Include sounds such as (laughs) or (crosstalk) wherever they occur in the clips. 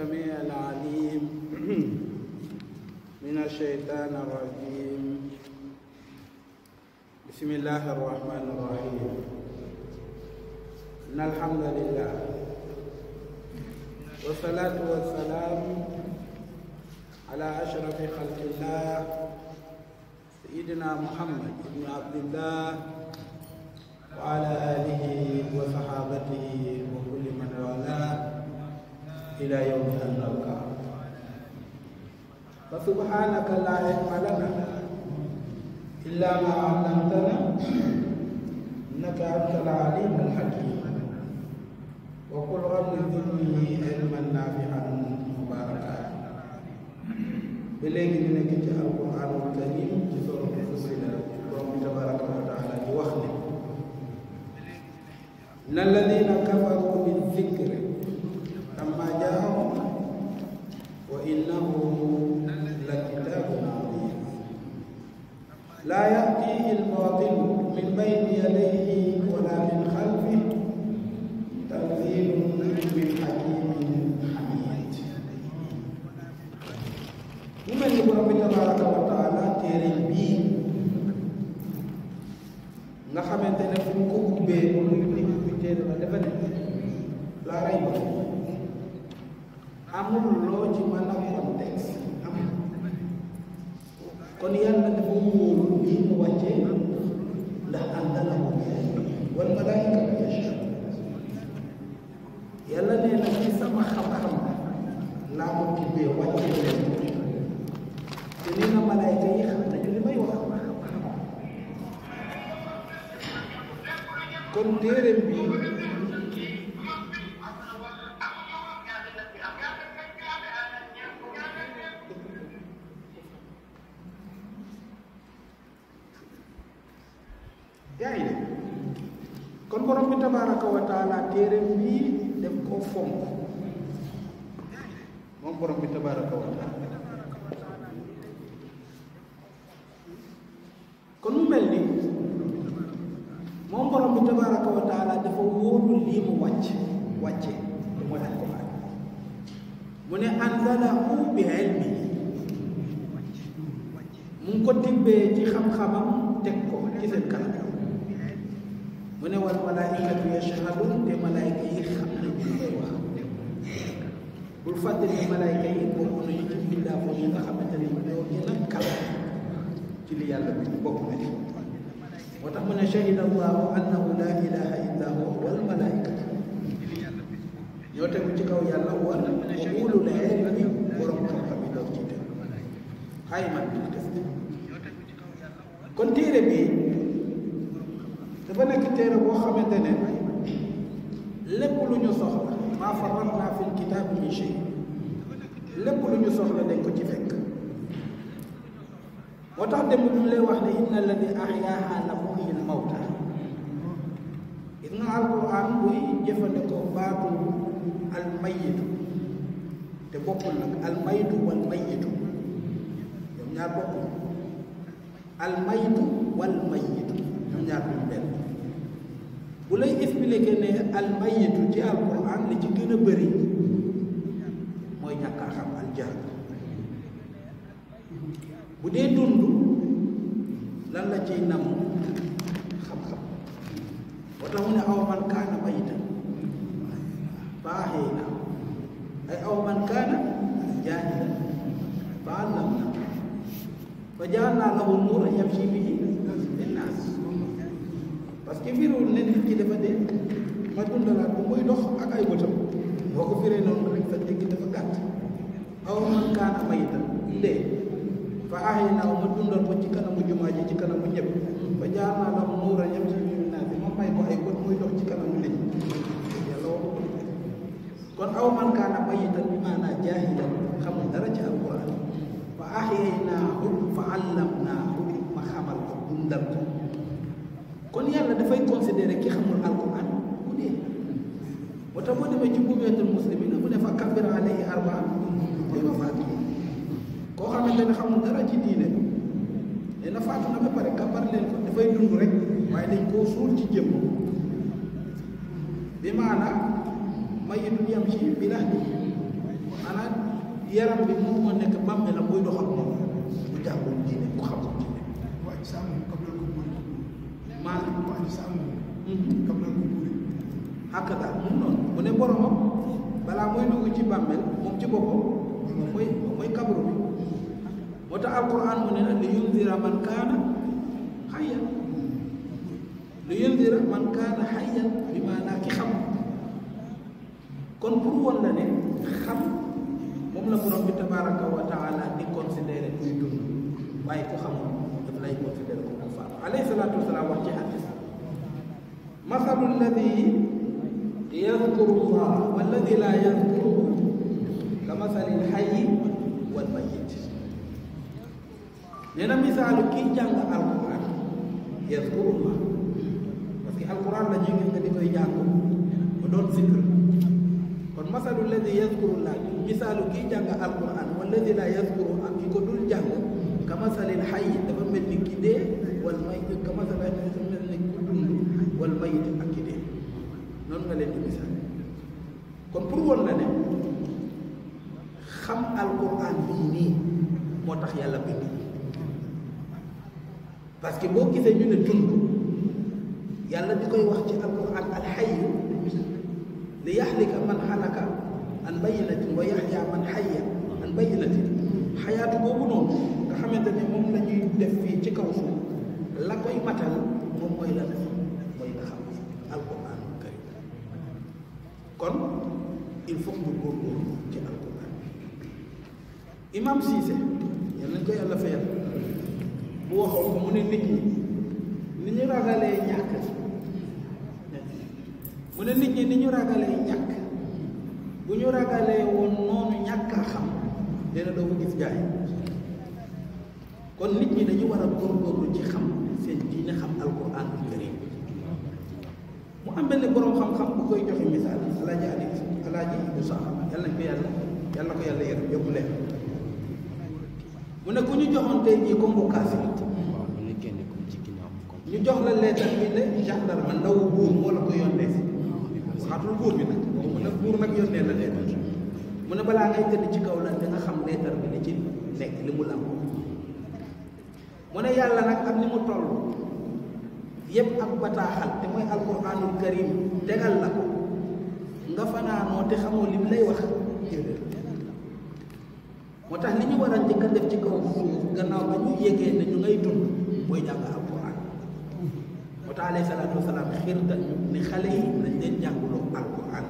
السميع العليم من الشيطان الرجيم بسم الله الرحمن الرحيم إن الحمد لله والصلاة والسلام على أشرف خلق الله سيدنا محمد بن عبد الله وعلى آله وصحابته وكل من والاه إلى يوم أن نلقى فسبحانك لا علم لنا إلا ما علمتنا إنك أنت العليم الحكيم وقل رب ذني علما نافعا مباركا بلغي منك القرآن الكريم بسورة فصلة رب تبارك وتعالى وخلق إن الذين كفروا بالذكر الباطل من بين يديه ولا من خلفه تنزيل من حكيم حميد ومن يقول تبارك وتعالى téere bii nga xamante ne fu ko ubbee muy ni ubbi téere la dafa ne la rey ba amul loo ci mën a contexte am kon yàlla dafa wóolu lii mu wàccee لأعلمه بأيديه والملائكة يشهدون yàlla nee na ci sama xam-xam laa ko tibbee wàcce leen te nee na malaayka yi xam nañu li may wax kon téeréem bi yaa ngi dégg kon borom bi tabaraka wa taala téeréem bii koo fonk moom borom bi tabaraka wa kon mu mel ni moom borom bi tabaraka wa taala dafa wóolu lii mu wàcc wàcce lu mooy alquran mu ne anzalahu bi ilmi mu ngi ko tibbee ci xam-xamam teg ko ci seen kanam mu ne wal malaayikatu yashhadun te malaayika yi xam nañ bul fàtte ne malaayika yi bokk nañu ci bindaafoon yi nga xamante ne ñoo gën a ci li yàlla bi bokk na ci moo tax mu ne shahida allahu annahu laa ilaha illa huwa wal malaayikatu ñoo tegu ci kaw yàlla war wa ulul ilmi borom xam-xam yi doon ci tegu xayma bi def kon téere bi dafa nekk téere boo xamante ne lépp lu ñu soxla maa faral naa fi kitaab min shay lépp lu ñu soxla dañ ko ci fekk moo tax dem ñu lay wax ne inna alladi ahyaaha la muhyil mawta gis nga alquran buy jëfandikoo baatu almayitu te bokkul nag almayitu wal mayitu ñoom ñaar bokkul almayitu wal mayitu ñaar duñ benn bu lay ne almayitu ci alquran li ci gën a bëri mooy ñàkk a xam aljahl bu dee dund lan la ciy nam xam-xam ba tax mu ne aw man kaana baaxee na ay aw man kaana jaahila fa allam na fa jaalnaa lahu nuuran yamshi bihi fi nnaas parce que firiwul ne nit ki dafa dee ma dundalaat ko muy dox ak ay bëtam boo ko firee noonu rek sa dégg dafa gàtt aw man kaana mayitan dee fa ahyaynahu ma dundal ko ci kanamu jumaa ji ci kanamu ñëpp naa lahu nuuran yamshi bihi fi naas ma xamal ko dundal ko kon yàlla dafay considérer ki xamul alquran mu dee moo tax boo demee ci buweetul muslimina mu ne fa kabir alayhi arbaa mooy ma faatu koo xamante ne xamul dara ci diine nee na faatu na ba pare kabar leen ko dafay dund rek waaye dañ koo suul ci jëmm bi maanaam mayitun yam ci bi bi maanaam yaram bi moom nekk bàmmeelam buy doxal moom bu jàngul diine bu xamul diine waaye sàmm maanaam wax ji ko buuri xàkk daal mun mu ne boromam balaa mooy dugg ci bàmmeel moom ci boppam moom mooy moom moo tax alquran mu ne li yundira man kaana xayyan li yundira man ki xam kon pour woon la ne xam moom la borom bi tabaraka wa di considéré kuy dund waaye ku xamul daf lay considéré alayhi salaatu wasalaam wax ci xadis masalu alladi yadkuru llaha walladi laa ka masali lxayi wal mayit nee na misaalu kii jàng alquran yadkuru llah parce que alquran la ñuy gis nga di koy jàng mu doon zikr kon masalu alladi yadkuru llah misaalu kii jàng alquran walladi laa ak ki ko dul jàng ka masalil xayi dafa mel ni ki والميت كمثل dafa mel ni ku dund wal mayit ak ki dee noonu nga leen di misaal kon pour woon la ne xam alquran bii nii moo tax yàlla bind parce que boo gisee ñu ne dund yàlla di koy wax ci alquran alxayu li yaxlika man xalaka an bayinatin wa yaxya man xaya an bayinatin xayaatu boobu noonu nga xamante ne moom la ñuy def fii ci kaw suuf la koy matal moom mooy la mooy nga xam alquran karim kon il faut mu góorgóorlu ci alquran imam Cissé yal nañ ko yàlla fayal bu waxoon ko mu ne nit ñi ni ñu ragalee ñàkk bu ñu ragalee woon noonu ñàkk xam dina doo ko gis jaay kon nit ñi dañu war a góorgóorlu ci xam seen diine xam alquranul karim mu am benn boroom xam-xam bu koy joxe misaal alaaji ali alaaji Moussa yàlla ko yàlla yàlla ko yàlla yërëm yóbbu leen mu ne ku ñu joxoon tey jii Congo Casamance ñu jox la lettre bi ne gendarme ndaw buur moo la ko yónnee waxaatul buur bi nag mu ne buur nag yónnee la lettre mu ne balaa ngay tëdd ci kaw la da nga xam lettre bi ni ci nekk li mu làmb mu ne yàlla nag am ni mu toll yépp ak bataaxal te mooy alquraanul karim tegal la ko nga fanaanoo te xamoo lim lay wax moo tax li ñu war a njëkk a def ci kaw suuf gannaaw ba ñu yégee ne ñu ngay dund mooy jàng alquran moo tax alayhi salaatu wasalaam xiirtal ñu ni xale yi nañ leen jànguloo alquran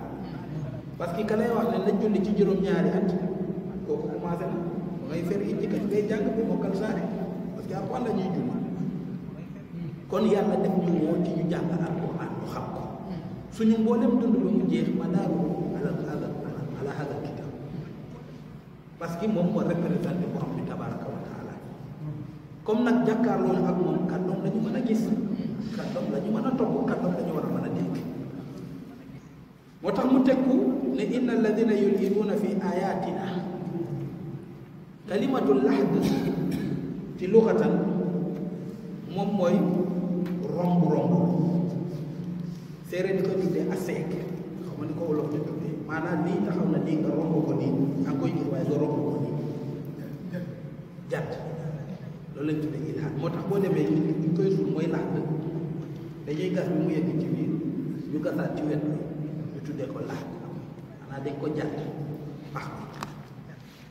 parce que ka lay wax ne nañ julli ci juróom-ñaari at kooku commencé na mu ngay fer i jikkañ ngay jàng bi mokkal saare jàpp kon yàlla def ñu woo ci ñu jàng alquran ñu xam ko suñu mboolem dund ba mu jeex ma daaru ala ala ala ala kitab parce que moom moo représenté boo xam ne tabaraka wa comme nag jàkkaarloo ak moom kàddoom la mën a gis kàddoom la mën a topp kàddoom la ñu war a mën a dégg moo tax mu tekku ne inna alladina yulhiduuna fi ayatina kalimatu lahd ci luxatan moom mooy romb-romb séeréer di ko tuddee aseeg xaw ma ni ko wolof di tuddee maanaam lii nga xam ne lii nga romb ko nii anga koy gis waaye nga romb ko nii jàtt loolu lañ tuddee ilhaat moo tax boo demee ñu ñu koy suul mooy laaj bi dañuy gas bi mu yegg ci biir ñu gasaat ci wet bi ñu tuddee ko laaj xanaa dañ ko jàtt pax bi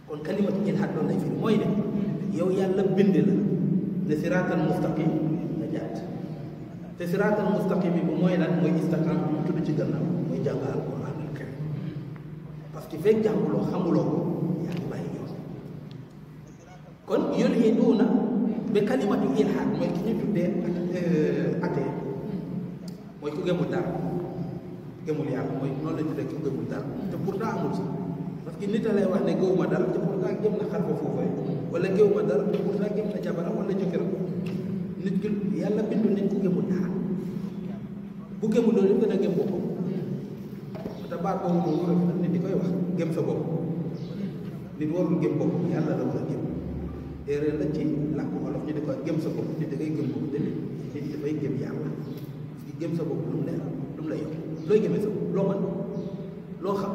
kon kalimatu ngeen xat doon lay firi mooy ne yow yàlla bind la ne siraatal mustaqim nga jaat te siraatal mustaqim bi mooy lan mooy istiqaam bi mu tudd ci gannaaw mooy jàng alquran al parce que fekk jànguloo xamuloo ko yaa ngi bàyyi yoon kon yulhiduuna ba kalimatu ilhaad mooy ki ñu tuddee atee euh, mooy ku gëmul dara gëmul yàlla mooy noonu la ñu tuddee ku gëmul dara te pourtant amul si nit a lay wax ne gëw ma dara te pourtant gëm na xar ba foofee wala gëw ma dara te pourtant gëm na jabaram wala jëkkëram nit ki yàlla bu gëmul loolu yëpp dana gëm boppam te baat boobu sa bopp nit warul gëm boppam yàlla la war a gëm erreur la ci làkk wolof ñu di koy gëm sa bopp nit da ngay bopp te nit nit dafay gëm yàlla gëm sa bopp lu mu lu mu la yokk looy gëmee sa bopp loo mën loo xam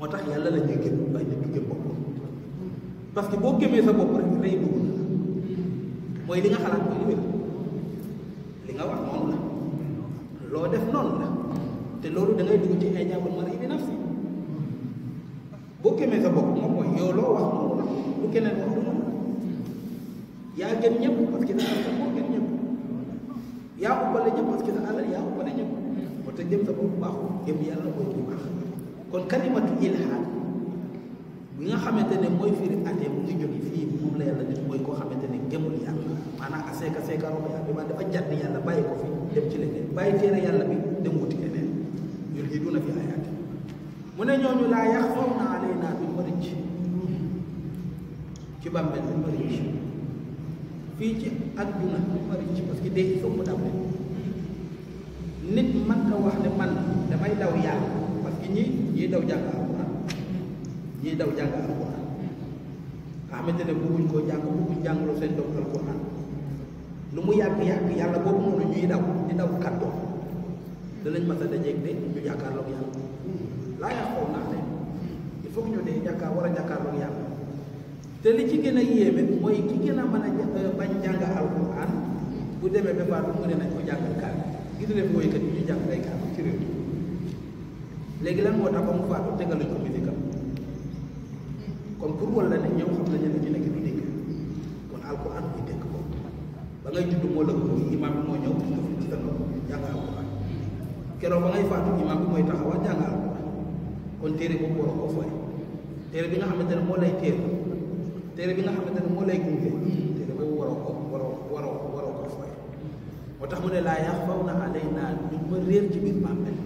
moo tax yàlla la ñuy gëm waaye nit du gëm parce que boo gëmee sa bopp rek rëy dugg na mooy li nga xalaat mooy li wér li nga wax noonu la loo def noonu la te loolu da ngay dugg ci ay jàmbur mën a indi nafsi boo gëmee sa bopp moom mooy yow loo wax noonu la lu keneen wax du noonu yaa ñëpp parce que sa alal moo gën ñëpp yaa ko bële ñëpp parce que sa alal yaa ko bële ñëpp moo tax jëm sa bopp baaxul jëm yàlla mooy kii baax kon kalimatu ilhad bi nga xamantene moy mooy firi atee mu ngi jogi fi moom la yàlla def moy ko xamantene gëmul yàlla maanaam aseeka seeka roxo yàlla bi maanaam dafa jatt yàlla baye ko fi dem ci leneen baye tere yàlla bi dem wuti leneen yulhiduuna fi ayat mu ne ñooñu la yaxfawna alaynaa duñ ma rëcc ci bàmmeel duñ ma fi ci aduna duñ ma rëcc parce que dee il faut mu dab nit man nga wax ne man damay daw yàlla ñi ñii daw jàng alxuraan ñii daw jàng alxuraan nga xamante ne bëgguñ koo jàng bëgguñ jàngloo seen doom alxuraan lu mu yàgg yàgg yàlla boobu noonu ñuy daw di daw kàddoom danañ mas a dajeeg de ñu jàkkaarloog yàlla laa yaa xaw naa ne il faut que ñu dee a te li ci gën a yéeme mooy ki gën a mën a euh, bañ jàng alxuraan bu demee ba faatu mu ne nañ ko jàngal kaar gis nga mooy kat ñu jàng ay kaar ci réew léegi lan moo tax ba mu faatu tegal ko musique am kon pour wala ne ñoom xam nañu ne ñu nekk du dégg kon alquran muy dégg ko ba ngay judd moo la ko imaam bi ba ngay faatu bi mooy taxawal jàng alquran kon téere boobu war bi nga xamante ne moo lay téere téere bi nga xamante ko war moo tax mu ne laa yaxfaw na alayna ñu ma réer ci biir bàmmeel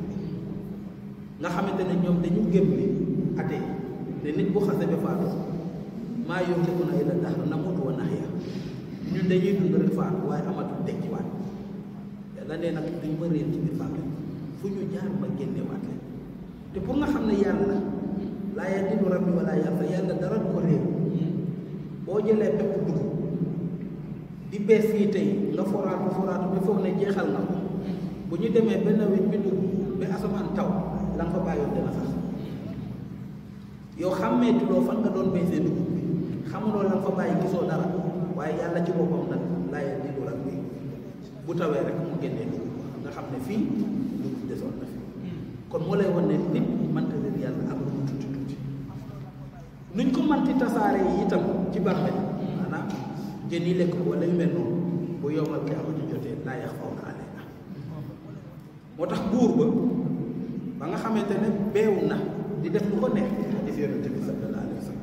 nga xamante ne ñoom dañu gëm ni ate te nit bu xasee ba faatu maa yuhlikunaa illaa dahr namuutu wa nahyaa ñun dañuy dund rek faatu waaye amatul dekkiwaat yàlla nee nag duñ ma réer ci biir fu ñu jaar ma génnewaat leen te pour nga xam ne yàlla laa yàlla dara du ko réer boo jëlee pepp dugub di bees yi tey nga foraatu foraatu bi foog ne jeexal na ko bu ñu demee benn wet bi dugub asamaan taw la nga fa bàyyoon dana sax yow xàmmeetuloo fan nga doon béy seen dugub bi xamuloo la nga fa bàyyi gisoo dara waaye yàlla ci boppam nag laay déglu tawee rek mu génnee nga xam ne fii dugub desoon na fi ne nit mënta leen yàlla am nuñ ko manti tasaare yi itam ci bàmmeel maanaam jën yi lekk ko wala yu mel noonu bu tax buur ba ba nga xamante ne beew na di def lu ko neex xadis yonente bi sallallahu alayhi wa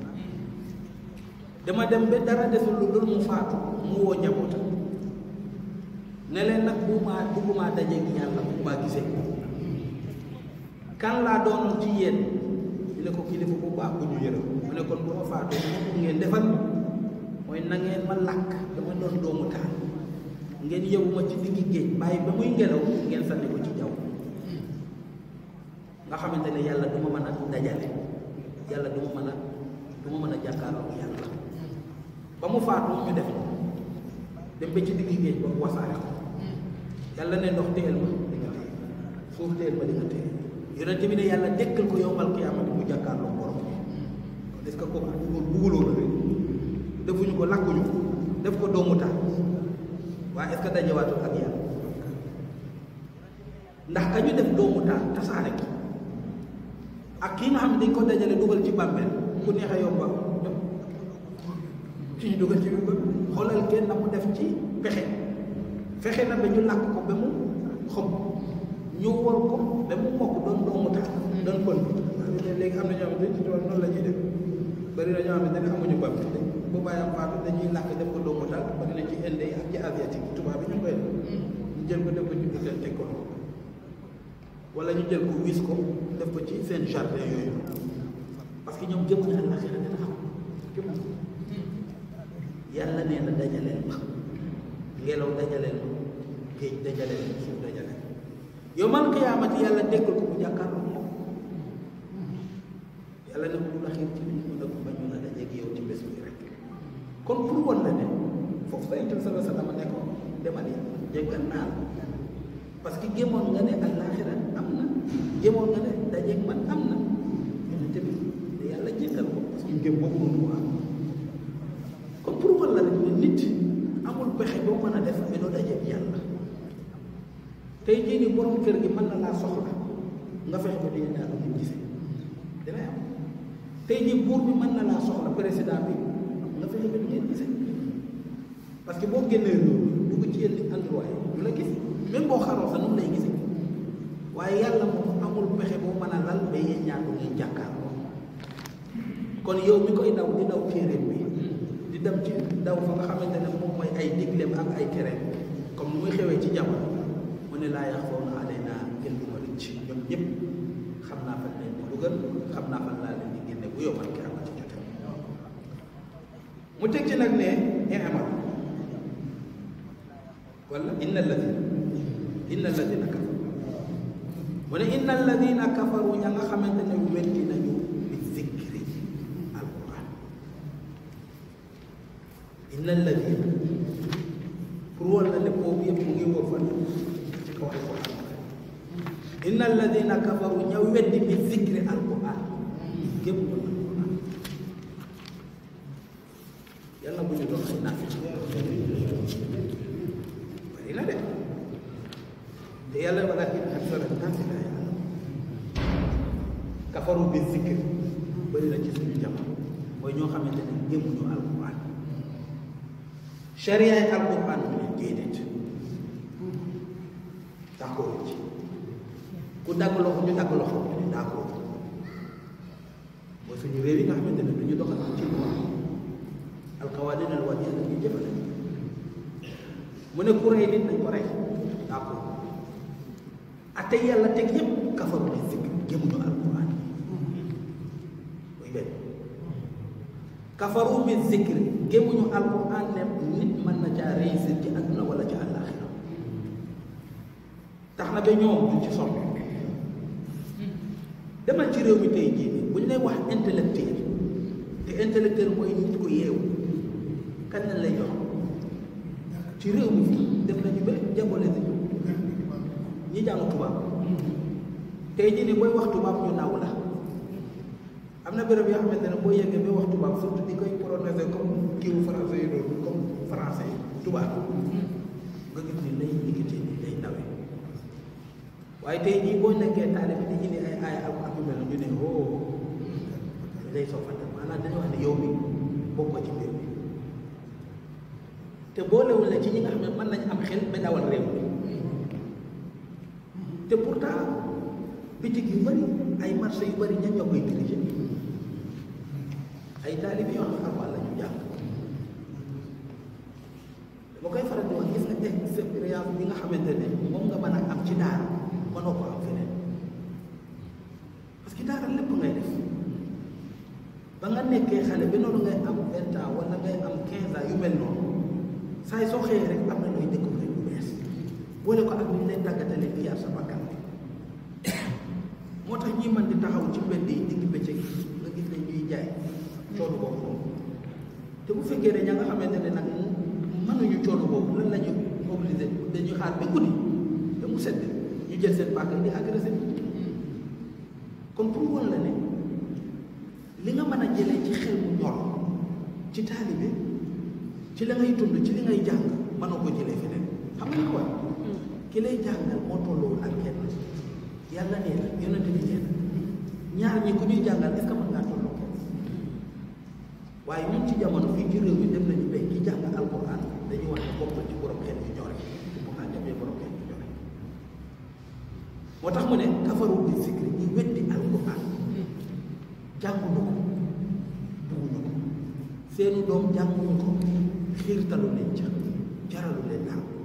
dama dem ba dara desul lu dul mu faatu mu woo njabootam ne leen nag bu maa bëggumaa dajeeg yàlla bu maa laa doonoon ci yéen ko kilifa bu baax bu ñu yërëm mu ma faatoo ngeen defal mooy nangeen ngeen ma làkk dama doon doomu taal ngeen yóbbu ma ci diggi géej bàyyi ba muy ngelaw ngeen sànni ko ci jaw nga xamante ne yàlla du ma mën a dajale yàlla duma ma mën a du ma mën a jàkkaarloo yàlla ba mu faatu ñu def ko dem ba ci digg géej ba ko yàlla ne ndox téyel ma di yàlla dekkal ko yombal kiyaamati mu jàkkaarloo borom est-ce que kooku bugul buguloo defuñu ko lakkuñu ko def ko doomu taal waaye est-ce que dajewaatu ak yàlla ndax ka ñu def doomu taal ko ak kii nga xam ne dañ ko dajale dugal ci bàmmeel ku neex a yomba ci ñu dugal ci yomba xoolal kenn na mu def ci pexe fexe na ba ñu làkk ko ba mu xob ñu war ko ba mu mokk doon doomu tax doon pël léegi am na ñoo xam ne ci tool noonu la ñuy def bari na ñoo xam ne bu bàyyi am faatu dañuy làkk def ko doomu taal bari na ci inde yi ak ci asiatique tubaab bi ñu koy def ñu jël ko def ko ci butel teg ko wala ñu jël ko wis ko def ko ci seen jardin yooyu parce que ñoom gëm nañ àllaxira dina xam gëm na yàlla nee na dajaleel ma ngelaw dajaleel ma géej dajaleel ma suuf dajaleel yow man qiyaamati yàlla dekkal ko bu jàkkaarloo moom yàlla ne ko la xiir ci nit mu ne ko bañu la dajeeg yow ci bés bi rek kon pour wan la ne foofu sa yonent sallallahu alayhi wa sallam nekkoon demal yàlla jéggal naa la parce que gémmoon nga ne àllaxira jëmoon na de dajeeg man am na mais tamit yàlla jéggal ko parce que ngëm boobu moom moo am kon pour wala rek ne nit amul pexe boo mën a def mais doo dajeeg mën na laa soxla nga fexe ko di daal ñu gisee dina am tey jii buur bi mën na laa soxla président bi nga fexe ko di ngeen gisee parce que boo génnee loolu dugg ci yenn endroit yi la gis même boo xaroo sax noonu lay gise waaye yàlla moom amul pexe boo mën a lal ba yéen ñaar bu ngeen jàkkaarloo kon yow mi koy daw di daw téeréem bi di dem ci daw fa nga xamante ne moom mooy ay digleem ak ay tereem comme ni muy xewee ci jamono mu ne laa yax foon alee naa gën bu ma rëcc ñëpp xam naa fan leen di dugal xam naa fan laa leen di génne bu yow man ki am ci jote mu teg ci nag ne eemal eh, wala inna alladina inna alladina kafar woni inna alladina kafaru ñanga xamante ne weddinañu bi zicri alquran inna alladina pour walla ne boobu yëpp mu ngi woo fan ci kaw alquran inna alladina kafaru ña weddi bi zicri alquran gépp alquran yàlla bu ñu doon ay nafi bari na de ديالا ولكن أكثر الناس لا يعلمون كفروا بالذكر بل لا جسم الجمع وينو خمتنا يمنو القرآن شريعة القرآن من جيدت تقول ku dagg loxo ñu dagg loxo ñu ne d'accord mooy suñu réew yi nga xamante ne dañu doxal ci loi alqawanin alwadiya la ñuy jëfale mu ne ku rey nit nañ ko rey d'accord atte yàlla teg yépp kafaru bi fikr gëmuñu alquran muy benn kafaru bi zikr gëmuñu alquran ne nit mën na caa réussir ci àdduna wala ci àllaaxira tax na ba ñoom duñ ci sonn demal ci réew mi tey jii bu ñu lay wax intellectuel te intellectuel mooy nit ko yeewu kan lañ lay jox ci réew mi def nañu ba jagole ñi jàng tubaab tey jii nii booy wax tubaab ñu naaw la am na béréb yoo xamante ne boo yeggee ba wax tubaab surtout di koy prononcé comme kiiwu français yi doon comme français yi nga gis ni waaye tey jii boo nekkee taalib di indi mel ñu ne oh lay soofante maanaam dañu wax ne yow mi bokk ci mbir mi te boolewul la ci ñi nga xam ne mën nañ am xel ba dawal te pourtant bitig yu bëri ay marché yu bëri ñan ñoo koy dirigé ay taalibe yoo xam ne ñu jàng dama koy faral di wax gis nga expérience bi nga xamante ne moom nga mën a am ci daara mënoo ko am feneen parce que daara lépp ngay def ba nga nekkee xale bi noonu ngay am vingt ans ngay am quinze yu mel noonu saa soo xëyee rek am na nooy dëkk boole ko ak ni ñu lay tàggatalee di yar sa bakkan moo tax ñuy mën di taxaw ci mbedd yi digg bëccëg nga gis ne ñuy jaay coono boobu te bu fekkee rek ña nga xamante ne nag mënuñu coono boobu lan la ñu mobilisé dañuy xaar bi guddi ba mu sedd ñu jël seen bakkan di agressé kon pour woon ne li nga mën a jëlee ci xel ñor ci taalibe ci la ngay tund ci li ngay jàng mënoo ko jëlee feneen xam nga ko wax ki lay jàngal moo tolloo ak kenn yàlla nee na yonent bi nee na ñaar ñi ku ñuy jàngal est-ce que mën ngaa tolloo waaye ñun ci jamono fii ci réew mi nañu ba ki jàngal alquran dañuy wax ne bokkul ci borom xel yu moo tax mu ne kafaru bi zikri ñu weddi alquran jànguñu ko buguñu ko seenu doom jànguñu ko xiirtalu leen ca jaralu leen dara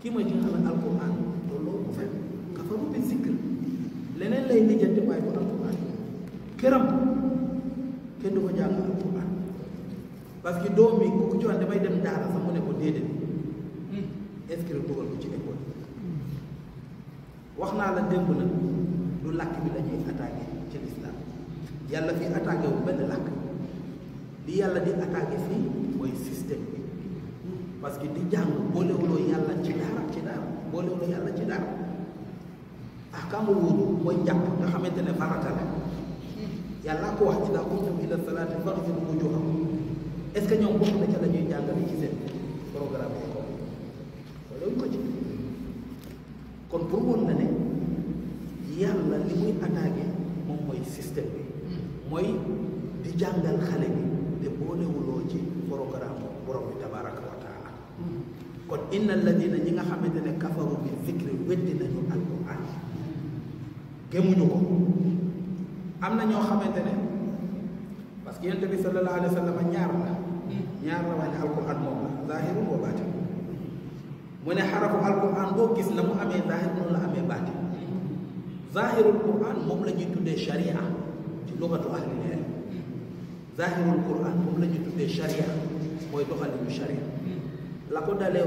kii mooy ki nga xam loolu ko fekk nga bi zikr leneen lay lijjanti waaye bu alquran këram kenn du ko jàng alquran parce que doom yi ku ci wax damay dem daara sax mu ne hmm. wax naa la démb na du làkk bi lañuy ñuy attaqué ci lislaam yàlla fi attaqué benn làkk li yàlla di attaqué fii mooy système parce que di jàng boolewuloo yàlla ci dara ci dara boolewuloo yàlla ci dara ahkaamu wudu mooy jàpp nga xamante ne farata la yàlla ko wax ci daa kuntum ila salaati faghsilu wujuuhakum est ce que ñoom bokk na la ñuy jàngale ci seen programme ko loolu kon pour na ne yàlla li muy attaqué moom mooy système bi mooy di jàngal xale bi te boolewuloo ci programme borom bi tabaraka kon inna alladina ñi nga xamante ne kafaru bi zikri weddi nañu alquran gëmuñu ko am na ñoo xamante ne parce que yonent bi sallallahu alayhi wa sallam ñaar la ñaar la waaye ne alquran moom la zahirun wa baatin mu ne xarafu alquran boo gis na mu amee zahir noonu la amee baatin zahirul quran moom la ñuy tuddee sharia ci lugatu ahlil ilm zahirul quran moom la ñuy tuddee sharia mooy doxalinu sharia la ko dalee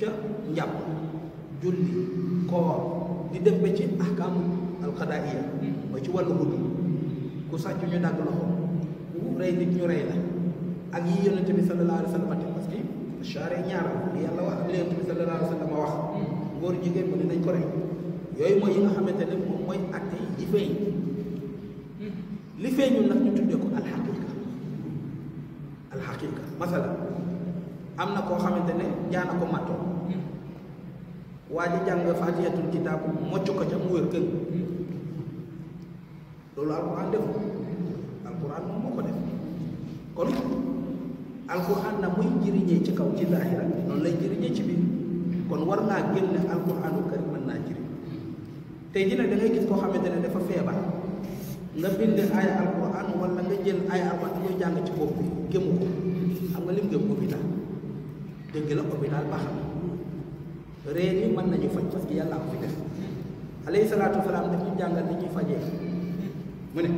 ca njàpp julli koor di dem ba ci ahkaamu alqadaaiya ba ci wàllu guddi ku sàcc ñu dagg loxo ku rey nit ñu rey la ak yi yonente bi sallallahu alayhi wa sallam ati parce que chare ñaar li yàlla wax li yonente bi sallallahu alayhi wa sallam wax ngóor jigéen mu ne nañ ko rey yooyu mooy yi nga xamante ne moom mooy acte yi li feeñ li feeñul nag ñu tuddee ko alxaqiqa alxaqiqa masala am na koo xamante ne jaana ko mattoo hmm. waa ji jàng faatihatul kitaab mocc ko ca mu wér gën hmm. loolu alquran defu alquran moom moo ko def kon alquran na muy jëriñee ci kaw ci zaahira noonu lay jëriñee ci biir kon war naa génne alquranu karim mën naa jëriñ tey dina da ngay gis koo xamante ne dafa feebar nga bind ay alquran wala nga jël ay alquran di jàng ci bopp bi ko xam nga lim gëm dëgg la hôpital baax na reen yi mën nañu faj parce que yàlla ko fi def alayhi salaatu wasalaam daf ñu jàngal ñuy fajee mu ne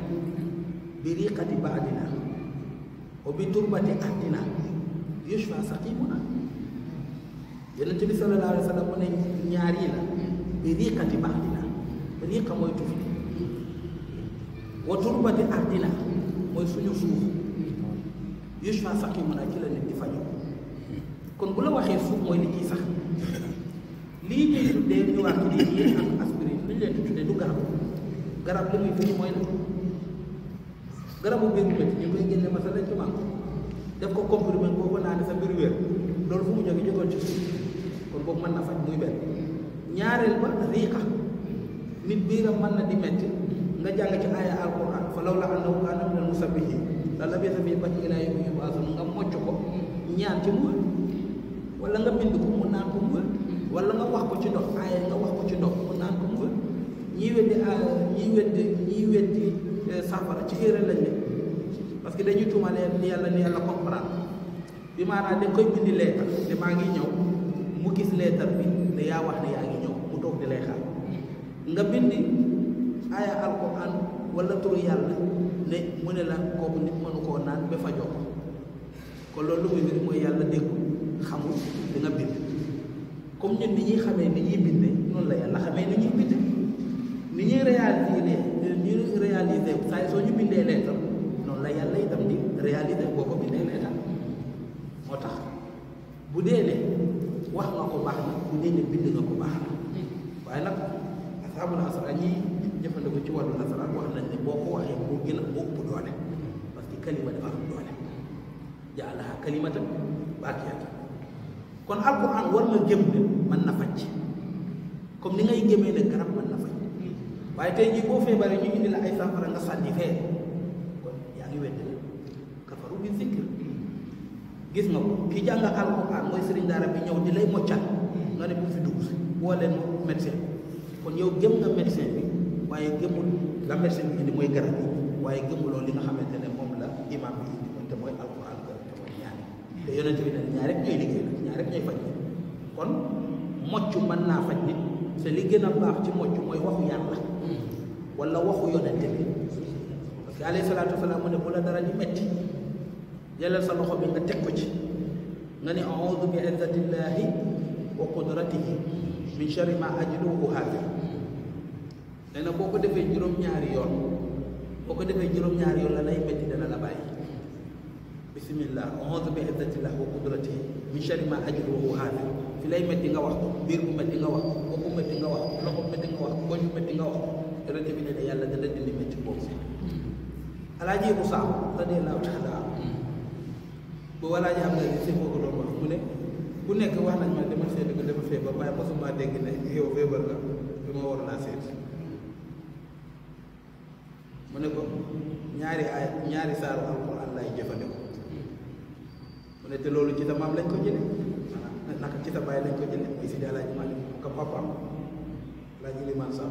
bi riqati ba addina o turbati addina yushfa saqimuna yonent bi sallallahu alayhi wa sallam mu ne ñaar yi la bi riqati ba addina riqa mooy tuuf wa turbati addina mooy suñu suuf yushfa saqimuna ci la nit di fajoo kon bu la waxee suuf mooy li sax lii ñuy tuddee ñu wax ci lii ñuy ñu leen di tuddee du garab garab li muy firi mooy nag garabu biir ko comprimé boobu naa ne mu jógee jógoon ci mën na faj muy benn ñaareel ba riiqa nit biiram mën na di metti nga jàng ci aaya alquran fa law la annahu kaana minal musabbihiin la labisa fii batnihi ilaa yawmi nga mocc ko ñaan ci mu wala nga bind ko mu naan ko ngël wala nga wax ko ci ndox aaye nga wax ko ci ndox mu naan ko ngël ah, ñiy weddi ñiy weddi ñiy weddi eh, safara ci erreur lañ parce que dañuy tuumalee ni yàlla ni yàlla comprendre bi maanaam dañ koy bindi leetar ne maa ngi ñëw mu gis leetar bi ne yaa wax ne yaa ngi ñëw mu toog di lay xaar nga bindi aaya alquran wala turu yàlla ne mu ne la kooku nit mënu koo naan ba ko kon loolu lu muy mooy yàlla déggu xamul li nga bind comme ñun ni ñuy xamee ni ñuy binde noonu la yàlla xamee ni ñuy bind ni ñuy réaliser ni ñuy réaliser saa soo ñu bindee lettre noonu la yàlla itam di réaliser boo ko bindee lettre moo tax bu dee ne wax nga ko baax na bu dee ne bind nga ko baax na waaye nag asaabu na asara ñi jëfandiku ci wàllu nasaraan wax nañ ne boo ko waxee mu gën a ëpp doole parce que kalima dafa am doole jaalaha kalimatan baaqiyatan kon alquran war ma gëm ne mën na faj comme ni ngay gëmee ne garab mën na faj waaye tey jii boo feebaree ñu indi la ay saafara nga sànni fee kon yaa ngi wedd kafaru bi zikr gis nga ko kii jàng alquran mooy sëriñ daara bi ñëw di lay moccal nga ne bu fi dugg si woo leen médecin kon yow gëm nga médecin bi waaye gëmul la médecin bi indi mooy garab waaye gëmuloo li nga xamante ne moom la imaam bi indi moom te mooy te mooy ñaari bi ne ñaar rek liggéey ñi rek ñay faj kon mocc mën naa faj nit te li gën a baax ci mocc mooy waxu yàlla wala waxu yonente bi parce que alayhi salaatu wasalaam mu ne bu la dara di metti jëlal sa loxo bi nga teg ko ci nga ne audu bi izzatillahi wa qudratihi min sharri ma ajiduhu haada nee na boo ko defee juróom-ñaari yoon boo ko defee juróom-ñaari yoon la lay metti dana la bàyyi بسم الله أعوذ بعزة الله وقدرته من شر ما أجد وهو هذا في لاي متي غا واخ بير بو متي غا واخ بو متي غا واخ لوكو متي غا واخ بو متي غا واخ رنت بي نه يالا دا دند لي متي بو سي الاجي موسى رضي الله تعالى بو ولا جي امنا لي سي فوكو دون واخ مو ku nek wax nañ ma dama sét ko dama fébar waaye masuma dégg ne yow fébar la dama war naa sét mu ne ko ñaari ay ñaari saaru alquran lay mu ne te loolu ci sa maam lañ ko jële maanaam naka ci sa bàyyi lañ ko jële muy si Alaaji Malick ko papaam Alaaji Limaan Sam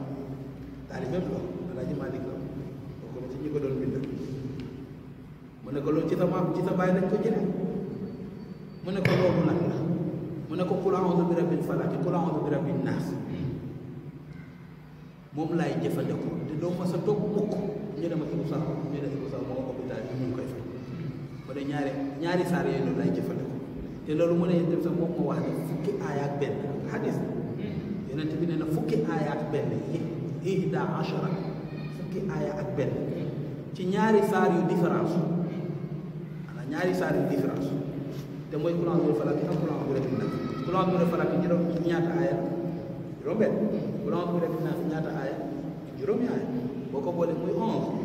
taalibeem la Alaaji Malick la bokk na ñu ko doon bind mu ne ko loolu ci sa maam ci sa bàyyi lañ ko jële mu ne ko loolu ko qul a'uudu bi rabbil falaq qul a'uudu bi rabbin naas moom laay jëfandikoo te doo ma sa toog mukk ñu ne ma Ibou Sakho ñu ne Ibou Sakho ñu koy fay ba dee ñaari ñaari saar yooyu loolu lay jëfandikoo te loolu mu a yéen tam sax moom moo wax ne fukki aaya ak benn xadis yonent bi nee na fukki aaya ak benn ci ñaari saar yu différence maanaam ñaari saar yu différence te mooy Quraan bu Falaq ak Quraan bu rek nag Quraan bu Falaq juróom ñaata aaya juróom benn Quraan bu rek nag ñaata aaya juróomi aaya boo ko boolee muy onze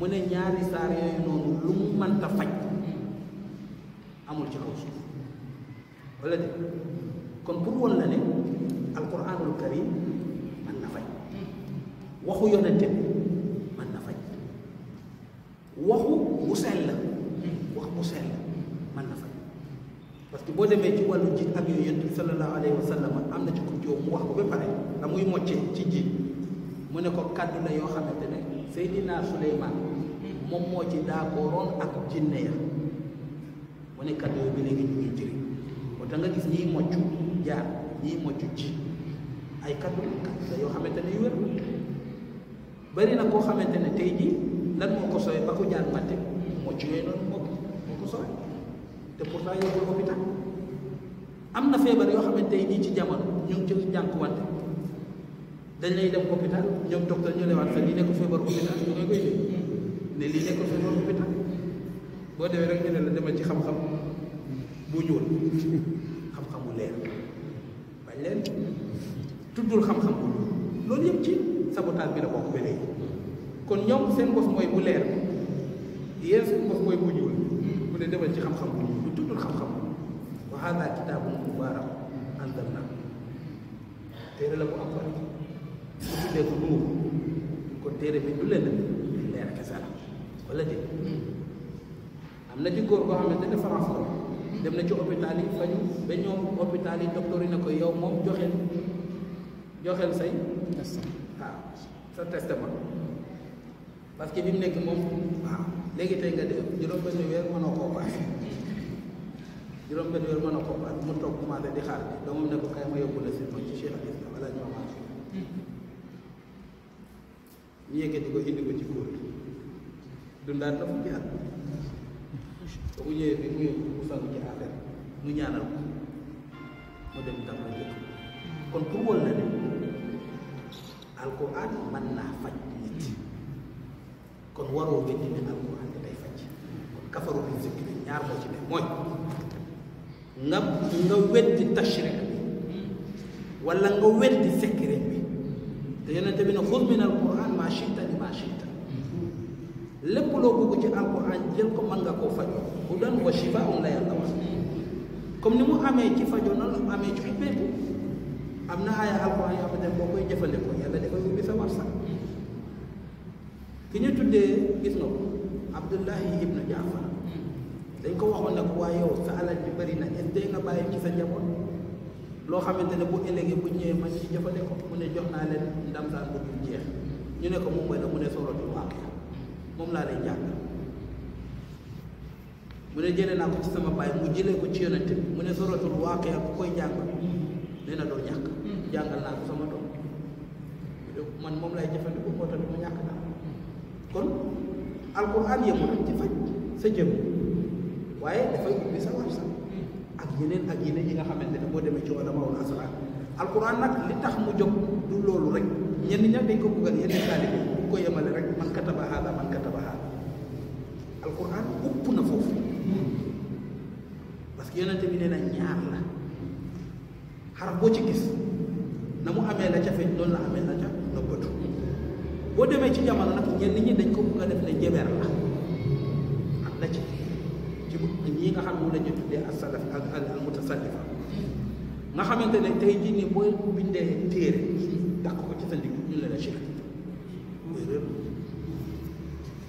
mu ne ñaari saar yooyu noonu lu mu mënta faj amul ci kaw suuf wala de kon pour woon la ne alquranul karim mën na faj waxu yonente mën na faj waxu bu sell la wax bu sell la na faj parce que boo demee ci wàllu ji ak yooyu yonent bi sallallahu alayhi wa sallam am na ci ku jóow wax ko ba pare da muy moccee ci ji mu ne ko kàddu la yoo xamante ne Seydina Suleymaan moom moo ci d'accordoon ak jinne ya mu ne cadeau bi léegi ñu ngi jëriñ wata nga gis ñiy moccu jaar ñiy moccu ci ay cadeau la yoo xamante ne yu wér bari na koo xamante ne tey jii lan moo ko sooy ba ko jaar matte mocc yooyu noonu moo moo ko sooy te pourtant yóbbul hôpital am na feebar yoo xamante nii ci jamono ñu jël jànq jànkuwante dañ lay dem hôpital ñoom docteur ñu lewaat fa lii ne ko feebar hôpital ñu ngay koy dégg ne lii nekkul fi moom biddaa boo demee rek ñu ne la demal ci xam-xam bu ñuul xam leer bañ leen tuddul loolu yëpp ci sabotage bi la bokk ba léegi kon ñoom seen bopp mooy bu leer yéen seen bopp mooy bu ñuul mu ne demal ci xam-xam bu ñuul bu tuddul xam-xam wa haadaa kitaabun mubaarakun anzalnaahu téere la bu am ko rek bu tuddee ko nuur kon téere bi du leen leer kese la wala dé am na ci góor boo xamante ne France la dem na ci hôpital yi fañu ba ñoom hôpital yi docteur yi ne ko yow moom joxeel joxeel say waaw sa testament parce que bi nekk moom waaw léegi tey nga def juróom-benn weer mënoo koo koo paase mu toog commencé di xaar bi doomam ne ko kay ma yóbbu la si ci Cheikh al Islam wala ñoo hmm. ñu yëkkati ko indi ko ci góor dundaat na fukki at ba mu ñëwee mu yóbbu ci affaire mu ñaanal ko dem tam la kon pour wóor na ne alquran mën naa faj nit kon waroo weddi ne alquran bi day faj kon kafaru bi sikki ñaar moo ci ne mooy nga nga weddi tashrik bi wala nga weddi sikkirin bi te yonente bi ne xud min alquran ma chita li lépp loo bëgg ci alquran jël ko mën nga koo fajoo bu doon wa shifaa'un la yàlla wax comme ni mu amee ci fajoo noonu la amee ci ubbeeku am na aaya alquran yoo xamante ne boo koy jëfandikoo yàlla dafay ubbi sa ki ñu tuddee gis nga ko Abdullahi ibnu Jaafar dañ ko waxoon ne ko waaye yow sa alal bi bari na est nga bàyyi ci sa njaboot loo xamante ne bu ëllëgee bu ñëwee man ci jëfandikoo mu ne jox naa leen ndam saan bu dul jeex ñu ne ko moom mooy la mu ne suratul waaqiya moom laa lay jàng mu ne jëlee naa ko ci sama baay mu jëlee ko ci yonente bi mu ne suratul waaqia ku koy jàng nee na doo ñàkk jàngal naa sama doom man moom lay jëfandiku moo tax mu ñàkk naa kon alquran yemul ci faj sa jëm waaye dafay ubbi sa war sax ak yeneen ak yeneen yi nga xamante ne moo demee ci wala mawul asrar alquran nag li tax mu jóg du loolu rek ñenn ña dañ ko buggal yeneen taalibe bu ko yemale rek man kataba haada man kataba haada alquran upp na foofu parce que yonente bi nee na ñaar la xaraf boo ci gis na mu amee la ca feeñ noonu la amee la ca boo demee ci jamono nag ñenn ñi dañ ko bëgg a def ne njebeer la am na ci ci ñi nga xam moom la ñu tuddee as-salaf ak al-mutasallifa nga xamante ne tey jii nii boo bindee téere dàq ko ci sa ndigg ñu la la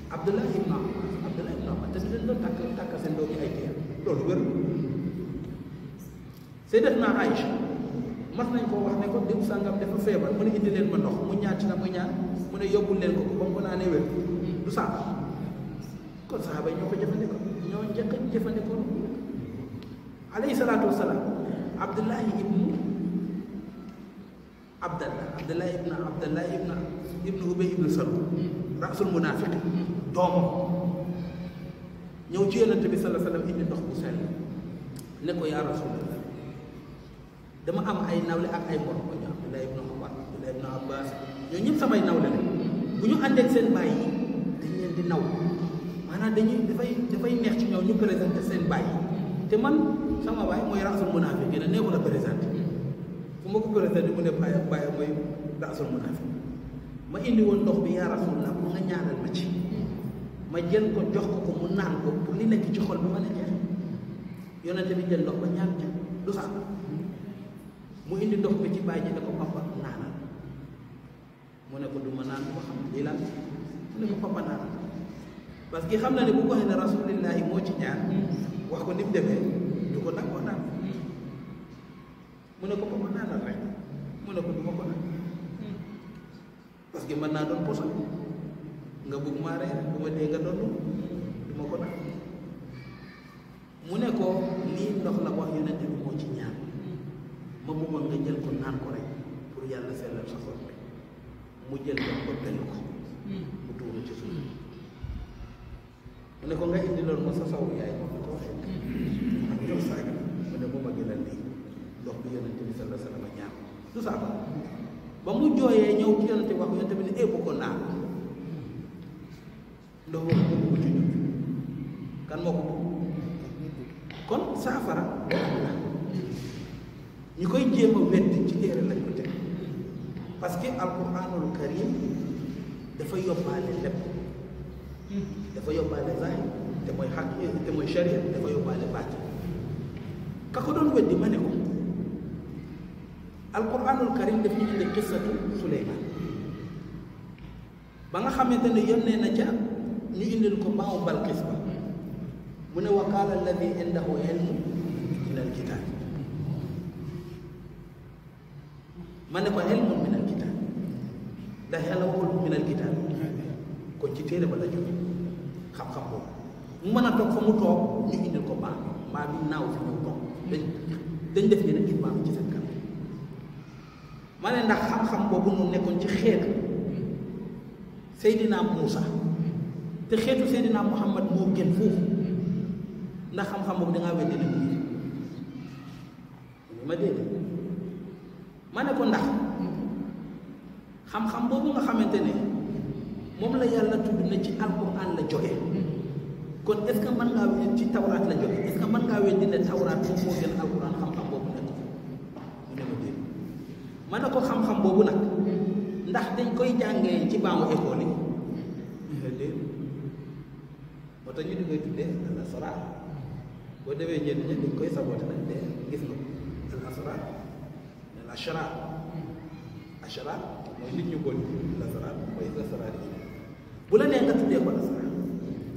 Abdullah ibn Abbas Abdullah ibn Abbas te dinañ doon tàkk nañ koo wax ne ko diw feebar mu leen ma mu ñaan ci la mu leen ko ba mu ko naanee wér du saaba kon saaba yi ko jëfandikoo ñoo njëkk jëfandikoo alayhi salaatu wasalaam Abdullahi ibnu Abdallah ibnu ibnu Ubay ibnu Salul rasul munaafiq doomam ñëw ci yonent bi sallallahu alayhi wasallam indi ndox bu sell ne yaa rasulallah dama am ay nawle ak ay mbokk ñu Abdullah ibn Umar Abdullah ñëpp samay nawle la bu ñu àndeek seen baay di naw maanaam dañuy dafay dafay neex ci ñoom ñu présenté te man sama baay mooy rasul munaafiq gën ma ko présenté mu ne baay baay mooy rasul munaafiq indi woon ndox bi yaa rasulullah bu nga ñaanal ma ci ma jël ko jox ko ko mu naan ko pour li nekk ci xol bi ma la jeex yonente bi jël ndox ba ñaan ca du sax mu indi ndox bi ci bàyyi ne ko papa naanal mu ne ko du ma ko parce que xam na ne bu wax ko ni nag mu ne ko du ma ko naan parce que mën naa doon poson nga bëgg maa rey bu ma dee nga dondu du ko nag mu ne ko lii ndox la wax yonente bi moo ci ñaan ma bëggoon nga jël ko naan ko rek pour yàlla sellal sa xol bi mu jël ndox ko benn ko mu tuuru ci suuf mu ne ko nga indi loolu ma sa yaay moom la ko waxee ak jox saaga mu ne bu ma gënal lii ndox bi yonente bi sala salama ñaan du saaba ba mu jooyee ñëw ci yonente wax yonente bi ne eh ko naan ndox boobu moo ko bëgg kan moo ko kon saafara ñi koy jéem a ci téere lañ ko teg parce que alquranul karim dafa yóbbaale lépp dafa yóbbaale zahir te mooy xaq te mooy sharia dafa yóbbaale baatin ka ko doon weddi ma ne ko alquranul karim daf ñu indi qissatu Suleymaan ba nga xamante ne yónnee na ca ñu indil ko baaw balkis ba mu ne waqaala alladi indahu ilmu min alkitaab ma ne ko ilmu min alkitaab ndax kon ci téere ba la jóge xam-xam boobu mu mën a toog fa mu toog ñu indil ko baax mbaa bi naaw fi ñu toog dañ def ne nag baax ci seen kanam ma ne ndax xam-xam boobu mu nekkoon ci xeetu Seydina Muusa te xeetu Seydina Muhammad moo gën foofu ndax xam-xam boobu dangaa weddi ne mu ma dégg ma ne ko ndax xam-xam boobu nga xamante ne moom la yàlla tudd na ci alquran la joxe kon est-ce que mën ngaa wéy ci tawraat la joxe est-ce que mën ngaa wéy dina tawraat moom moo gën alquran xam-xam boobu nekk mu ne ma dégg ma ne ko xam-xam boobu nag ndax dañ koy jàngee ci baamu école yi te ñu di koy tuddee al asrar boo demee ñenn ñi dañ koy saboté nag de gis nga al asrar al asrar asrar mooy nit ñu bon al asrar bu la nee nga tuddee ko asrar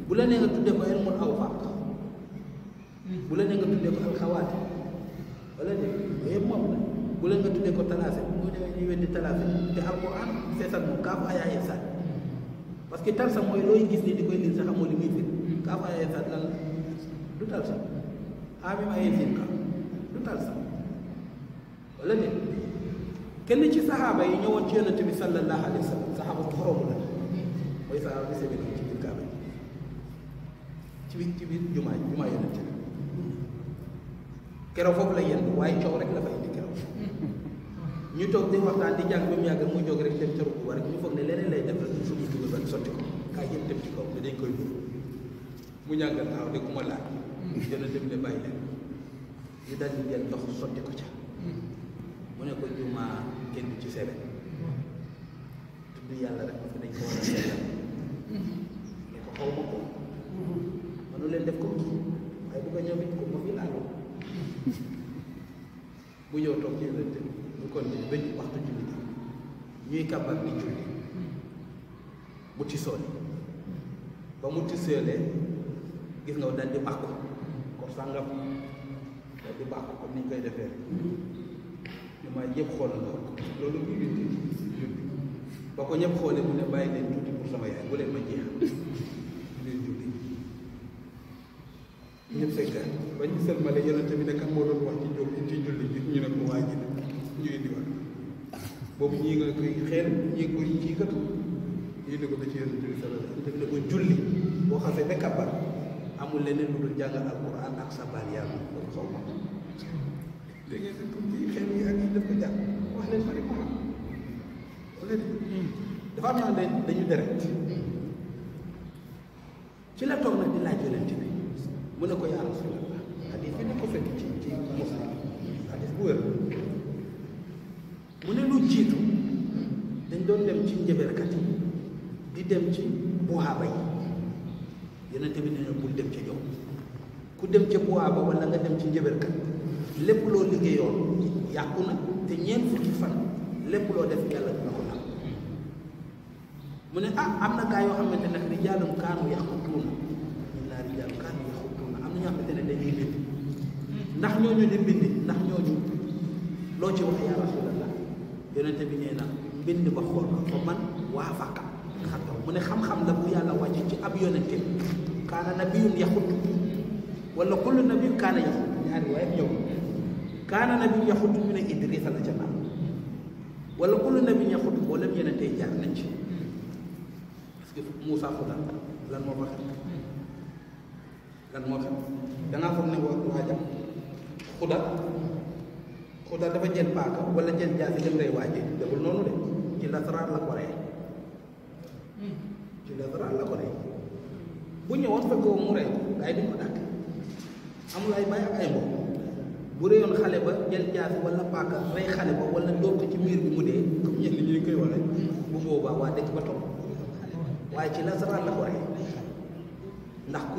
bu la nee ko ilmul bu la nee nga tuddee ko alxawaati wala ne yëpp moom la bu la nga tuddee ko talaase boo demee ñuy weddi talaase te alquran seetal moom kaafu insaan parce que tarsa mooy looy gis ni di koy lire sa xamoo li muy afaye tallal du tal sa amim ah, aye firqa du tal sa wala ne kenn ci saxaaba yi ñëwoon ci yonente bi sallallahu alayhi wa sallam saxaaba bu xoromu la mooy saxaaba bi sebe ci biir kaaba ci biir ci biir jumaa jumaa yonente bi keroog foofu la yenn waaye coow rek la fa indi keroog ñu toog di waxtaan di jàng ba mu yàgg mu jóg rek dem ca ruku ba rek ñu foog ne leneen lay def rek sotti ko kaay yëpp dem ci kaw dañ koy dugg mu ñàggal naaw de ku ma laaj yonente bi ne bàyyi leen ñu dal di ndox sotti ko ca mu ne ko jumaa kenn ci sebe tudd yàlla rek parce que dañ ko war a ko xaw ma ko leen def ko waaye bu ko ñoom ñëw toog ci yonente bi ñu continue ba waxtu julli ñuy kàbbal di julli mu tisoon ba mu tisoolee gis nga dañ di bàkku ko sàngam dañ di bàkku comme ni ñu koy defee ñu may ñëpp xool loolu muy yëngu julli ba ko ñëpp mu ne bàyyi leen tuuti pour sama yaay bu leen julli ba ñu sëlmale yonente bi ne kan moo doon wax ci julli ñu ne ko waa ji ñu indiwaat boobu ñii nga koy xeel ñii koy ciikat ñu indi ko ba ci yonente ne ko julli boo xasee ba amul leneen lu dul jàngal alquran ak sabal yàlla loolu xaw ma léegi nag pour ci xel dafa am xam ne dañu deret ci la toog nag di laaj yonent bi mu ne ko yaa rasulallah hadis bu wér mu ne lu jiitu dañ doon dem ci njëbeerkat di dem ci buhaaba yi yeneen tamit nee na bul dem ca jox ku dem ca bois ba wala nga dem ci njëbërkat lépp loo liggéeyoon yàqu na te ñeent fukki fan lépp loo def yàlla dina ko nangu mu ne ah am na gaa yoo xamante ne rijaalun kaanu yaxutuuna illaa rijaalun kaanu yaxutuuna am na ñoo xamante ne dañuy bind ndax ñoo di ndax ñooñu loo ci wax yaa rasulallah yonente bi nee na bind ba xool ko fa man waa fakka xam-xam mu ne xam-xam la bu yàlla wàcce ci ab yonente kaana nabiyun yaxut wala kullu nabiyun kaana yaxut ñaari waaye ñëw kaana nabiyun yaxut ñu ne Idrisa la ca naan wala kullu nabiyun yaxut mboolem yonente yi jaar nañ ci parce que Moussa lan moo fa xew lan moo xew dangaa foog ne waa waajam xuda xuda dafa jël paaka wala jël jaasi dem rey waaje deful noonu de ci lasaraar la ko rey ci Nasaraan la ko rey bu ñëwoon fekkoo mu rey ay duñ ko dàkk amul ay bàyyi ak ay mbokk bu reyoon xale ba jël jaasi wala paaka rey xale ba wala dóor ko ci miir bi mu dee comme ñenn ñi ñu koy waa ci Nasaraan la ko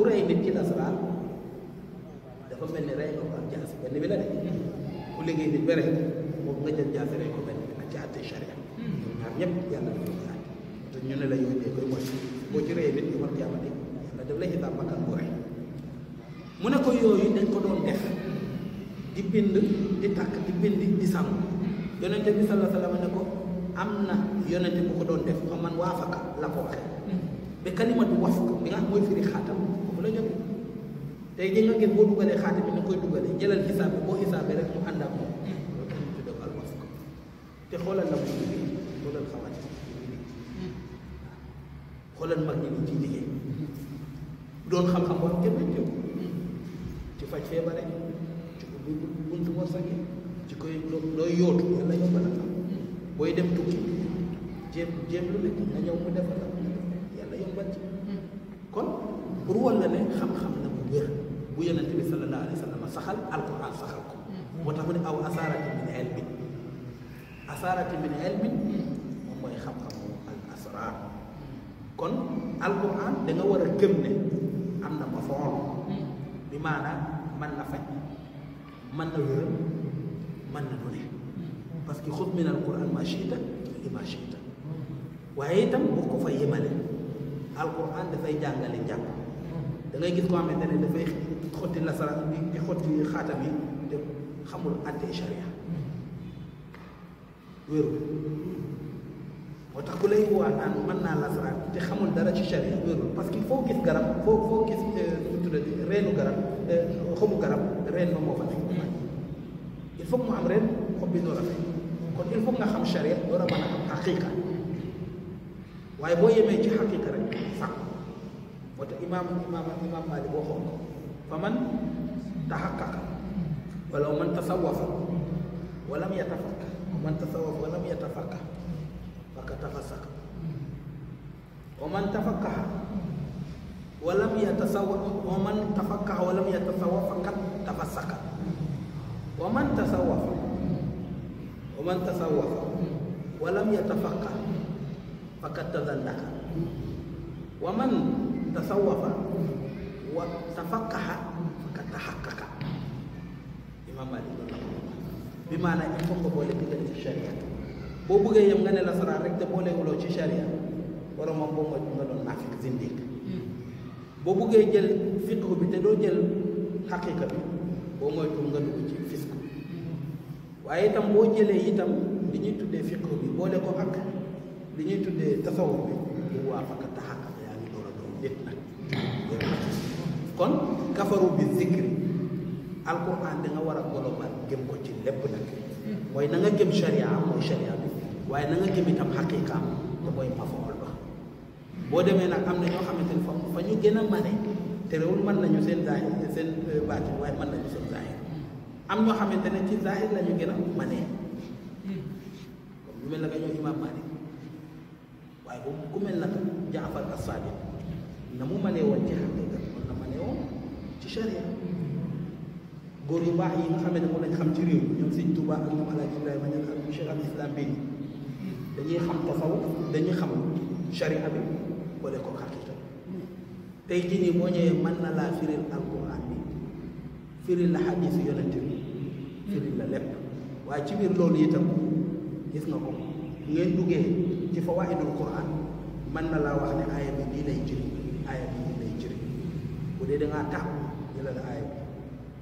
rey dafa mel ni rey nga ko ak jaasi benn moom nga jël jaasi rey ko benn ci àtte charia ñaar ñëpp ñu ne la yow dee boo ci reyee nit ñu war jaamati yàlla daf lay mu ne ko yooyu dañ ko doon def di bind di takk di bind di sàmm yonente bi sa alayhi wa ne ko am na yonente bu ko doon def xam man waa fakka la ko waxe ba kalimatu wafk ko nga xam mooy firi xaatam mu la jóge tey jii nga gis boo dugalee xaatam bi ni koy dugalee jëlal xisaab bi boo xisaabee rek mu ànd ak moom ko al wafk te xoolal la mu jóge loolu xamal xoolal mag ñi ñu ciy liggéey doon xam-xam wax kenn lañ jëm ci faj feebare ci ubbi buntu warsak yi ci koy looy yootu yàlla yomb la am booy dem tukki jéem jéem lu nekk nga ñëw mu defal la yàlla yombal kon pour wal la ne xam-xam na bu wér bu yonente bi sallallahu alayhi wa sallam saxal alquran saxal ko moo tax mu ne aw asaarati min ilmin asaarati min ilmin moom mooy xam-xam moom al asrar kon alquran da nga war a gëm ne am na mafool bi maanaam mën na faj mën na wér mën na lu ne parce que xud min alquran ma chita li ma chita waaye itam boo ko fa yemale alquran dafay jàngale njàng da gis koo xamante ne dafay xotti nasaraan bi di xotti xaatam yi xamul àttee sharia wéru moo tax bu lay waa naan mën naa lasaraan te xamul dara ci charia wérul parce que foo gis garab foo foo gis euh, nu garab euh, xobu garab reen ba moo fa nekk il faut mu am reen xob bi doo rafet kon il faut nga xam charia door a mën a xaqiqa waaye boo yemee ci xaqiqa rek sax moo tax imaam imaam imaam Maalik boo xool fa man taxaqaqa wala man tasawafa walam yatafakka man tasawafa walam yatafakka akatafasaka waman tafakkaha walam yatasawwaf waman tafakkaha walam yatasawwaf faqad tafassaka waman tasawwafa waman tasawwafa walam yatafakkah faqad tadallaka waman tasawwafa wa tafakkaha faqad tahaqqaqa Imam Malik بمعنى يفهم بولد الشريعه boo buggee yem nga ne la nasaraan rek te boolewuloo ci charia borom moom boo mooy nga doon naafiq zindiq hmm. boo buggee jël fiqhu bi te doo jël xaqiqa bi boo mooy nga dugg ci fisku waaye itam boo jëlee itam bi ñuy tuddee fiqhu bi boole ko ak li ñuy tuddee tasawuf bi bu waa fakk taxaqaq yaa ngi door a doon nit nag kon kafaru bi zikri alquran da nga war a global gëm ko ci lépp nag hmm. mooy na nga gëm charia mooy charia bi waaye na nga jëm itam xaqiiqaam te booy mafool ba boo demee nag am na ñoo xamante ni fa fa ñu gën a mane te réewul man nañu seen zaahir seen euh, baatin waaye mën nañu seen zaahir am ñoo xamante ne ci zaahir la ñu gën a manee comme lu mel waaye boobu ku na ka Jaafar as na mu manee woon ci xaqiiqa moom na manee woon ci sharia góor yu baax yi nga xamante moom lañ xam ci réew ñoom Sëñ Tuubaa ak ñoom Alaaji Ibrahima Ñas ak Cheikh al Islam bi dañuy xam tasawuf dañuy xam sharia bi boole ko xaqiqa tey jii nii boo ñëwee mën na laa firil alquran bi firil la xadis yonente bi firil la lépp waaye ci biir loolu itam gis nga ko ngeen duggee ci fawaidul quran mën na laa wax ne aaya bi lii lay jëriñ aaya bi lii lay jëriñ bu dee da ngaa tax jëlal aaya bi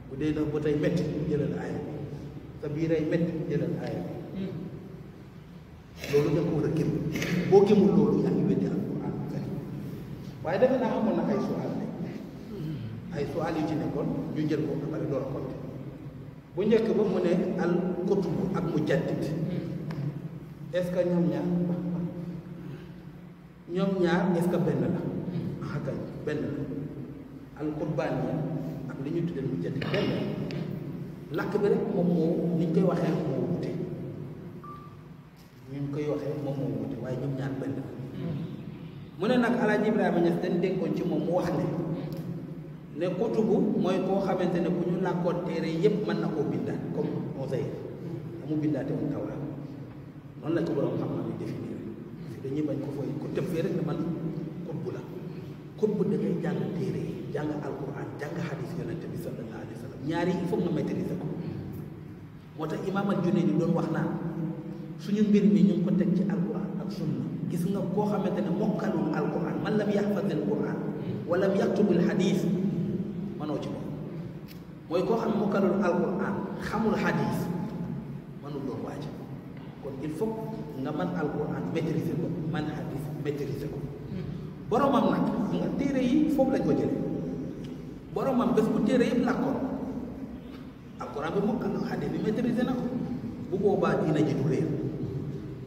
bu dee da ba tey métti jëlal aaya bi sa biiray métti jëlal aaya bi loolu nga ko war a gëm boo gëmul loolu yaa ngi weddi alquran karim waaye defe naa xamoon na ay suwaal ne ay suwaal yu ci nekkoon ñu jël ko après door a bu njëkk ba mu ne al kutubu ak mu jaddit est ce que ñoom ñaar ñoom ñaar est ce benn la xakay benn la al qurbaan ya ak li ñu tuddee mu jaddit benn lakk bi rek moom moo ni koy waxee moo ñu koy waxee moom waaye ñoom ñaar benn mu ne nag alaaji Ibrahima Niass dañ dénkoon ci moom mu wax ne ne kutubu mooy koo xamante ne bu ñu nàkkoon téere yépp mën na koo bindaat comme mosaïque mu bindaate woon tawraat noonu la ko borom xam-xam yi définir parce que dañuy bañ ko fooy ku rek ne man xutbu la xutbu da ngay jàng téere yi jàng alquran jàng xadis yonente bi sallallahu alayhi wa ñaari il faut nga maîtriser ko moo tax imaam al Junayd doon wax naa suñu mbir mi ñu ko teg ci alquran ak sunna gis nga koo xamante ne mokkalul alquran man lam yaxfad alquran wa lam yaktub alhadith manoo ci moom mooy koo xam mokkalul alquran xamul hadith manul doon waaj kon il faut nga man alquran maîtriser ko man hadith maîtriser ko boromam nag nga téere yi foofu lañ ko jële boromam bés bu téere yëpp làkkoon alquran bi mokkal na hadis bi maîtriser na ko bu boobaa dina ji du réer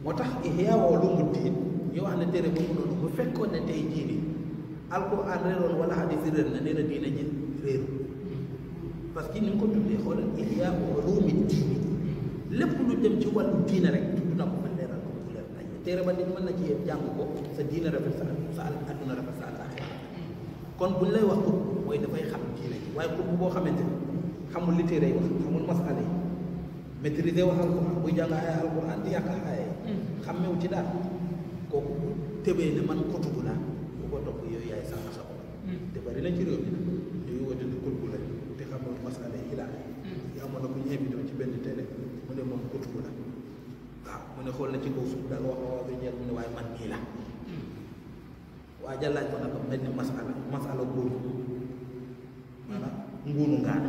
moo tax ihya wa ulumuddin ñu wax ne téere boobu noonu bu fekkoon ne tey jii nii alquran réeroon wala hadis réer na nee na diina ji réeru parce que ni nga ko tuddee xoolal ihya wa ulumuddin lépp lu dem ci wàllu diina rek tudd na ko man leeral ko mu leer ba nit mën na ci yéen jàng sa diina kon buñ lay wax ko mooy dafay xam diina ji waaye kub boo xamante ni xamul li téere yi wax xamul masala maîtriser wax ko buy jàng ay alquran di yàq ay mm. xammewu ci daal kooku tëbee ne man kutubu la bu ko topp yooyu yaay sànq sa bopp mm. te bari na ci réew mi nag mm. ci benn télé mu ne moom kutubu la waaw mu ne xool na ci kaw suuf daal wax wax bi ñeel mu ne waaye man nii la waa jàllaaj ma nag benn masala masala góoru maanaam nguuru ngaan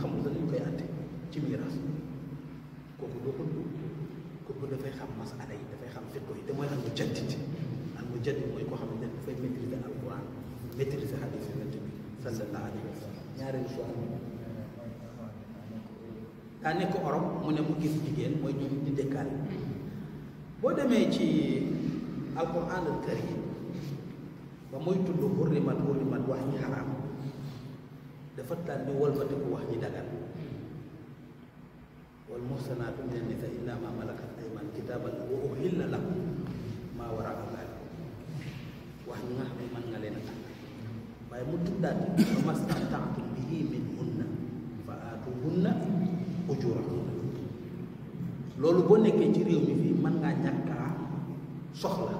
xamul sa ñu koy àtte ci miiras boo ko dugg kooku dafay xam masala yi dafay xam fekko yi te mooy al mujaddid al mujaddid mooy koo xam ne dafay maîtriser alquran maîtriser hadith yonent bi sallallahu alayhi wa sallam ñaareelu choix daa nekk orom mu ne mu gis jigéen mooy ñu di dékkaale boo demee ci alquran al karim ba muy tudd hurrimat hurrimat wax ñi xaraam dafa tànn walbatiku wax ñi dagan والمحصنات من النساء إلا ما ملكت أيمان كتابا وأحل لكم ما وراء ذلك wax nga xam ne mën nga leen a tànn waaye mu tuddaat ba mastataatum bihi min hunna fa aatuhunna ujurahunna loolu boo nekkee ci réew mi fii mën ngaa ñàkkaa soxla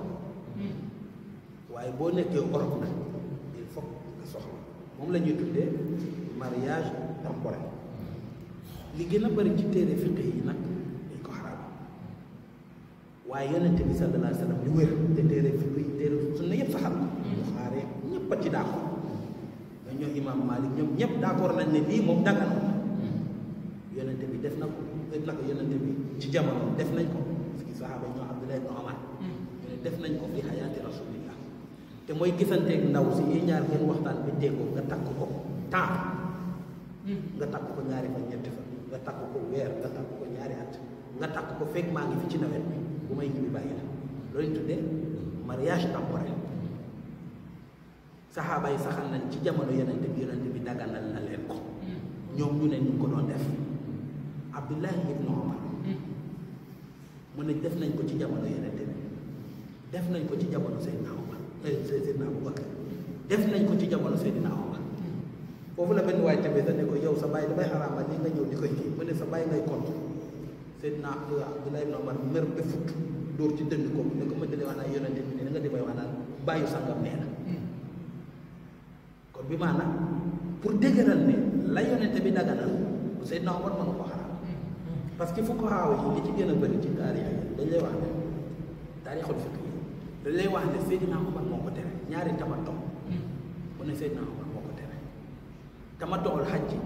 waaye boo nekkee Europe nag il faut nga soxla moom lañuy ñuy tuddee mariage li gën a bari ci téere fiq yi nag dañ ko xaraam waaye yonente bi sallallahu alayhi wa sallam lu wér te téere fiq yi téere sunna yëpp saxal na mm. Buxaari ñëpp a ci d'accord mais ñoom imam ñoom ñëpp d'accord nañ ne lii moom dagan mm. yonente bi def na ko def na ko yonente ci jamono def nañ ko parce que saxaaba ñoo Abdullah ibn Umar mm. def nañ ko fi xayaati rasulillah te mooy gisanteeg ndaw si yi ñaar ngeen waxtaan bi déggoo nga takk ko temps nga takk ko ñaari fa ñetti nga takk ko weer nga takk ko ñaari at nga takk ko fekk maa ngi fi ci nawet bi bu may ñibbi bàyyi la loolu tuddee mariage temporel saxaaba yi saxal nañ ci jamono yonente bi yonente bi daganal na leen ko mm. ñoom ñu ne ñu ko doon def abdullahi ibnu omar mm. mu ne def nañ ko ci jamono yonente bi def nañ ko ci jamono seydina omar eh, seydina nañ ko ci jamono seydina foofu la benn waay tamit dañ ne ko yow sa bàyyi damay xaraamal li nga ñëw di koy kii mu ne sa bàyyi ngay kont Seydina Abdullah ibn Omar mer ba futt dóor ci dënd ko ne ko mën dalee wax naa yonente bi ne nga di may wax naan bàyyi sàngam nee na hmm. kon bi maanaam pour dëgëral ne la yonente bi daganal bu Seydina Omar mën na ko xaraam hmm. Hmm. parce que fuqahaa yi li ci gën a bëri ci taarix yi dañ lay wax ne taarixul fiqh yi dañ lay wax ne Seydina Omar moo ko tere ñaari tamatoo mu ne Seydina tamattu'ul hajji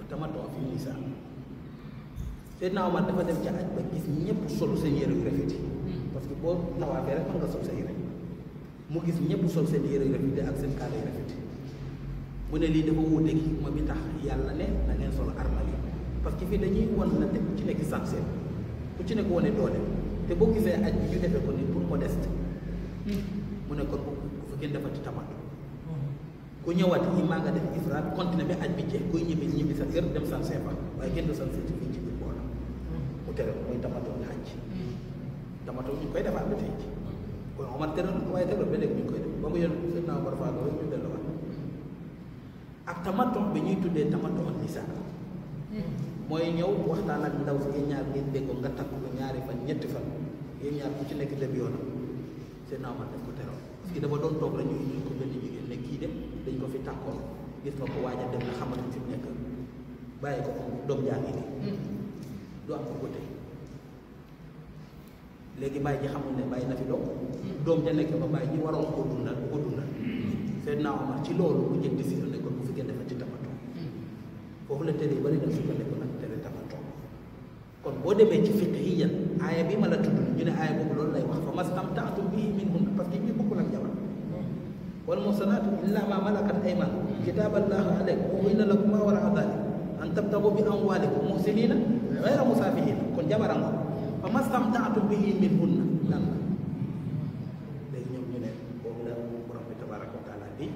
wa tamattu' fi nisaa Seydina Omar dafa def ci aj ba gis ñëpp sol seen yére yu rafet yi hmm. parce que boo tawaafee rek mën nga sol sa yére mu gis ñëpp sol seen yére yu rafet ak seen kaala yu rafet mu ne lii dafa wuute gi moom bi tax yàlla ne na ngeen sol armal parce que fii dañuy wan na te ku ci nekk sanseen ku ci nekk wane doole te boo gisee aj bi ñu defee ko ni pour modeste hmm. mu ne kon bu kenn dafa ci tamattu ku ñëwaat ñi maa nga def ifraat continué ba aj bi jeex kuy ñibbi ñibbi sa kër dem san seefa waaye kenn du san seeti fii ci biir boola mu tere mooy tamatoo nga aj tamatoo ñu koy defaat ba tey ci kon Omar tere waaye tere ba léegi ñu koy def ba mu yoon seen naa war faa loolu ñu delluwaat ak tamaton bi ñuy tuddee tamaton nisa mooy ñëw waxtaan ak ndaw si yéen ñaar ngeen déggoo nga takk ko ñaari fan ñett fan yéen ñaar ku ci nekk dem yoonam seen naa Omar def ko teroon parce que dafa doon toog la ñu benn jigéen ne kii de dañ ko fi tàkkoon gis nga ko waajal dem na xamatuñ fi mu nekk bàyyi ko doom jaa ngi nii mm. du am ko ko tey léegi bàyyi ji xamul ne bàyyi na fi doom mm. doom ja nekk ba bàyyi ji waroon koo dundal bu ko dundal mm. seet naa Omar ci loolu bu njëkk si ne kon bu fi kenn defal ci tapatoo foofu la tere yi bari na su ko nekk nag tere tapatoo kon boo demee ci fiqh yi yan aaya bi ma la tudd ñu ne aaya boobu loolu lay wax fa mastamtaatum bihi minhunna parce que ñu bokkul ak jabar wal muhsanaatu illaa maa malakat aymaanukum kitaaba llaahi aleykum wa uhilla lakum maa waraa daalika an tabtagu bi amwaalikum muhsiniina gayra musaafihiina kon jabara nga fa mastamtaatum bihi minhunna ñu ne boobu la borom bi tabaaraka wa taala di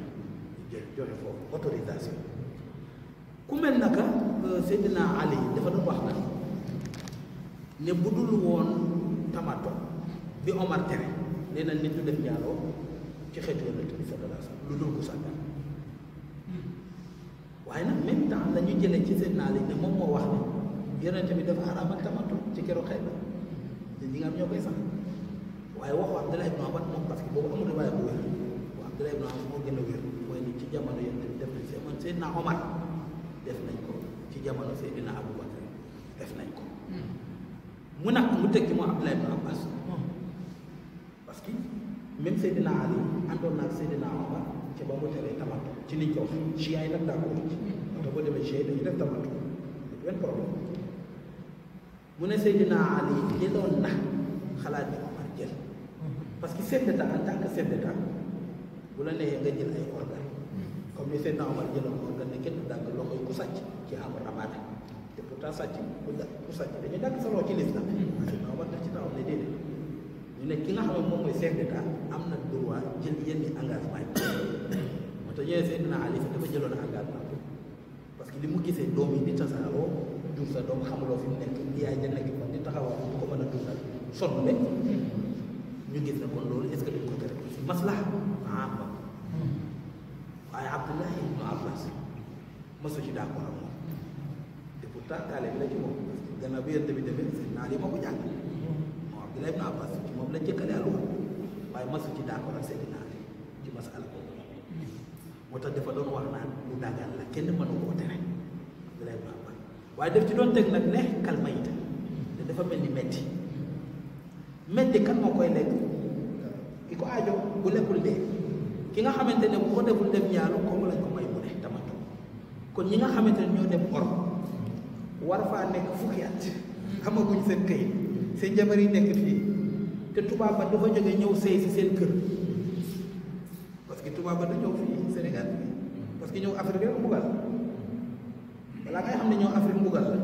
jël joxe foofu autorisation ku euh, na ne bu dul woon tamato bi Omar nee na nit du def njaaloo ci xeetu yonent bi lu dul bu sàggan waaye nag même temps la ñu jëlee ci seen naal yi ne moom moo wax ne yonent bi dafa araamal tamattu ci keroog xëy na te ñi nga am ñoo koy sax waaye waxu Abdallah ibn Abbas moom parce que boobu amul riwaaya bu wér waaw Abdallah ni ci jamono yonent bi def nañ seen man Seydina ci jamono Seydina Abu def nañ ko mu nag mu ci moom Abdallah que même Seydina Ali àndoon na ak Seydina Omar te boo ko teree tamatu ci liñ ko wax ci yaay nag daa ko ci yaay dañu def tamatu benn problème mu ne Seydina na xalaat bi Omar jël parce que chef d'état a tant que chef d'état bu la neexee nga jël ay organe comme ni Seydina Omar jëloon organe ne kenn dàgg loxo yi ku sàcc ci amul rabaate te pourtant sàcc ku sàcc dañuy dàgg sa loxo ci lislaam Seydina Omar daf ci taxaw ne déedéet ñu ne ki nga xam moom mooy chef d'état am na droit jël yenn engagement yi (coughs) moo tax ñëwee Seydina Ali dafa jëloon engagement parce que li mu gisee doom yi di tasaaroo jur sa doom xamuloo fi mu nekk di yaay ja nekk fa di taxawal du ko mën a dundal sonn lekk ñu gis ne kon loolu est que duñ ko tere maslaha ah ba waaye Abdoulahi ibnu Abbas masu ci d'accord ak moom te pourtant taale bi la ci moom parce que gannaaw bi yéen tamit demee Seydina Ali moo ko jàngal mm-hmm. moom Abdoulahi moom la jëkkale àlluwa waaye masu ci d'accord ak seeni naate ci masala boobu moo tax dafa doon wax naan lu daggal la kenn mënu koo tere vraiment waaye daf ci doon teg nag ne kalma it te dafa mel ni metti metti kan moo koy lekk ki ko aajo bu lekkul dee ki nga xamante ne moo ko deful dem ñaaru kooku lañ ko may mu ne tamatu kon ñi nga xamante ne ñoo dem or war faa nekk fukki at xamaguñ seen këyit seen jabar yi nekk fii te tubaab ba dafa jógee ñëw sëy si seen kër parce que tubaab ba da ñëw fii Sénégal bi parce que ñëw Afrique rek mbugal balaa ngay xam ne ñëw Afrique mbugal la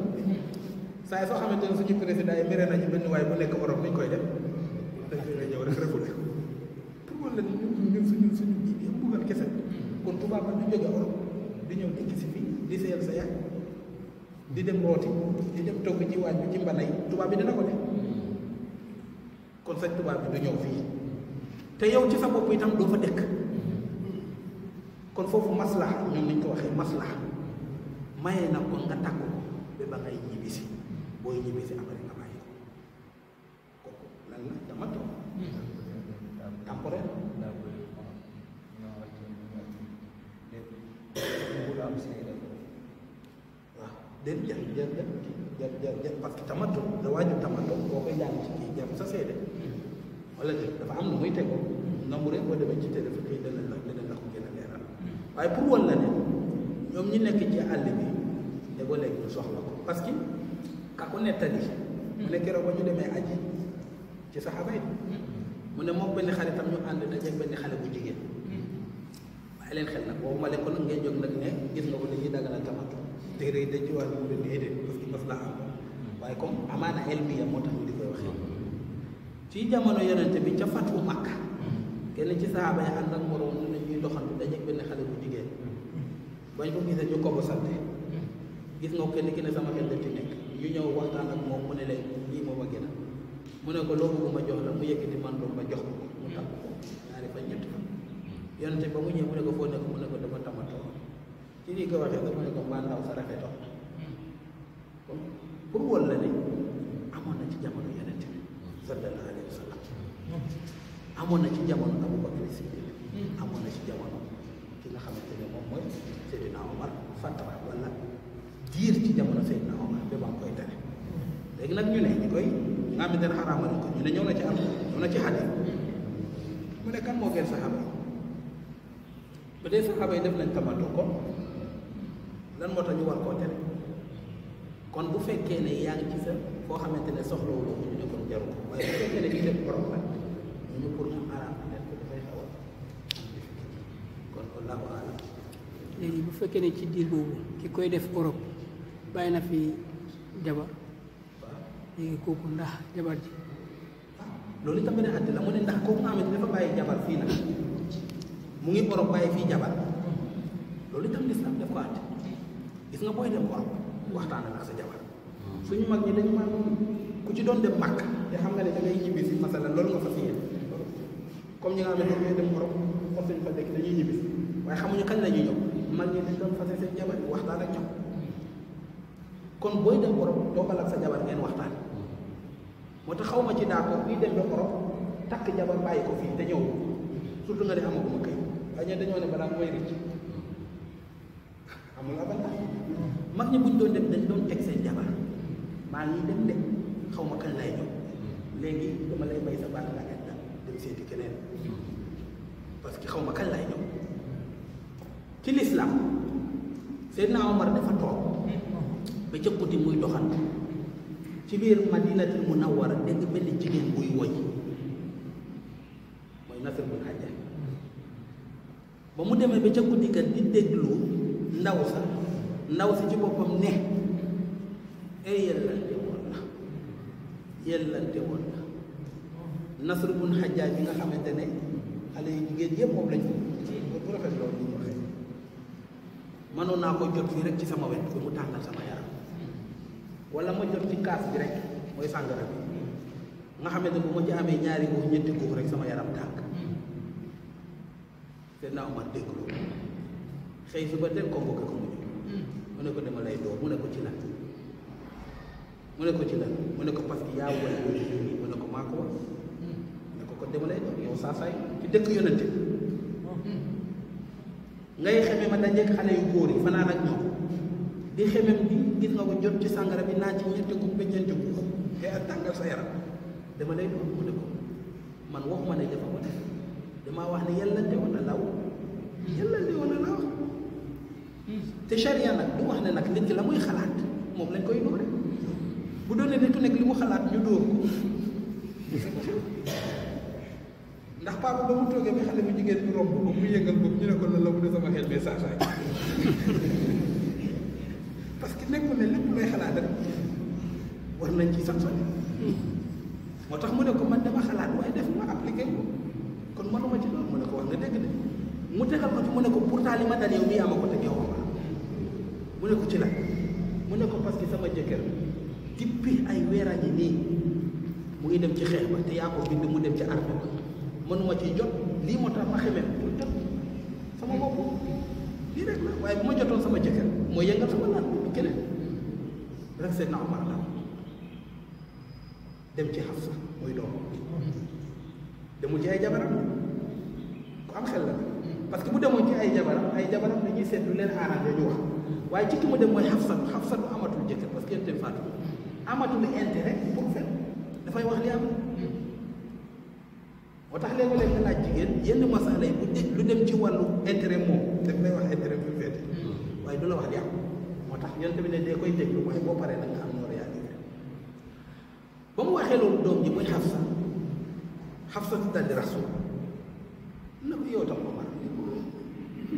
saa soo xamante ne suñu président yi mere nañu benn waay bu nekk Europe ni koy def dañ koy ñëw rek refoulé pour won la ñun suñu suñu jiibi mbugal kese kon tubaab ba du jóge Europe di ñëw dikk si fii di seyal sa yaay di dem rooti di dem togg ci waaj bi ci mbanay tubaab bi dina ko def kon sëñ Tuubaa bi du ñëw fii te yow ci sa bopp itam doo fa dëkk kon foofu maslaha ñoom niñ ko waxee maslaha maye na kon nga tàggu ko ba ba ngay ñibbisi booy ñibbisi après nga bàyyi ko kooku lan la dama toog temporaire waaw déet jar jar que tamato da waaju tamato boo koy jàng ci kii jar sa seede wala dafa am lu muy teg nombre rek boo demee ci téléphone yi dana la dana la ko gën a leeral waaye pour wan la ne ñoom ñi nekk ci àll bi ne ba léegi ñu soxla ko parce que ka ko nettali mu ne keroog ba ñu demee aji ci saxaaba yi mu ne moom benn xale tam ñu ànd dajeeg benn xale bu jigéen waaye leen xel nag boobu ma leen ko nag ngay jóg nag ne gis nga ko li ñuy dagal a tamatu téere yi dañ ci wax mu ne déedéet parce que mas la am waaye comme amaana elmiya moo tax ñu di koy waxee ci jamono yonente bi ca fatu Makka kenn ci saxaaba yi ànd ak moroom ñu ne ñuy doxantu dañuy benn xale bu jigéen bañ ko gisee ñu ko bu gis nga kenn ki ne sama xel da ci nekk ñëw waxtaan ak moom mu ne leen lii moom a gën a mu ne ko loo bëgg ma jox la mu yëkkati mantoom ba jox ko mu tàmp ko ñaari fa ñett fa yonente ba mu ñëw mu ne ko foo nekk mu ne ko dama tamatoo ci lii ko waxee ko mu ne ko mbaa ndaw sa rafetoo pour wol la ne amoon na ci jamono yonente sallallahu alaihi wasallam amoon na ci jamono Abubakar Siddiq amoon na ci jamono ki nga xamante ne moom mooy Seydina Omar fatra wala diir ci jamono Seydina Omar ba ba koy tere léegi nag ñu ne ñu koy nga xamante ne xaraamal ko ñu ne ñëw na ci am ñëw na ci xadiis mu ne kan moo gën saxaaba yi ba dee saxaaba yi def nañ tamatu ko lan moo tax ñu war koo tere kon bu fekkee ne yaa ngi ci sa foo xamante ne soxlawuloo ñu ne ko jaru ko waaye bu fekkee ne ñu def borom bu fekkee ne ci diir boobu ki koy def Europe bàyyi na fi jabar léegi kooku ndax jabar ji loolu itam beneen àtte la mu ne ndax kooku nga xamante dafa bàyyi jabar fii nag mu ngi Europe bàyyi fii jabar loolu itam lislaam def ko àtte gis nga booy dem Europe waxtaan ak sa jabar hmm. suñu mag ñi dañu maa ku ci doon dem màkk te xam nga ne da ngay ñibbi si masala loolu nga fas yéene comme ñu nga xam ne dañuy dem Europe fas ñu fa waaye xamuñu kañ la ñuy ñëw mag ñi dañ doon fase seen jabar waxtaan ak ñoom kon booy dem Europe toogal ak sa jabar ngeen waxtaan moo tax xaw ma ci daa ko takk jabar bàyyi ko fii te ñëw surtout nga ne amaguma kay dañoo ne balaa mooy rëcc amul avantage mag buñ doon dem dañ doon teg seen jabar maa ngi dem de xaw ma kan lay ñëw léegi dama lay may sa baat la nga dem seeti keneen parce que xaw ma kan lay ñëw ci lislaam Seydina Omar dafa toog ba ca guddi muy doxantu ci biir Madinatul Munawwara dégg benn jigéen buy woy mooy Nasr bu Hajjaj ba mu demee ba ca guddi kat di déglu ndaw sa ndaw si ci boppam ne ay yàlla yellante woon na nasru bun xajaaj bi nga xamante ne xale yu jigéen yëpp moom lañ ko bu rafet loolu ñu waxee mënoon naa ko jot fii rek ci sama wet ba mu tàngal sama yaram wala ma jot ci kaas bi rek mooy sàngara bi nga xamante bu ma ci amee ñaari góob ñetti góob rek sama yaram tànk te naaw ma dégg xëy suba teel convoqué ko mu ñëw hmm. mu ne ko dama lay doo mu ne ko ci lan mu ne ko ci lan mu ne ko parce que yaa woy woy jiw yi mu ne ko maa ko wax mu ne ko kon dama lay doon yow saa saay ci dëkk yonante ngay xamee ma dajeeg xale yu góor yi fanaan ak ñoom di xemem bi gis nga ko jot ci sàngara bi naa ci ñetti gub ba ñeenti gub te ak tàngal sa yaram dama lay doon mu ne ko man waxuma ne dafa ko def damaa wax ne yàlla dewoon na law yàlla dewoon na law te charia nag du wax ne nag nit ki la muy xalaat moom lañ koy doore bu doon nit ku nekk li mu xalaat ñu dóor ko ndax papa ba mu toogee ba xale bu jigéen bi romb ba mu yëngal boobu ñu ne ko lan la mu ne sama xel bee saa saa parce que ne lépp looy xalaat rek nañ ci sax moo tax mu ne ko man dama xalaat waaye def ma appliqué ko kon mënuma ci loolu mu ne ko wax nga dégg de mu tegal ko ci mu ne ko pourtant li ma dal yow mii ama ko teg yow ma mu ne ko ci la mu ne ko parce que sama jëkkër dippi ay weer a ngi nii mu ngi dem ci xeex ba te yaa ko bind mu dem ci arme ba mënuma ci jot lii moo tax ma xamee pour jot sama bopp lii rek la waaye bu ma jotoon sama jëkkër mooy yëngal sama laaj bi keneen la dem ci Hafsa mooy doom demul ci ay jabaram ku am xel la parce que bu demoon ci ay jabaram ay jabaram dañuy seet lu leen aaraan ñu wax waaye ci ki mu dem mooy Hafsa Hafsa du amatul jëkkër parce que yéen faatu amatul intérêt pour fen dafay wax li am hmm. moo tax léeg-léeg laaj jigéen yenn masala yi bu lu dem ci wàllu intérêt moom daf lay wax intérêt bu féete hmm. waaye du la wax li am moo tax yonent bi ne dee koy déglu waaye boo paree nag nga am noo réalisé ba mu waxee loolu doom ji muy Xafsa Xafsa daldi rasul na ko yow tam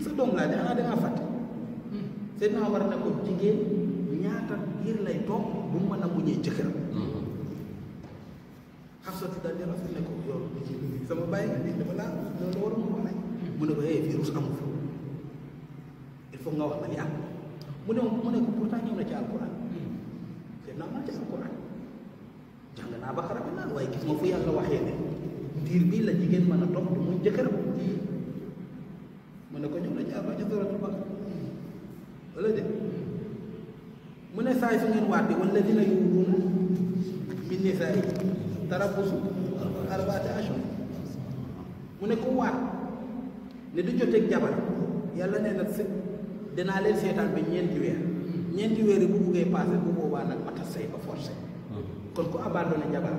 sa doom laa de xanaa dangaa fàtte hmm. seen naa war na ko jigéen ñaata biir lay toog bu mu mën a muñee jëkkëram xam soti daal di rafet ne ko yow ci sama bàyyi nga nii dafa laa loolu la war a mun wax ne mu ne ko hey eh, virus amul il faut nga wax na li am mu ne mu ne ko pourtant ñëw na ci alquran te naa naa ci alquran jàng naa ba xarab naan waaye gis ma fu yàlla waxee ne diir bii la jigéen mën a toog du muy jëkkëram mu ne ko ñëw na ci alquran ci suratul Baqara wala de mu ne saay su ngeen waatee wala dina yuuduuna min nisaay tarabbusu arbaati ashhur mu ne ku waat ne du joteeg jabar yàlla nee na si dinaa leen seetaan bi ñeenti weer ñeenti weer yi bu buggee passé bu boobaa nag ma tas say ba forcé kon ku abandonné jabar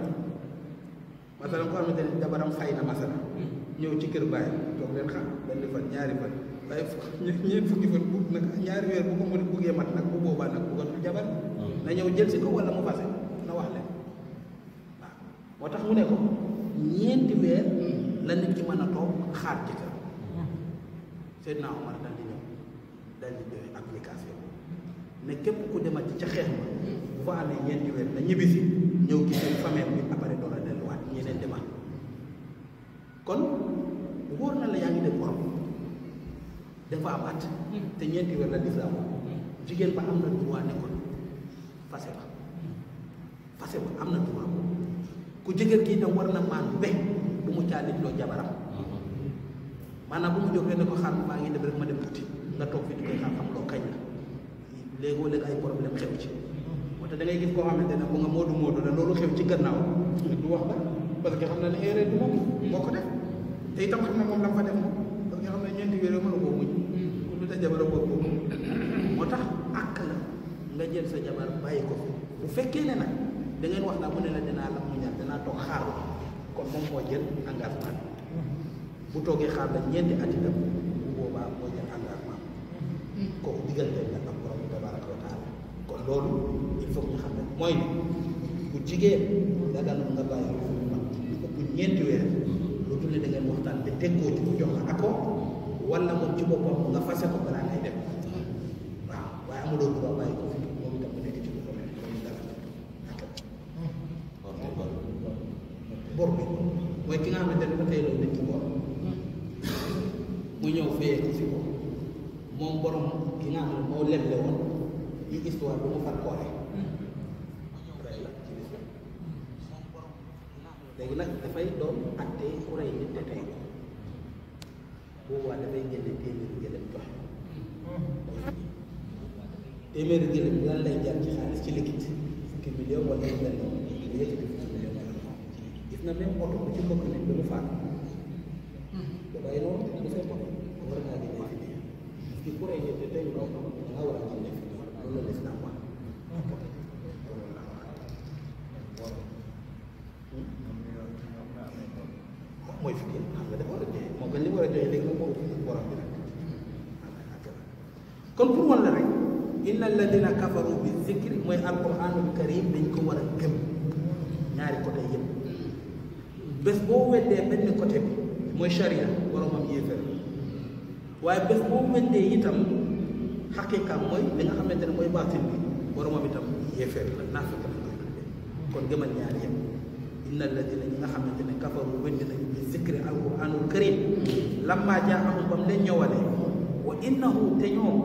masalan ko xamante ne jabaram fay na masala ñëw ci kër bàyyi toog leen xam benn fan ñaari fan waaye ñeent fukki fan bu nag ñaari weer bu ko mën buggee mat nag bu boobaa nag bu ko dul jabar hmm. na ñëw jël si ko wala mu fase na wax leen waaw moo tax mu ne ko ñeenti weer hmm. la nit ki mën a toog xaar ci kër hmm. Seydina Omar daal di ñëw daal di joxe ne képp ku demal ci ca xeex ma bu fa amee ñeenti weer na ñibbi si ñëw gis seen famille bi après door a delluwaat ñeneen demal kon wóor na la yaa ngi def borom dafa am at te ñeenti weer la lislaam jigéen ba am na droit ne ko fase ba fase ba am na ko ku jëkkër kii tam war na maan be bu mu caa loo jabaram maanaam bu mu jóg ne ko xaar maa ngi dem rek ma dem tuuti nga toog fi di koy xaar xam loo kañ la léegoo léegi ay problème xew ci wante da ngay gis koo xamante ne bu nga moodu moodu la loolu xew ci gannaaw du wax la parce que xam na ne erreur du moom moo ko def te itam xam na moom la fa def moom parce que xam ne ñeenti weer mënu koo sa jabar ko moom moo tax àkk la nga jël sa jabar bàyyi ko fi bu fekkee ne nag da wax naa mu ne la dinaa la muñal dinaa toog xaar kon moom moo jël engagement bu toogee xaar la ñeenti at itam bu boobaa moo jël engagement kooku diggante la ak borom tabaraka wa taala kon loolu il faut ñu xam ne mooy bu jigéen daganul nga bàyyi ko fu mu mag bu ñeenti weer lu dul ne da waxtaan te teggoo ci bu jox la accord wala moom ci boppam nga fase ko balaa ngay dem waaw waaye amuloo bu loo bàyyi ko fi moom itam mu nekk ci lu ko mel loolu dara bor bi bor bi mooy ki nga xam ne dañ ko tey loolu dañ ko bor mu ñëw fayee ko si ko moom borom ki nga xam ne moo leble woon ñu histoire bi mu far koore léegi nag dafay doon attee ku rey nit te tey ko boobaa dafay génne téeméeri gëlëm jox téeméeri gëlëm lan lay jar ci xaalis ci liquide fukki million wala lu mel noonu lu yëkkati fukki million wala gis na même oto bu ci bokk nit ba mu faat da ngay noonu da ngay bokk war ngaa génne fi parce que ku rey nit tey loolu da ngaa war a génne fi loolu la mooy fi nii xam nga dafa war a joxe moo gën li war a joxe léegi nag moo ëpp borom bi nag kon pour wan la rek inna alladina kafaru bi zikri mooy alquranul karim dañ ko war a gëm ñaari côté yëpp bés boo weddee benn côté bi mooy sharia boromam yéefar waaye bés boo weddee itam xaqiqa mooy li nga xamante ne mooy baatin bi boromam itam yéefar la naafiq la koy kon gëmal ñaari yëpp inna alladina ñi nga xamante ne kafaru wedd nañu الذكر أو أن كريم لما جاءهم بمن يوالي وإنه تنيوم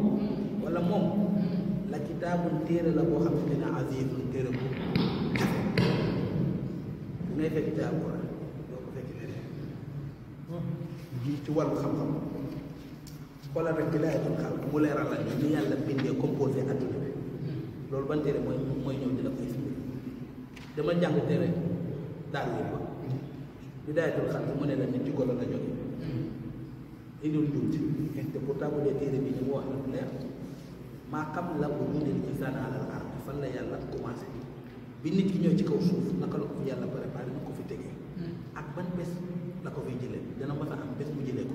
ولا موم لكتاب تير لبو خمسين عزيز تير بو نيفة كتاب جيت وال خم خم ولا رجلا يدخل خم مولا رلا الدنيا لبين دي كومبوزي أدنى لول بنتير ما ما ينوم دلوقتي دمن جاهو تير دار يبقى bidaayatul xalq mu ne la nit ci golo la jóge li doon te pourtant bu dee téere bi ñu wax na du leer maa xam la ko ñu ne fan la yàlla commencé bi nit ki ñëw ci kaw suuf naka la ko fi yàlla ko fi tegee hmm. ak ban bés la ko fiy jële dana mas a am bés mu jëlee ko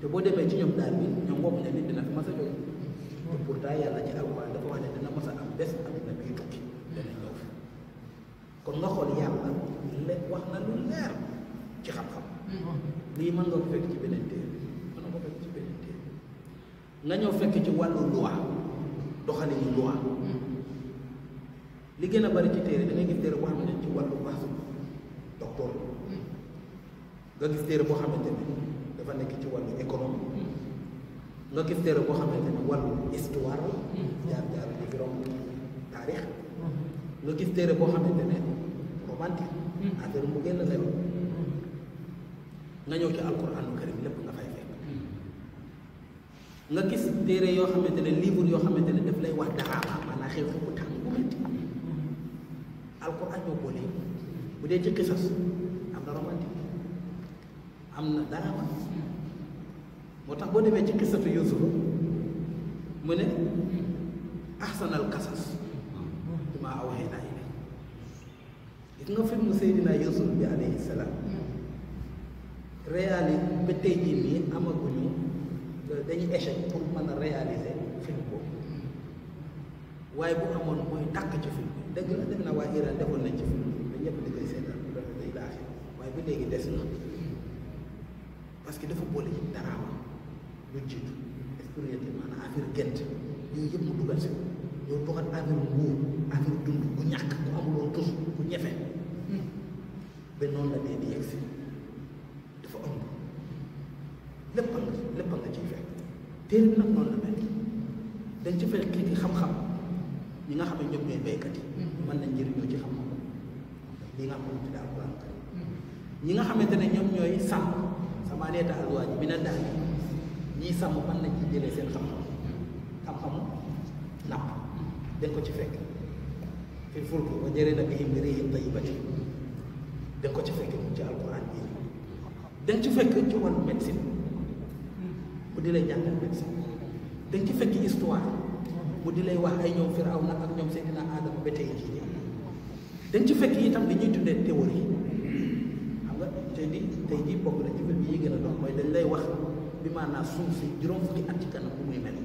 te boo demee ci ñoom daal bi ñoom wopp ne nit dina fi mas a jóge te pourtant yàlla ci alxuraan dafa wax ne dina mas a am bés adduna biy tukki hmm. kon nga xool yàlla wax na lu leer ci xam-xam lii mën nga ko fekk ci beneen téere mën nga ci beneen téere ñëw fekk ci wàllu loi doxale ñu li gën a bari ci téere da ngay gis téere boo xamante ne ci wàllu baasu docteur nga gis boo xamante ne nekk ci wàllu économie nga gis téere boo xamante ne wàllu histoire jaar jaar di taarix nga gis téere boo xam ne romantique hmm. affaire mu gën a lew nga ñëw ci alquranu karim lépp nga fay fekk nga gis téere yoo xamante ne livre yoo xamante ne daf lay wax daxaaba maanaam xew bu tàng bu metti alquran ñoo boole bu dee ci xisas am na romantique am na daraama moo tax boo demee ci xisatu yusuf mu ne ahsan al qasas bi ma awxee naa ilay gis nga film Seydina Yusuf bi alayhi salaam réaliser ba tey jii nii amaguñu dañuy échec pour mën a réaliser film boobu waaye bu amoon mooy tàkk ci film bi dëgg la dëgg na waa Iran defoon nañ ci film bi ba ñëpp di koy seetaan loolu day waaye ba léegi des na parce que dafa boole yi daraawa lu jiitu expérience maanaam affaire gent yooyu yëpp mu dugal si yow dugal affaire dund bu ñàkk bu amul tus bu ñefe hmm. ba noonu la dee di yegg lépp nga lépp nga ciy fekk te bi nag noonu la mel dañ ci fekk kii xam-xam ñi nga xam ne ñoom ñooy béykat yi mm. mën nañ njëriñoo ci xam-xam li nga xam ne daal Alxuraan mm. ñi nga xamante ne ñoom ñooy sàmm sama neeta alwaa ji bi na daal ñii sàmm mën nañ ci seen xam-xam xam-xamu napp dañ ko ci fekk fil fulki wa jarayna bihim bi riihin tayyibatin dañ ko ci fekk ci Alxuraan bi dañ ci fekk ci wàllu médecine mu di lay jàngal médecine dañ ci fekki histoire mu di lay wax ay ñoom Firawna ak ñoom seen Seydina Adama ba tey jii dañ ci fekk itam li ñuy tuddee théorie xam tey di tey jii bokk na ci film yi gën a dox mooy dañ lay wax bi maanaam suuf si juróom fukki at ci kanam bu muy mel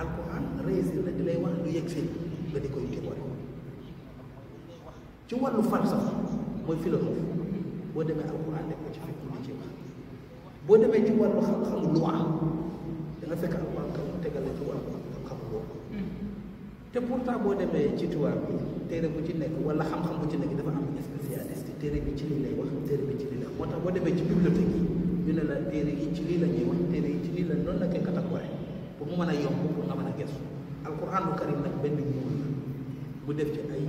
alquran réussir la di lay wax lu yëg si nga di koy théorie ci wàllu falsafa mooy philosophie boo demee alquran def ko ci fekk boo demee ci wàllu xam-xamu loi danga fekk alquran kaw tegal la ci wàllu xam-xamu loi mm-hmm. te pourtant boo demee ci tubaab bi téere bu ci nekk wala xam-xam bu ci nekk dafa am spécialiste téere bi ci lii lay wax téere bi ci lii la moo tax boo demee ci bibliothèque yi ñu ne la téere yi ci lii la ñuy wax téere yi ci lii la noonu la koy catégorie pour mu mën a yomb pour nga mën a gëstu alquranul karim nag benn ñuul la mu def ci ay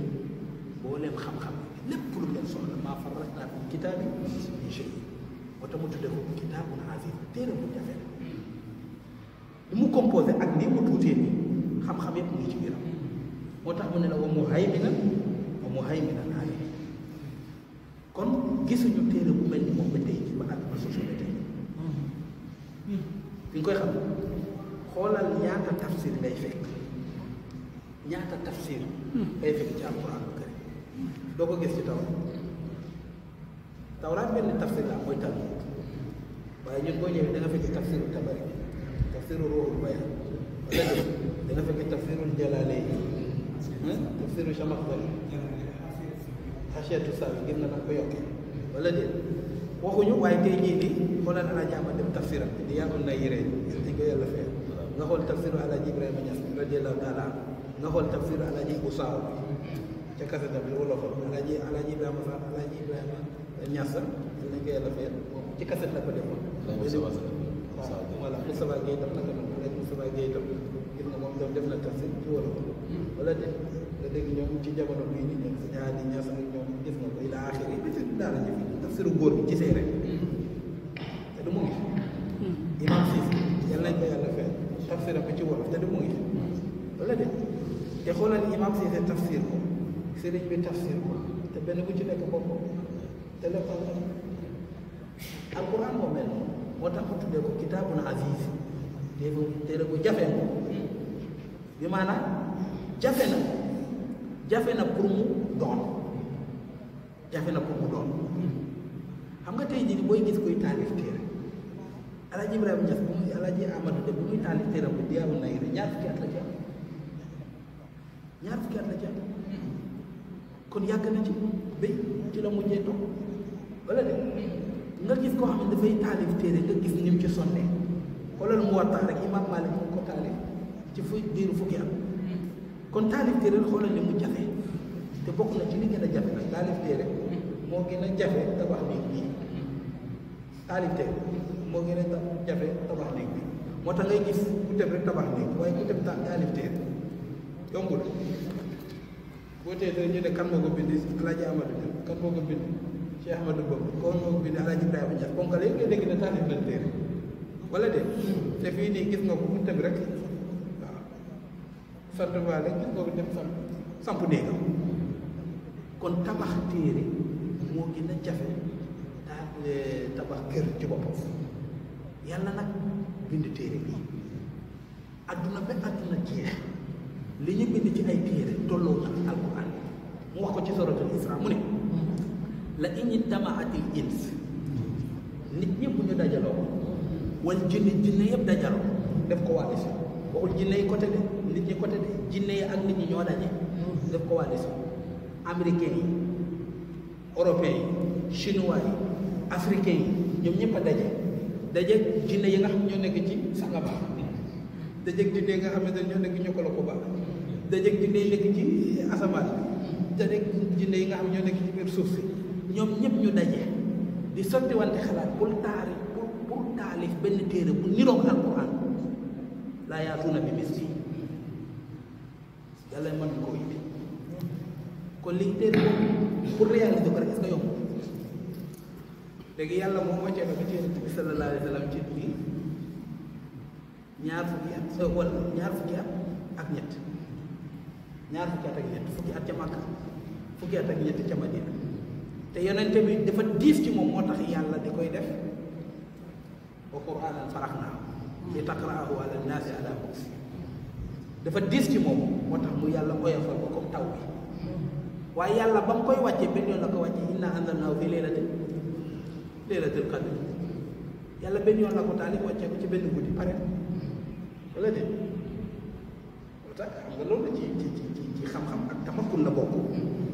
boo leen xam-xam lépp lu leen soxla maa faral ak kitaab ba te mu tuddee ko kitaabun aziz téere bu jafe li mu composé ak ni mu tuutee nii xam-xam yëpp mu ngi ci biiram moo tax mu ne la wa muhaymina wa muhaymina alayhi kon gisuñu téere bu mel ni moom ba tey ba àdduna suuf ba tey bi nga koy xam xoolal ñaata tafsir ngay fekk ñaata tafsir hmm. ngay fekk ci alquran karim doo ko gis ci taw tawraat mel ni tafsir la mooy tam waaye ñun boo ñëwee da nga fekk tafsiru tabari tafsiru ruuxul bayaan wala da fekk tafsirul jalaale yi tafsiru Chamaxbari xaseetu sawi ngir na ko yokk wala déet waxuñu waaye tey jii nii xoolal ala jaama dem tafsiram di yàlla na yéree dañ ko yàlla fee nga xool tafsiru alaaji Ibrahima Niass radiyallahu taala an nga xool tafsiru alaaji Oussao ca kasetam li wala xool alaaji alaaji Ibrahima Fall alaaji Ibrahima Niassa yal nañu ko yàlla fayal moom ci kaset la ko defoon. voilà Moustapha Guèye tam naka noonu rek Moustapha Guèye tam gis nga hmm. de nga dégg si ñaari Niassa ak ñoom gis nga ko bi ci daara ji fi tafsiru góor bi gisee rek hmm. te du mu ngi hmm. imam siis yal nañ ko yàlla fayal tafsir ko ci wolof te wala de te xoolal imam siis tafsir ko sëriñ bi tafsir ko te benn bu ci nekk boppam téléphone alquran moo mel noonu moo tax mu tuddee ko kitaabun aziz téere téere bu jafe na bi maanaam jafe na jafe na pour mu doon jafe na pour mu doon xam nga tey jii booy gis koy taalif téere Alaaji Ibrahima Ñas bu muy Alaaji Amadou de bu muy taalif téere bu diyaabu nay rek ñaar fukki at la ci ñaar fukki at la ci kon yàgg na ci béy ci la mujjee toog wala de nga gis koo xam ne dafay taalif téere nga gis ni mu ci sonne xoolal mu war tax rek imam Malik mu ko taalif ci fu diiru fukki at kon taalif téere xoolal ne mu jafe te bokk na ci li gën a jafe nag taalif téere moo gën a jafe tabax néeg bi taalif téere moo gën a jafe tabax néeg bi moo tax ngay gis ku teb rek tabax néeg waaye ku teb taalif téere yombul boo tee ñu ne kan moo ko bind Alaaji Amadu kan moo ko bind Cheikh Ahmadou Bamba kon bi ne Alaaji Ibrahima Ñas kon kale yëpp ngay dégg ne tànnif lan téere wala de te fii nii gis nga ko mu tëb rek waaw sant waale gis ko dem samp samp néegam kon tabax téere moo gën a jafe daa eh, tabax kër ci boppam yàlla nag bind téere bii adduna ba adduna jeex li ñu bind ci ay téere tolloo na alquran mu wax ko ci soratul isra mu ne la iñi tamaatil ins nit ñëpp ñu dajaloo wala jinne jinne yëpp dajaloo def ko waa lisi waxul jinne yi côté de nit ñi côté de jinne yi ak nit ñi ñoo daje def ko waa lisi américains yi européens yi chinois yi ñoom ñëpp a daje daje jinne yi nga xam ñoo nekk ci sangaba dajeeg jinne yi nga xamante ne ñoo nekk ñoo ko la ko baax dajeeg jinne yi nekk ci asamaan dajeeg jinne yi nga xam ñoo nekk ci biir suuf si ñoom ñëpp ñu daje di sottiwante xalaat pour taari pour pour taalif benn téere bu niroog alquran laa yaatuuna bi misli yàlla mën na koo indi kon liñ téere pour réaliser ko rek est-ce que yomb léegi yàlla moom wàccee na bi ci yonent bi sallallahu alayhi wa sallam euh, ñaar fukki at ak ñett ñaar fukki at ak ñett fukki at ca Makka fukki at ak ñett ca Madina te yonente bi dafa diis ci moom moo tax yàlla di koy def wa quranan faraxnaa li taqraahu ala nnaasi ala muksin dafa diis ci moom moo tax mu yàlla oyofal ko comme taw bi waaye yàlla ba mu koy wàcce benn yoon la ko wàcce inna anzalnaahu fi leylati leylatil qadr yàlla benn yoon la ko taali wàcce ko ci benn guddi pare wala déet moo tax xam nga loolu ci ci ci ci xam-xam ak tamakul la bokk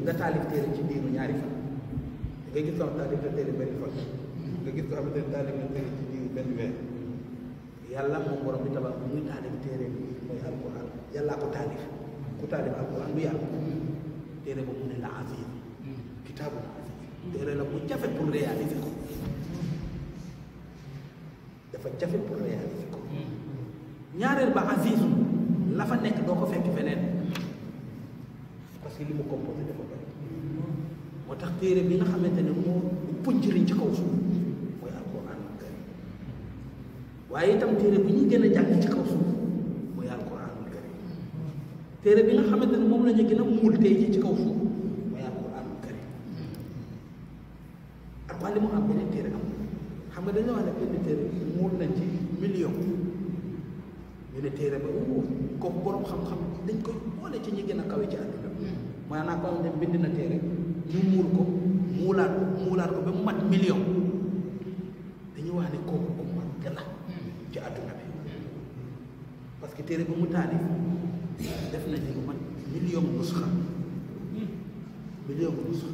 nga taalif téere ci diiru ñaari fan nga gis ko am taalif na téere benn fan nga gis ko xamante taalif na téere ci diir yàlla moom borom bi tabax muy taalif téere mooy alquran yàllaa ko taalif ku taalif alquran du yàlla téere boobu ne la aziz kitaabu téere la bu jafe pour réaliser ko dafa jafe pour réaliser ko ñaareel ba azizu la fa nekk doo ko fekk feneen parce que mu composé dafa bari moo tax téere bi nga xamante ne moo ëpp njëriñ ci kaw suuf mooy alquran karim waaye itam téere bi ñuy gën a jàng ci kaw suuf mooy alquran karim téere bi nga xamante ne moom la gën a muul tey ji ci kaw suuf mooy mu am beneen téere xam nga dañoo wax ne muul nañ ci million ñu ne téere ba wóor kooku borom xam-xam dañ koy boole ci ñi gën a kawe ci àdduna maanaam ko am ne bind na téere ñu muur ko muulaat ko muulaat ko ba mu mat million dañu wax ne kooku ko mag la ci àdduna bi parce que téere ba mu taalif def nañ lu mat million nusxa million nusxa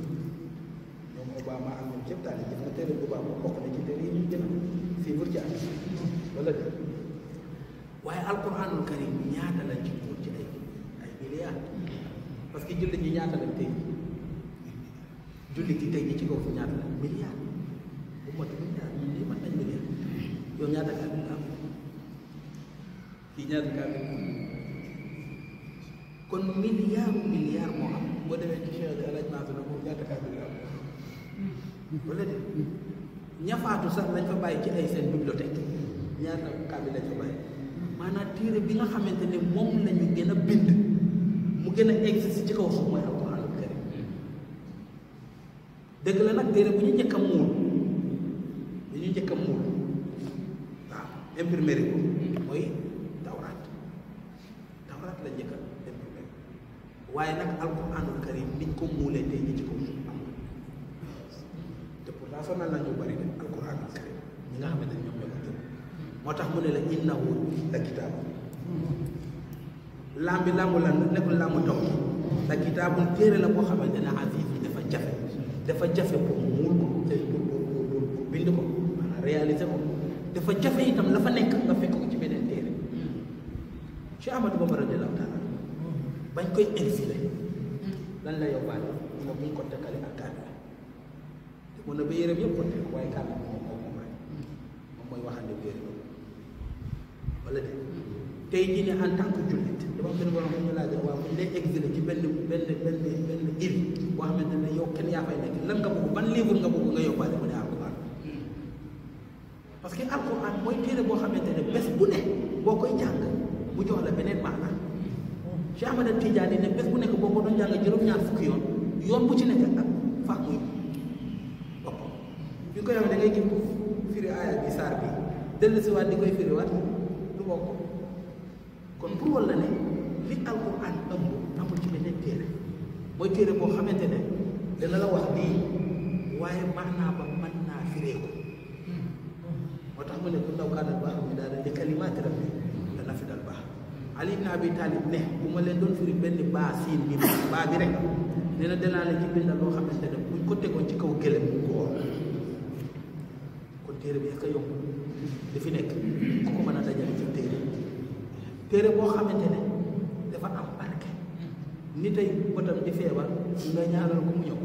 na téere bu baax bokk na ci téere yi ñu gën a suivre ci àdduna wala dé waaye alquranul karim ñaata lañ ci muur ci ay ay parce que jullit ñi ñaata lañ tey jullit yi tey ñi ci kaw fi ñaata milliard bu mot milliard ñun lii mën nañ milliard yow ñaata kaamil nga kon milliard moo am boo demee ci Cheikh El Hadj Mansour hmm. sax lañ fa bàyyi ci ay seen bibliothèque ñaata kaamil lañ bàyyi maanaam téere bi nga xamante ne moom lañu gën a bind mu gën a egg si ci kaw suuf mooy dëgg la nag téere bu ñu njëkk a muul bu ñu njëkk muul waaw imprimé mooy tawraat tawraat la njëkk a waaye nag alquranul karim niñ ko muulee tey ñi ci ko muul amul te pourtant sonal na ñu bëri de karim ñi nga xamante ne ñoom ñoo ko jël moo tax mu ne la innahu la kitaabu laam bi laamu lan nekkul laamu taw la kitaabu téere la boo xamante ne aziz dafa jafe pour muul ko pour bind ko maanaam réaliser ko dafa jafe itam la fa nekk nga fekk ko ci beneen téere ci Amadou Bamba radiyallahu taala bañ koy exilé lan la yóbbaale nga ko takkale ak kàddu te mun na ba yërëm yëpp ko teg waaye kàddu moom moom rek moom mooy waxande bi yërëm wala de تيجيني أن تانك جلد يبقى من وراء من لا جوا من لا إكزيل جبل بل بل بل إيف وأحمد من يو كان يافين لكن لم كبو بن ليف لم كبو غير يو بعد من القرآن parce que القرآن ما يتيه بوا خمسة من بس بنه بوا كي جانغ بجوا على بنات معنا شيء أحمد تيجاني نبس بنه كبو كون جانغ جرو من يافكيون يوم بجينا كذا فاكوي بابا يكو يعمل لكن في رأي بيسار بي دل سواد يكو في رواد لو بابا kon pour walla ne li alquran ëmb amul ci beneen téere mooy téere boo xamante ne dana la wax lii waaye maanaa ba mën naa fireeku moo tax mu ne bu ndaw kaanal baax mi daal di kalimaati rabbi dana fi dal baax Ali ibn Abi Talib ne bu ma leen doon firi benn baa siin bi baa bi rek nee na danaa la ci bindal loo xamante ne buñ ko tegoon ci kaw gëlëm mu ko woon kon téere bi est-ce que yomb nekk ku ko mën a dajale ci téere téere boo xamante ne dafa am barke ni tey bëtam di feebar ñu nga ñaanal ko mu ñëw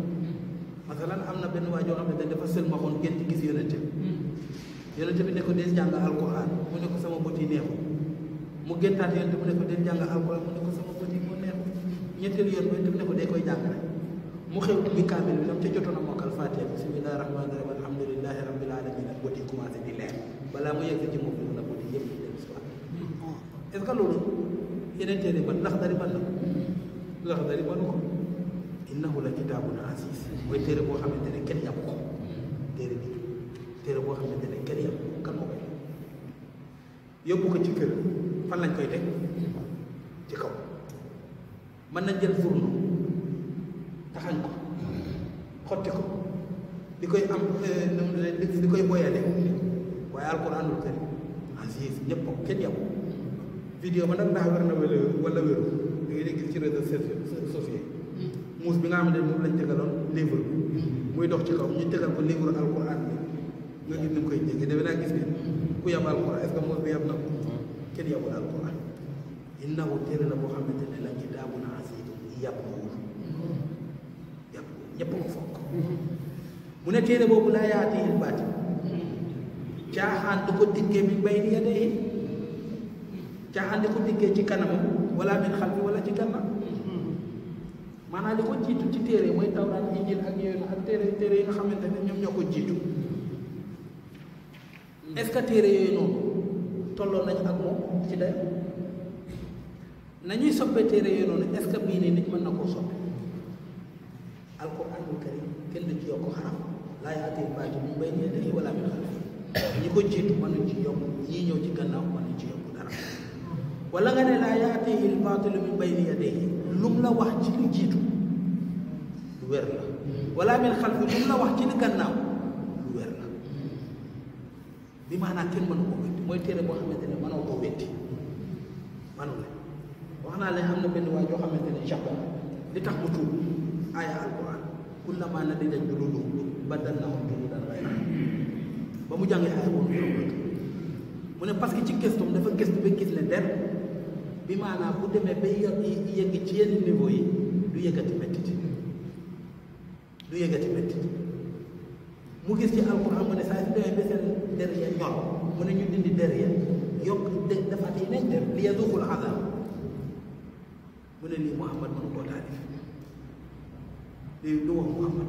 masalan am na benn waa joo xam ne dafa sëlmaxoon gën ci gis yonente bi yonente bi ne ko dee jàng alquran mu ne ko sama bët yi neexu mu géntaat yonente mu ne ko dee jàng alquran mu ne ko sama bët yi moo ko dee koy jàng rek mu xew bi kaamil bi nam ca jotoon a mokkal fatiha bismillahi rahmani rahim alhamdulilahi rabbil alamin ak bët yi di leer balaa mu yegg ci moom est-ce que loolu yeneen téere ban ndax dari ban la ndax dari banu ko innahu la kitaabun aziz mooy téere boo xamante ne kenn yàqu ko téere bi téere boo xamante ne kenn yàqu ko kan moo koy yóbbu ko ci kër lañ koy teg ci kaw mën nañ jël fourneau ko xotti ko li koy am euh, li koy boyale waaye alquranul karim aziz ñëpp kenn yàqu vidéo ba nag ndax wér na wala wala wéru yooyu lay gis ci réseaux sociaux yi muus bi nga xam ne moom lañ tegaloon livre bi muy dox ci kaw ñu tegal ko livre alquran bi nga gis ni mu koy jéggi defe naa gis ne ku yab alquran est ce que muus bi yab na ko kenn yabul alquran innahu téere la boo xamante ne la kitaabun asiid yàpp ko wul yàpp ko ñëpp ko fonk mu ne téere boobu laa yaati il baati caaxaan du ko dikkee mi bay ni yadee caaxaan di ko dikkee ci kanamam wala min xalfi wala ci gannaaw maanaa li ko jiitu ci téere mooy tawraat injil ak yooyu ak téere téere yi nga xamante ne ñoom ñoo ko jiitu hmm. est-ce que téere yooyu noonu tolloo nañ ak moom ci day nañuy soppee téere yooyu noonu est mën na koo soppe alquranul ci yokk xaram laa ñii ñëw ci gannaaw wala nga ne laa yaatihi lbaatilu min bayni yadayhi lu mu la wax ci li jiitu lu wér la wala min xalfi lu mu la wax ci li gannaaw lu wér la bi maanaam kenn mënu ko wétti mooy téere boo xamante ne mënoo ko wétti mënu la wax naa leen am na benn waay joo xamante ne japon li tax mu tuub aaya alquran kullama nadida juluduhum baddalnahum juludan ghayraha ba mu jàngee aaya boobu juróom la mu ne parce que ci gëstoom dafa gëstu ba gis leen der bi maanaam bu demee ba yëgg ci yenn niveau yi du yëgati mettit du yëgati mettit mu gis ci alxuraan mu ne saa su demee ba seen der ya ñor mu ne ñu dindi der ya yokk de defaat yeneen der li yazuqul azab mu ne lii Muhammad mënu koo taalif lii du wax Muhammad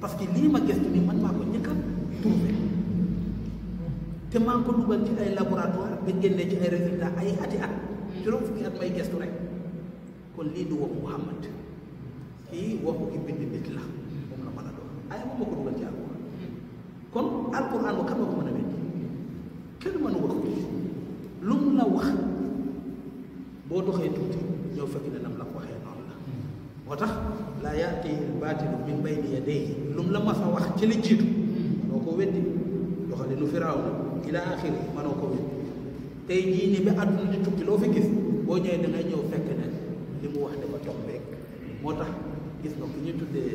parce que lii ma gëstu nii man maa ko njëkk a te maa ko dugal ci ay laboratoire ba génnee ci ay résultats ay ati at juróom fukki at may gestu rek kon lii du waxu Muhammad kii waxu ki bind nit la moom la mën a doon ay moom moo ko dugal ci alquran kon alquran ba kan moo ko mën a weddi kenn mënu wax lu mu la wax boo doxee tuuti ñëw fekk ne nam la ko waxee noonu la moo tax laa yaati baatilu min bayni yadayhi lu mu la mas a wax ci li jiitu manoo ko weddi doxale nu firaaw ila axiri manoo ko weddi tey jii nii ba àdduna di tukki loo fi gis boo ñëwee da ñëw fekk ne li mu wax dafa toog rek moo tax gis nga ku ñu tuddee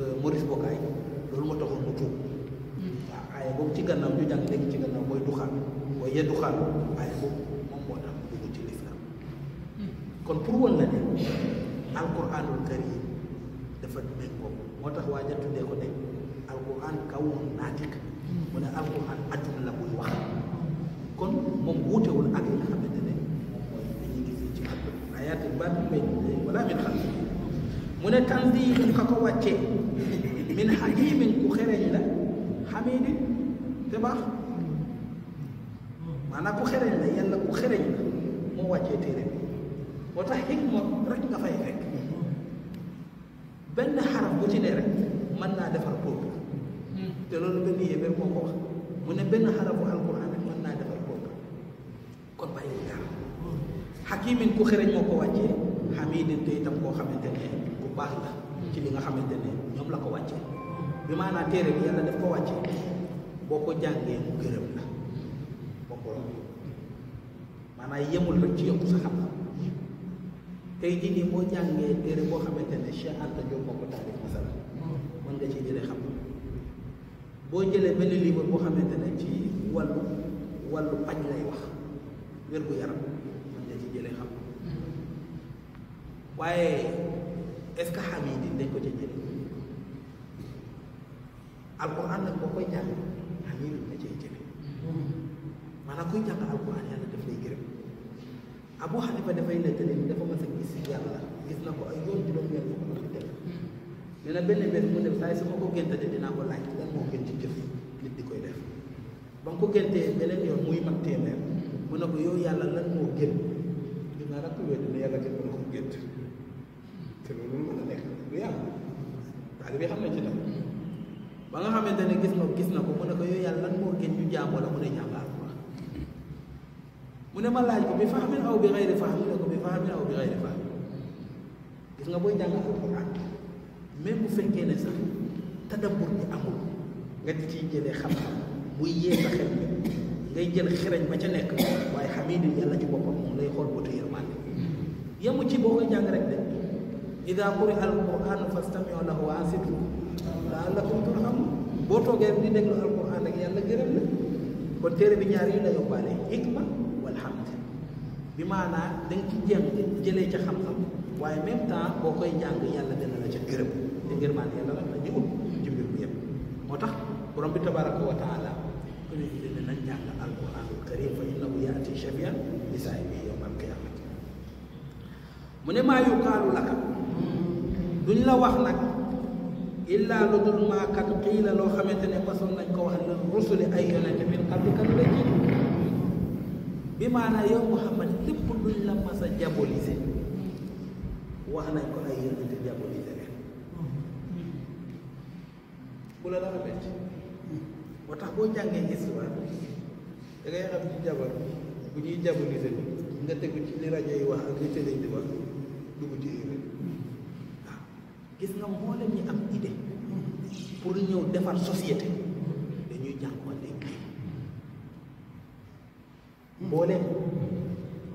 euh, Maurice Bocaille loolu moo taxoon mu tuub hmm. waaw aaye ci gannaaw ñu jàng léegi ci gannaaw mooy duxaan mooy yee moom moo tax mu dugg ci hmm. kon pour wan la ne alquranul karim dafa méngoo moo tax waa ja tuddee ko ne alquran kaw naatiq hmm. mu ne alquran adduna la buy wax kon mom wuté wuutewul ak nga xamné ne moom mooy li gis ci àdd ayaati bat min wala min xam mu ne tanzih ñu ko ko wàccee min xakimin ku xereñ la hamid te baax maanaam ku xereñ la yàlla ku xereñ la mo wacce téré bi hikma rek nga fay rek ben xaraf bu ci ne rek man na defar peuple te loolu benn yéebéer moo ko wax mu ne benn xarafu al kon bàyyiwul dara xakimin ku xereñ moo ko wàccee xamidin te itam koo xamante ne bu baax la ci li nga xamante ne ñoom la ko wàccee bi maanaam téere bi yàlla daf ko wàccee boo ko jàngee mu gërëm la bokkul maanaam yemul rek ci yokk sa xam-xam tey jii nii boo jàngee téere boo xamante ne Cheikh Anta Diop moo ko taalif masala mën nga ci jëlee xam-xam boo jëlee benn livre boo xamante ne ci wàllu wàllu paj lay wax wér gu yaram mën na ci jëlee xam mm-hmm. waaye est-ce que xam yi di dañ ko ca jëlee alquran nag boo koy jàng xam yi duñ la cay jëlee mm-hmm. maanaam kuy jàng alquran yàlla daf lay gërëm Abu Hanifa dafay nettali ni dafa mas gis yàlla gis na ko ay yoon juróom-benn fu ko def mm-hmm. nee na benn benn mu def saa yi su ma ko géntee dinaa ko laaj lan moo gën ci jëf nit di koy def ba nga ko géntee beneen yoon muy mag téeméer mu na ko yow yàlla lan moo gën dinaa nag ku wedd yàlla kenn mën ko gént te loolu mën na nekk lu yàlla bi xam nañ ci tam ba nga xamante ne gis na gis na ko mu ne ko yow yàlla lan moo gën ñu jaam wala mu ne jàng alquran ne ma laaj ko bi fahmin aw bi xayri fahmin mu ne ko bi fahmin aw bi xayri fahmin gis nga booy jàng alquran même bu fekkee ne sax tadabbur bi amul nga di ciy jëlee xam-xam buy yee sa xel ngay jël xereñ ba ca nekk waaye xamidu yàlla ci boppam moom lay xool bëtu yërmande yemu ci boo koy jàng rek de ida quri alquran fastamiu lahu wa ansitu la'allakum turhamun boo toogee di déglu alquran rek yàlla gërëm la kon téere bi ñaar yi la yóbbaale hikma walhamd bi maanaa da nga ci jéem jëlee ca xam-xam waaye même temps boo koy jàng yàlla dina la ca gërëm te ngërmaan yàlla rek la ñu ut ci mbir bu tax borom bi tabaraka wa من يريد أن ينجح القرآن الكريم فإنه يأتي شفيا لصاحبه يوم القيامة من ما يقال لك دون لا wax nak illa ludul ma kat qila lo xamantene ko son nañ ko wax la rusuli ay yonent min qabli kan la jitu bi maana yow muhammad lepp luñ la massa diaboliser wax nañ ko ay yonent diaboliser leen ku la dara bett moo tax boo jàngee gis da ngay xam ci jabar bu ñuy diaboliser bi nga tegu ci li rajo yi wax ak li télé di wax dugg ci erreur waaw gis nga mboolem ñi am idée pour ñëw defar société dañuy jànkuwanteeg kii mboolem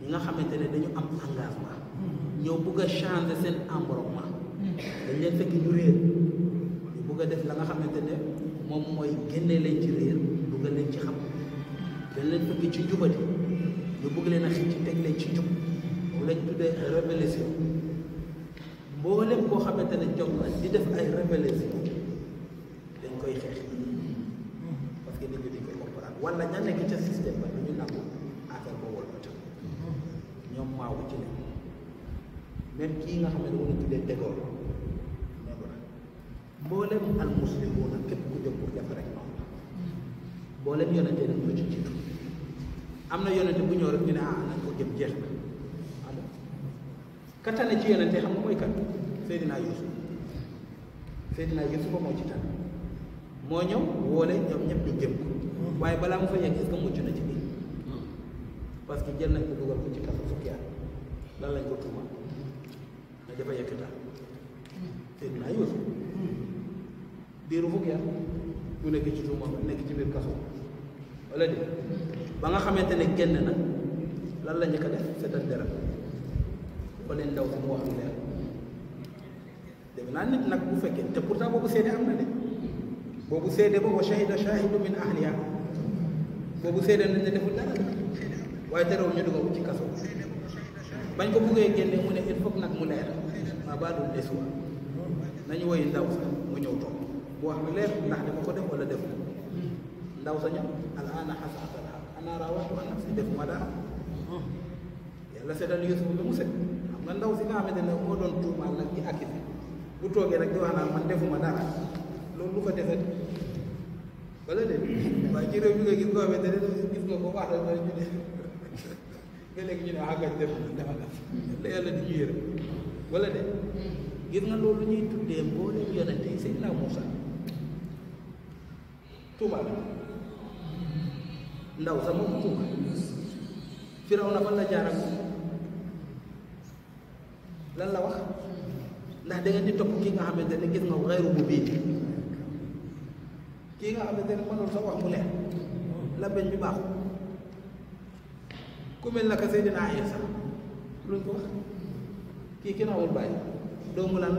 ñi nga xamante ne dañu am engagement ñëw bugg a changer seen environnement dañ leen fekk ñu réer ñu bugg def la nga xamante ne moom mooy génnee leen ci réer dugal leen ci xam dañ leen bëgg ci jubati ñu bëgg leen a xëcc ci teg leen ci jub bu lañ tuddee ay révélation mboolem koo xamante ne jog na di def ay révélation dañ koy xeex parce que nit ñi dañ koy comprendre wala ña nekk ca système ba duñu nangu affaire boo wol ñoom maawu ci ne même kii nga xam ne dama la tuddee dégoor mboolem al muslimuuna képp ku jóg pour jafe rek noonu mboolem yonente nag ñoo ci jiitu am na yonente bu ñëw rek ñu ne ah, ko jëm jeex na allo katane ci yonente xam nga mooy kat Seydina Yuusuf Seydina Yuusuf ba moo ci tan moo ñëw woole ñoom ñëpp ñu jëm ko waaye balaa mu fa yegg est-ce mucc na ci biir parce que jël nañ ko dugal ko ci kaso fukki at lan diiru fukki at mu nekk ci tuuma nekk ci biir kaso wala de ba nga xamante ne génn na lan la njëkk a def setal deram ba leen ndaw si mu wax naa nit nag bu fekkee te pourtant boobu seede am na de boobu seede ba wa shahida shahidu min ahliha boobu seede nañ ci kaso ko buggee génne mu ne il nag mu leer maa baalul des nañu woyu ndaw sax mu ñëw toog wax lu leer ndax dama ko def wala def ndaw sa ñam al ana xasaatal xaq ana raawatu an nafsi def ma dara yàlla seetal Yuusuf ba mu set xam nga ndaw si nga xamante ne doon tuumaal nag di akki bi bu toogee rek di wax naan man loolu lu ko defet bala de waaye ci réew nga gis koo xamante ne gis nga ko wax rek wala ñu ne nga (laughs) léegi ñu ne àggañ ah def dafa def la yàlla di ñu yërëm wala de hmm. gis nga loolu ñuy tuddee mboolem yonente yi Seydina Muusa tuumaal ndaw sax moom tuumaal Firawna fan la jaar ak moom lan la wax ndax da di topp kii nga xamante ne gis nga xayru bu bii kii nga xam ne mënul sa wax mu leer la beñ bi baaxul ku mel naka Seydina Isa luñ ko wax kii ki naawul bàyyi doomu lan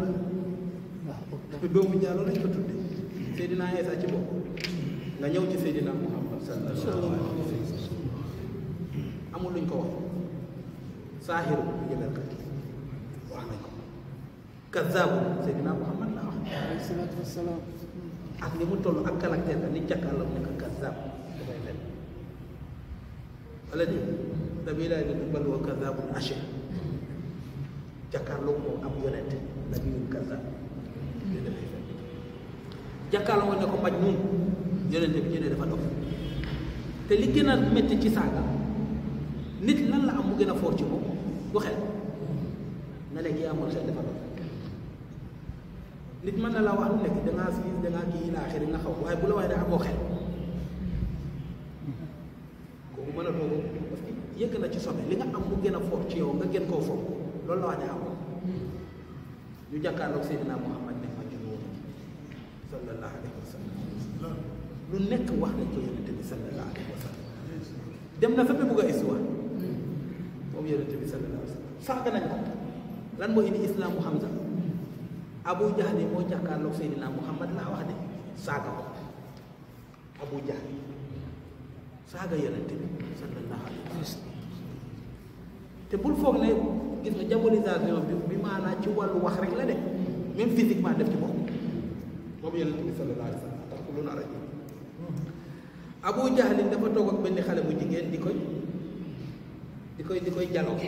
doomu jàllo lañ ko tudde Seydina Isa ci bopp nga ñëw ci Seydina Muhammad sallallahu alayhi wa amul luñ ko wax saaxiru jëlal kat wax nañ ko kazaabu Seydina Muhammad la wax alayhi salaatu wasalaam ak ni mu toll ak caractère ni jàkkaarloo nekk kazaab dafay leen wala di dabi laa di bal wa kazaabun ashir moom ne ko maj nun yonente bi ñu ne dafa dof te li gën a métti ci saaga nit lan la am mu gën a foor ci moom du xel na léegi amul xel dafa dof nit mën na la wax lu nekk dangaa siis dangaa kii laa xëri nga xaw waaye bu la waaye da amoo xel kooku mën a toogu parce que yëgg na ci sobe li nga am mu gën a foor ci yow nga gën koo foog loolu la wax ne amoo ñu jàkkaarloog Seydina Muhammad ne ma juróom sallallahu alayhi wa sallam lu nekk wax nañ ko yonente bi sallallahu alayhi wa sallam dem na fépp bugg a histoire moom yonente bi sallallahu alayhi saaga nañ ko lan moo indi islaamu Hamza Abu Jahli wax de saaga ko Abu Jahli saaga yonente bi sallallahu alayhi wa sallam te bul foog ne gis nga diabolisation bi bi maanaa ci wàllu wax rek la de même physiquement def ci bopp moom yonente bi sallallahu alayhi wa a abu jahlin dafa toog ak benn xale bu jigéen di koy di koy di koy jaloo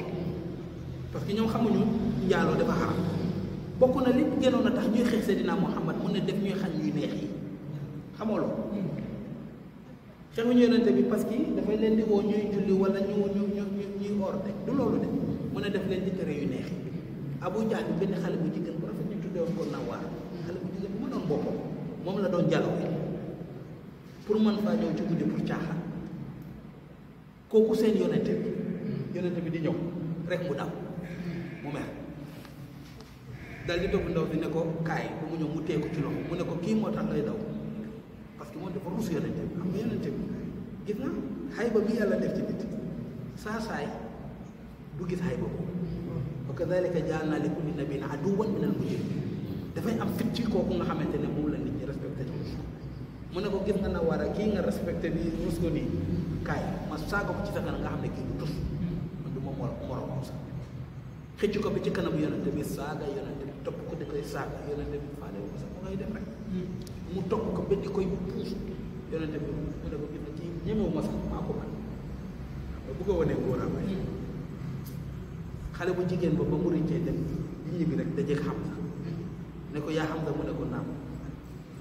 parce que ñoom xamuñu njaaloo dafa xaram bokk na li gënoon a tax ñuy xeex Seydina Muhammad mun ne def ñuy xañ ñuy neex yi xamoo loo xeexuñu yonente bi parce que dafay leen di woo ñuy julli wala ñu ñu ñu ñuy loolu de mun a def leen di tere yu neex yi abu jahl benn xale bu jigéen bu rafet ñu tuddee woon ko nawaar xale moom la doon jaloo pour man faa ñëw ci guddi pour caaxaan kooku seen yonente bi yonente bi di ñëw rek mu daw mu mer dal di topp ndaw bi ne ko kaay bu mu ñëw mu tee ko ci loxo mu ne ko kii moo tax ngay daw parce que moom dafa rus yonente bi xam nga yonente bi gis na xayba bi yàlla def ci nit saa saay du gis xayba ko wa kadalika jaalnaa li kulli nabiyyin aduwwan minal mujrimin dafay am fit ci kooku nga xamante ne moom mu ne ko gis nga na war a kii nga respecté nii rus ko nii kaay ma saako ko ci sa kanam nga xam ne kii du tus man du ma moroomam ko bi ci kanam yonente bi saaga yonente bi topp ko di koy saaga yonente bi faale mu ngay def rek hmm. mu ko di koy puus yonente bi mu ne ko gis nga kii ñemewu ma sax maa ko man ba bu ko wanee góoraa bay hmm. xale bu jigéen ba ba mu riccee dem di ñibbi rek dajeeg xam na ne ko yaa xam nga mu ne ko naam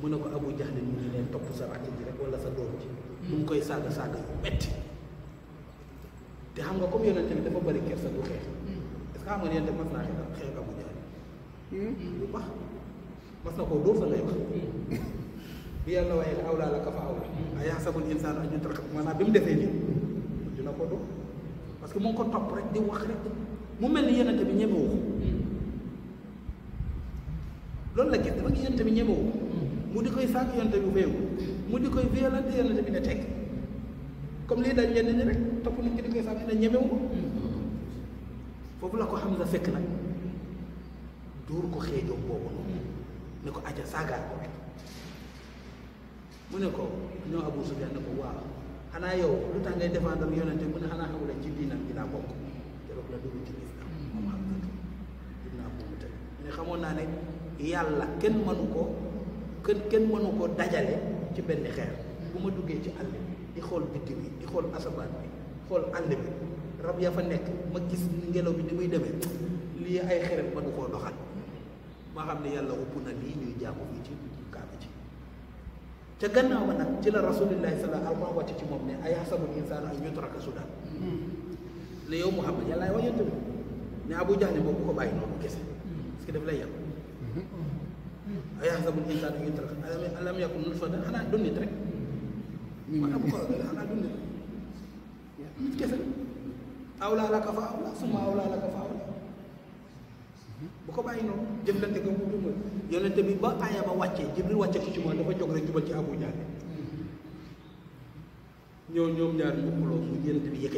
mun na ko abu jaxlin mu ngi leen topp sa rakk ji rek wala sa doom ji mu ngi koy saaga saaga yu metti te xam nga comme yonente bi dafa bëri kersa du xeex est-ce que xam nga yonente xeex xeex abu jaxlin hmm? na koo dóor sa lay hmm. bi la awlaa la ka fa awla ay yaxsabul insaanu an yutraka mu defee nii dina ko dóor parce que mu ngi ko topp rek di wax rek mu mel ni yonente bi ñemewu ko hmm. loolu la gis dafa gis yonente bi ñemewu mu di koy sànq yonte bu féewu mu di koy violente yonte bi ne teg comme lii daal ñenn ñi rek topp nañ ci di koy sànq ne ñemewu foofu la ko xam la sekk nag dóor ko xeejoom boobu noonu ne ko aja saagaar ko mu ne ko ñoo Abu Sufyaan ne ko waaw xanaa yow lu tax ngay défendre yonente mu ne xanaa xamula ci diinam dinaa bokk te mu ne xamoon naa ne yàlla kenn mënu ko kenn kenn mënu ko dajale ci benn xeer bu ma duggee ci àll bi di xool bitti bi di xool asamaan bi xool àll bi rab yaa fa nekk ma gis ngelaw bi di muy demee li ay xeret mënu koo doxal ma xam ne yàlla ëpp na lii ñuy jaamu fii ci kaaba ci ca gannaaw ba nag ci la rasulillahi sala alma wàcc ci moom ne ay xasabul insaan ay yutraka sudan ne yow Muhammad yàllaay wax yonte bi ne Abu Jahl boobu ko bàyyi noonu kese parce que daf lay yàq ayaxsabul insaanu an yutraka alam yakun nutfatan xanaa doon nit rek. maanaam bu ko xanaa doon bu ko bàyyi noonu jëflante ko bu duma yonente bi ba aaya ba wàccee Jibril wàcce ci ci Abu Jahl ñoo ñoom ñaar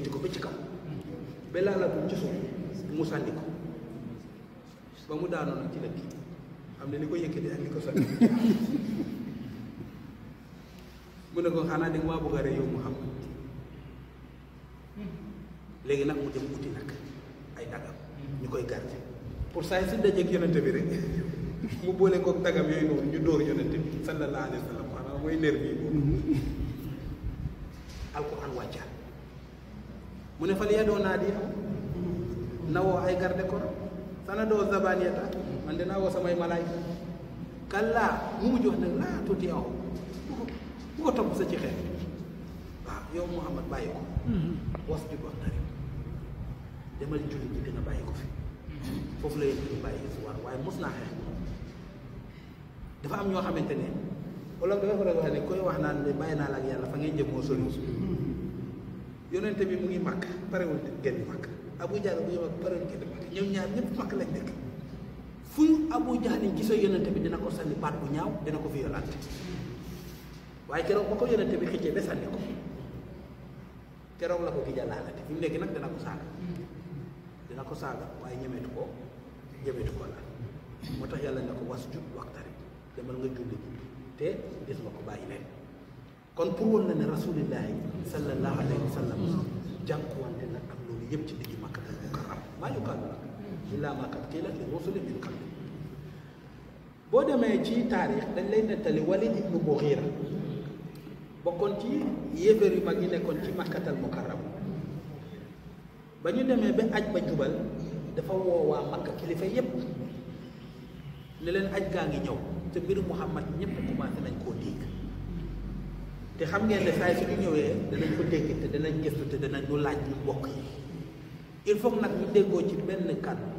ko ba ci kaw ba ci suuf mu sànni ko ba mu daanoon ci la kii xam ne ni ko yëkkati ak li ko sotti (laughs) mu ne ko xanaa di waa bëgg a rey yow Muhammad léegi nag mu dem uti nag ay dagam ñu koy garde pour saa yi su dajeeg yonente bi rek (laughs) mu boole koog dagam yooyu noonu ñu dóor yonente bi sallallahu alayhi wa mooy ner bii boobu (laughs) alquran mu ne fa li yadoo naa di na ay garde corps sanadoo zabaniyata man dinaa woo samay malaayka kallaa mu mujj wax nag laa tuuti aw bu ko bu ko topp sa ci xeet waaw yow Muhammad bàyyi ko mm-hmm. was bi ko demal julli ñi gën bàyyi ko fi foofu la yéen ñu bàyyi histoire waaye mos naa ñoo xamante ne wax ne koy wax naan ne bàyyi naa la yàlla fa ngay jëm moo soriwul mm-hmm. bi mu ngi màkk parewul genn màkk Abu Jahl bu ñëw ak parewul genn màkk ñoom ñaar ñëpp makk lañ dëkk fu Abu Jahlin gisoo yonente bi dina ko sànni baat bu ñaaw dina ko fi yolante waaye keroog ba ko yonente bi xëccee ba sànni ko keroog la ko gija laalante fi nekk nag dina ko saaga dina ko saaga waaye ñemetu ko ñemetu ko la moo tax yàlla ne ko was jub waxtari demal nga julli te gis nga ko bàyyi leen kon pour woon na ne rasulillahi sallallahu alayhi wa jànq jànkuwante nag am loolu yëpp ci digg Makkatal Mukarram maa yuqaalu la illaa maa qad qiila li rusuli min qabl boo demee ci taarix dañ lay nettali Walid ibnu Mughira bokkoon ci yéefar yu mag ñi nekkoon ci makkatal mukarram ba ñu demee ba aj ba jubal dafa woo waa makka kilifa yépp ne aj gaa ngi ñëw te mbiru Muhammad ñépp commencé nañ koo dégg te xam ngeen ne saa yi suñu ñëwee danañ ko dégg te danañ gëstu te danañ ñu laaj ñu mbokk yi il faut nag ñu déggoo ci benn kàddu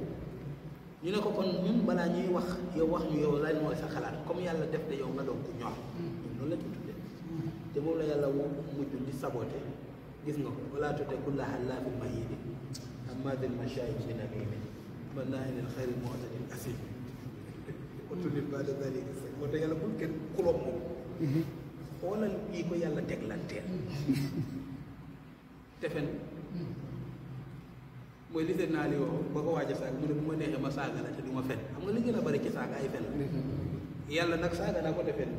ñu ne ko kon ñun balaa ñuy wax yow wax ñu yow lan mooy sa xalaat comme yàlla def de yow nga doon ku ñor ñun loolu la ñu tuddee te moom la yàlla wu mujj di saboté gis nga ko wala tuddee kulla hallaafin mahiin hammaazin mashaaa'in binamiim mannaahin lil xayri mu'tadin asiim utulin ba'da zaalika moo tax yàlla bul kenn kuloom moom xoolal yi ko yàlla teglanteel defen mooy li seen naa li woo boo ko waaj a saaga mu ne bu ma neexee ma saaga la te du ma fen xam nga li gën a bari ci saaga ay fen yàlla nag saaga naa ko te fen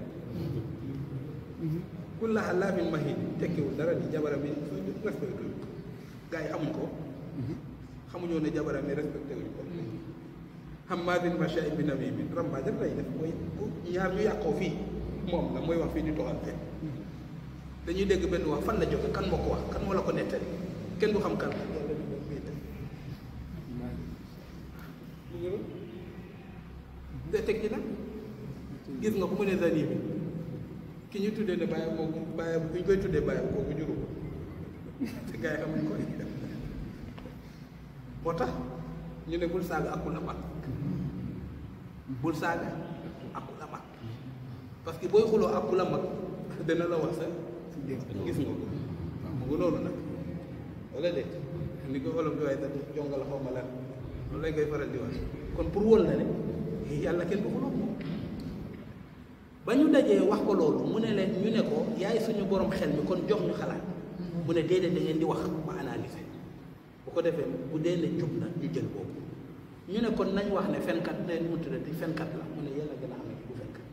kulla xalaafin mahin tekkiwul dara di jabaram yi respecté wuñ ko gars yi xamuñ ko xamuñoo ne jabaram yi respecté wuñ ko xammaadin mashaain bi namiimin rambaaj rek lay def mooy ñaar ñu yàqoo fii moom la mooy wax fii di toxal fen dañuy dégg benn wax fan la jóge kan moo ko wax kan moo la ko nettali kenn du xam kan ñu ne teg nag gis nga ku mu ne zani bi ki ñu tuddee ne bàyyam moom bàyyam bu ñu koy tuddee bàyyam kooku juru ko te gars yi xamuñ ko moo tax ñu ne bul saaga akul amat bul saaga akul amat parce que booy xuloo akul amat dana la wax sa gis nga ko mu ngi loolu nag wala déet ni ko olof di waaye sax jonga la xaw ma loolu lañ koy faral di wax kon pour wóol na ne yàlla kenn du ko loolu ba ñu dajee wax ko loolu mu ne leen ñu ne ko yaay suñu borom xel mi kon jox ñu xalaat mu ne déedéet da ngeen di wax ba analyser bu ko defee bu dee ne jub na ñu jël boobu ñu ne kon nañ wax ne fenkat ne mu tuddati fenkat la mu ne yàlla gën a xam ne bu fenkat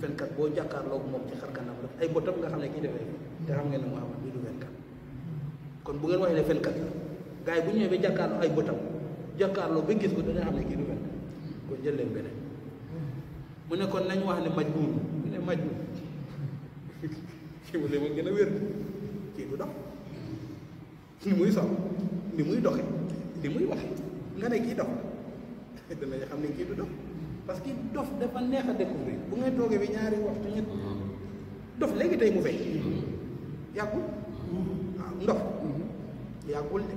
fenkat boo jàkkaarloo moom ci xar kanam rek ay botam nga xam ne kii defee te xam ngeen ne mu am bii du fenkat kon bu ngeen waxee ne fenkat la gars yi bu ñëwee ba jàkkaarloo ay botam jàkkaarloo ba gis ko danga xam ne kii du mel kon jël leen beneen mu ne kon nañ wax ne maj muun mu ne maj muun kii a wér kii du dox ni muy sol ni muy doxe ni muy waxe nga ne kii dox (laughs) danañ xam ne kii du dox parce que dof dafa neex a découvrir bu ngay toogee bi ñaari waxtu ñett dof léegi tey mu fay mm-hmm. yàggul mm-hmm. ah, ndof mm-hmm. yàggul de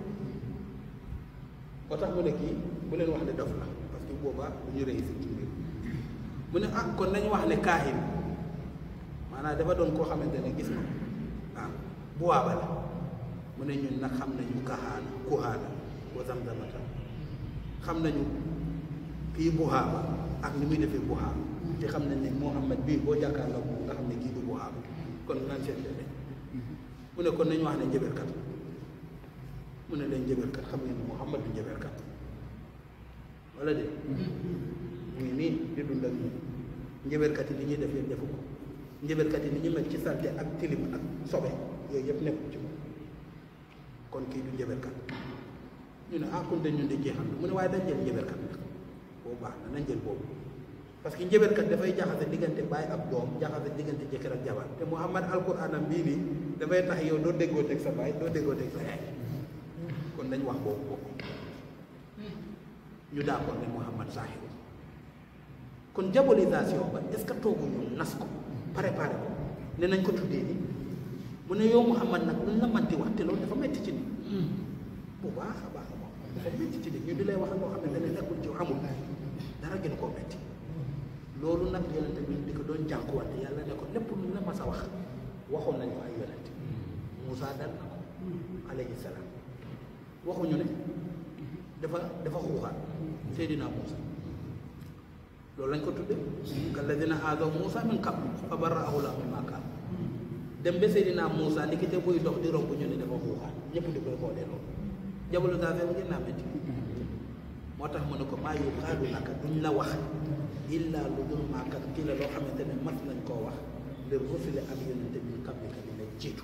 ba tax mu ne kii bu leen wax ne dof la parce que boobaa bu ñu réussir ci mbir mu ne ah kon nañu wax ne kaahin maanaam dafa doon koo xamante ne gis na ko ah bu waaba la mu ne ñun nag xam nañu kahaana kuhaana wa zamzamata xam nañu kii buhaaba ak ni muy defee buhaaba te xam nañ ne Muhammad bii boo jàkkaarloo nga xam ne kii du buhaaba kon naan seet mu ne kon nañu wax ne njëbërkat la mu ne leen njëbërkat xam ngeen Muhammad du njëbërkat wala de mu ngi nii di dund ak ñun njëbërkat yi li ñuy def yëpp defu ko njëbërkat yi li ñu mel ci salte ak tilim ak sobe yooyu yëpp nekkul ci moom kon kii du njëbërkat ñu ne ah kon de di de jeexal mu ne waaye dañ jël njëbërkat nag boobu baax na nañ boobu parce que njëbërkat dafay jaxase diggante baay ab doom jaxase diggante jëkkër ak jabar te Muhammad alquranam bii nii dafay tax yow doo déggoo teg sa baay doo déggoo kon wax boobu boobu ñu daa d'accord ne Mouhamad Zahir kon diabolisation ba est-ce que tooguñu nas ko préparé ko ne nañ ko tuddee ni mu ne yow Mouhamad nag na la manti wax te loolu dafa metti ci ni bu baax a baax a baax dafa di lay wax loo xam ne dañu nekkul ci amul dara gën koo metti loolu nag yonente bi ko doon jànkuwante yàlla ne ko lépp lu la mas a wax waxoon nañ ko ay yonente Moussa dal na ko alayhi waxuñu ne dafa dafa xuuxaat Seydina Muusa loolu lañ ko tudde kalladina aadaw Muusa min qablu fa barra'ahu Allaahu mimmaa kaanu dem ba Seydina Muusa ndikite buy dox di romb ñu ne dafa xuuxaat ñëpp di koy xoolee loolu jabalu gaa feebu ngeen naa métti moo tax mu ne ko maa yuqaalu laka duñ la wax illa lu dul maakat kii la loo xamante ne mat nañ koo wax li ak yonente bi kablika bi la jiitu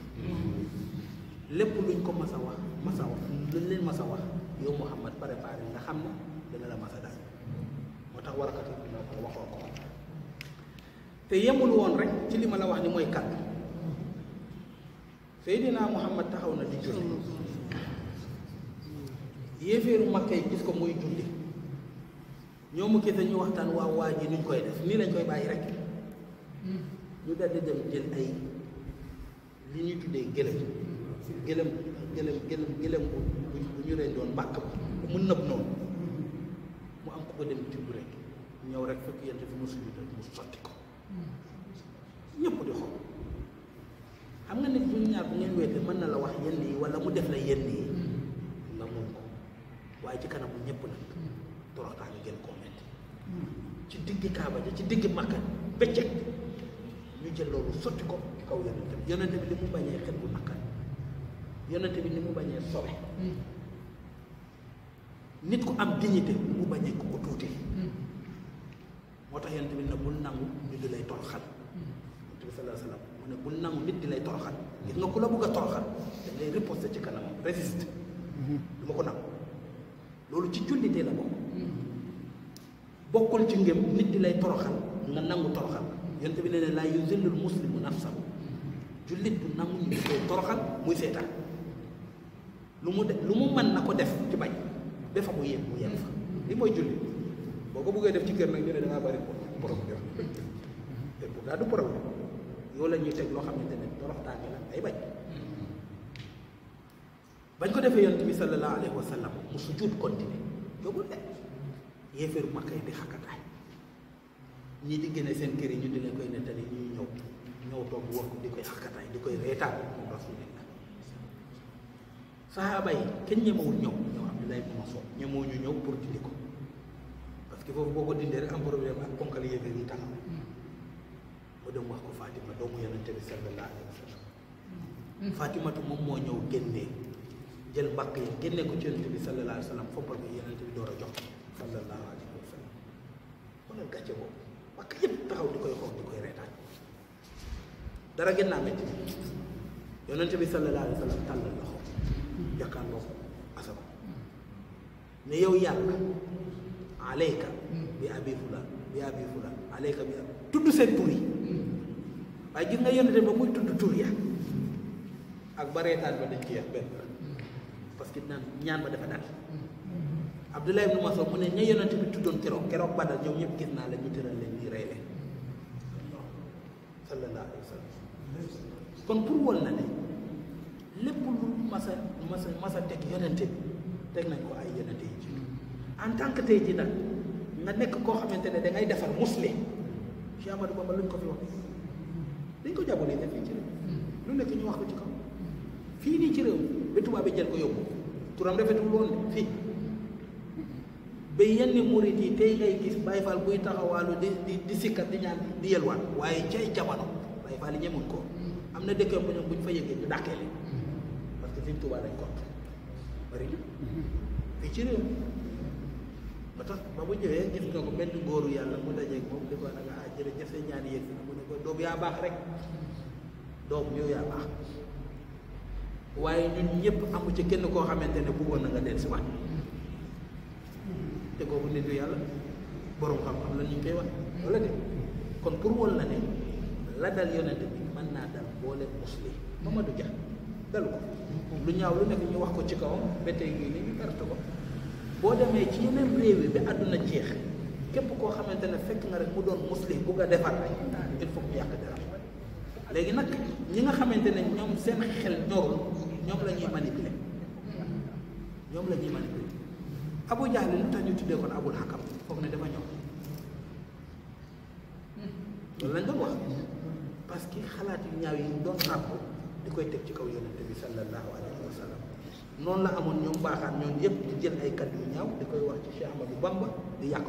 lépp luñ ko mas a wax mas a wax luñ leen mas a wax yow Mouhamad préparé nga xam ne dina la mas a moo tax war dina ko te yemul woon rek ci li ma la wax ni mooy kat naa Mouhamad taxaw na di julli yéeféeru Makka yi gis ko muy julli ñoo mu kii ñu waxtaan waaw waa ji nuñ koy def nii lañ koy bàyyi rek hmm. ñu daldi dem jël ay li ñuy tuddee gëlëm gëlëm gëlëm gëlëm gëlëm bu ñu reen doon bàkk ba mu nëb noonu mu am ku ko dem tibb rek ñëw rek fekk yente fi mu suñu def mu sotti ko di xool xam nga nit ñun mën na la wax yenn wala mu def la yenn yi nga moom ci kanamu ñëpp nag toroxtaan gën koo ci digg kaaba ja ci digg sotti ko kaw yonente bi yonente bi li mu bañee xel bu makka yonent bi ni mu bañee sobe hmm. nit ku am dignité mu bañee ku ko tuuti hmm. moo tax yonent bi ne bul nangu ñu di lay toroxal hmm. yonent mu nangu nit di lay toroxal gis nga ku la bugg toroxal da ngay riposter ci kanam résiste du ma ko nangu loolu ci jullitee la bokk bokkul ci ngëm nit di lay toroxal nga nangu toroxal yonent bi nee ne laa yuzillul muslimu nafsahu jullit bu nangu ñu di koy toroxal muy seetaan lu mu de lu mu mën na ko def ci bañ defa mu yem mu yem fa li mooy julli boo ko bëggee def ci kër nag ñu ne da ngaa bëri problème te bu daa du problème yow la ñuy teg loo xamante ne toroxtaan bi la ay bañ ko defee yanti bi sallallahu alayhi wa sallam mu sujud continué yóbbul de yéeféeru Makka yi di xakkataay ñii di génne seen kër yi ñu di leen koy nettali ñuy ñëw ñëw toog wokk di koy xakkataay di koy reetaan moom rasul saxaaba yi kenn ñemewul ñëw ñoom Abdoulaye ñëw pour dindi ko parce que foofu boo ko dindee rek am problème ak ponkal yéefar yi taxaw mu dem wax ko Fatima mm. moo ñëw génnee jël yi génne ko ci yonente bi sallallahu alayhi wa a jox sallallahu alayhi wa sallam taxaw di koy xool di koy reetaan dara gën naa métti bi sallallahu alayhi wa sallam tàllal jàkkaarloo asama ne yow yàlla aleyka bi abi fulaan bi abi fulaan aleyka bi abi tudd seen tur yi waaye gis nga yonente ba muy tudd tur ya ak bareetaan ba dañ ci yeex benn parce que naan ñaan ba dafa dal Abdullah ibn Mas'ud mu ne ña yonente bi tuddoon keroog keroog Badar ñoom ñëpp gis naa la ñu tëral leen ñuy rey leen sallallahu alayhi wa kon pour wol na ne mas a mas a mas teg yonente teg nañ ko ay yonente yi jiitu en tant que tey jii nag nga nekk koo xamante ne da ngay defar muslim ci Amadou Bamba luñ ko fi wax dañ ko jàppalee def ci réew mm. lu ñu wax ko ci kaw fii ci réew bi bi jël ko yóbbu turam rafetul woon fii ba yenn murit yi tey ngay gis Baye Fall buy taxawaalu di di di sikkat di ñaan di yelwaan waaye cay jamono Baye Fall yi ñemuñ ko mm. am na dëkk bu ñoom buñ fa yëgee ñu dàqee leen sëriñ Tuubaa lañ kott bari na ci réew ba tax ba mu ñëwee gis nga ko benn góoru yàlla mu dajeeg moom di ko da nga ah, jërëjëf ñaan yéeg na mu ne ko doom yaa baax rek doom yow yaa baax waaye ñun ñëpp amu ci kenn koo xamante ne buggoon na nga del si waat te kooku nitu yàlla borom xam-xam la ñu koy wax wala de kon pour wol la ne la dal yonent bi mën naa dal boole muslim Mamadou Dia dalu ko lu ñaaw lu nekk ñu wax ko ci kawam ba tey jii nii ñu ko boo demee ci yeneen réew yi bi àdduna jeex képp koo xamante ne fekk nga rek mu doon muslim bugg a defar il faut mu yàq dara léegi nag ñi nga xamante ne ñoom seen xel ñorul ñoom la ñuy manipuler ñoom la ñuy manipuler Abu Jahl lu tax ñu tuddee kon Abul Hakam foog ne dafa ñëw lañ doon wax parce xalaat yu ñaaw yi doon nàpp di koy teg ci kaw yonent bi sallallahu alayhi wa sallam noonu la amoon ñoom baaxaat ñoom yëpp di jël ay kàddu yu ñaaw di koy wax ci Cheikh Amadou Bamba di yàq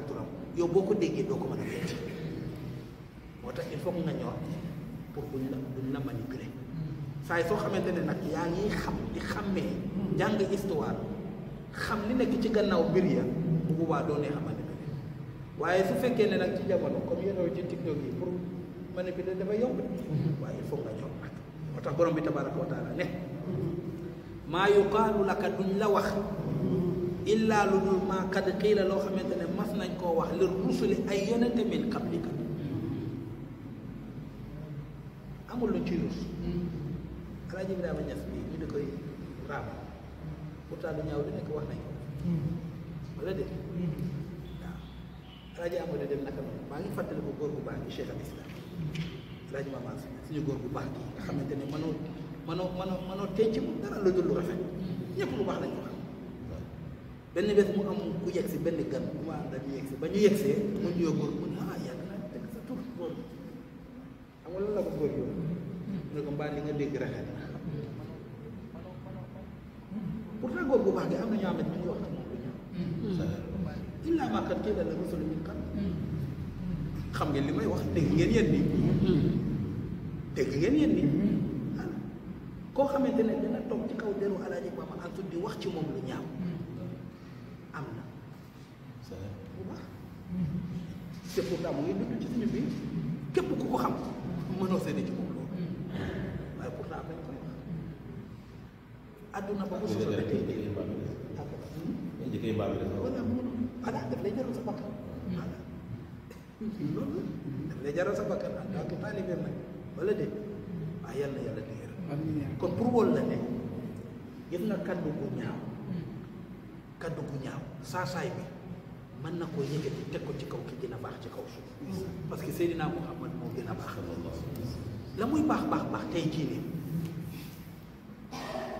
yow boo ko déggee doo ko mën a fekk moo tax il faut nga ñor pour buñ la buñ saa soo xamante ne nag yaa ngi xam di xàmmee jàng histoire xam li nekk ci gannaaw mbir ya bu boobaa doo nee xamante ne waaye su fekkee ne nag ci jamono comme yenoo ci technologie pour manipuler dafa yomb waaye il faut nga ñor. tax borom bi tabaraka wa taala ne maa yuqaalu laka duñ la wax illa lu dul maa qad qiila loo xamante ne mas nañ koo wax li rusuli ay yonente min qablika amul luñ ci rus alaaji ibrahima ñas bi ñu di koy raam pourtant lu ñaaw lu nekk wax nañ ko wala dé waaw alaaji amul dem naka noonu maa ngi fàttali ko góor bu baax bi cheikh al islam alaaji maman suñu góor bu baax gi nga xamante ne mënoo mënoo mënoo mënoo tey dara lu dul lu rafet ñëpp lu baax lañ ko xam benn bés mu am ku yegg si benn gan bu ma àndal yegg si ba yegg see mu ñu góor mu ne ah yàgg naa sa tur góor xam la ko ko li nga dégg rafet na pourtant bu baax gi am na ñu wax la xam ngeen wax ngeen dégg ngeen yéen ni koo xamante ne dana ci kaw deru alaaji Papa Antou di wax ci moom lu ñaaw am na bu baax c'est pourtant mu ngi dund ci suñu biir képp ku ko xam mënoo seede ci moom loolu waaye pourtant am nañ koy wax àdduna ba ko soxla tey tey voilà mënul voilà daf lay jaral sa bakkan voilà hmm. loolu daf lay jaral sa bakkan en tant que taalibe nag wala de waaye ah, yàlla yàlla dëgër kon pour wóolu la ne gis nga kaddu gu ñaaw hmm. kaddu gu ñaaw saasaay bi mën na koo yëkkati teg ko ci kaw ki gën a baax ci kaw suuf hmm. parce que Seydina Muhammad moo gën a baax la muy baax baax baax tey jii nii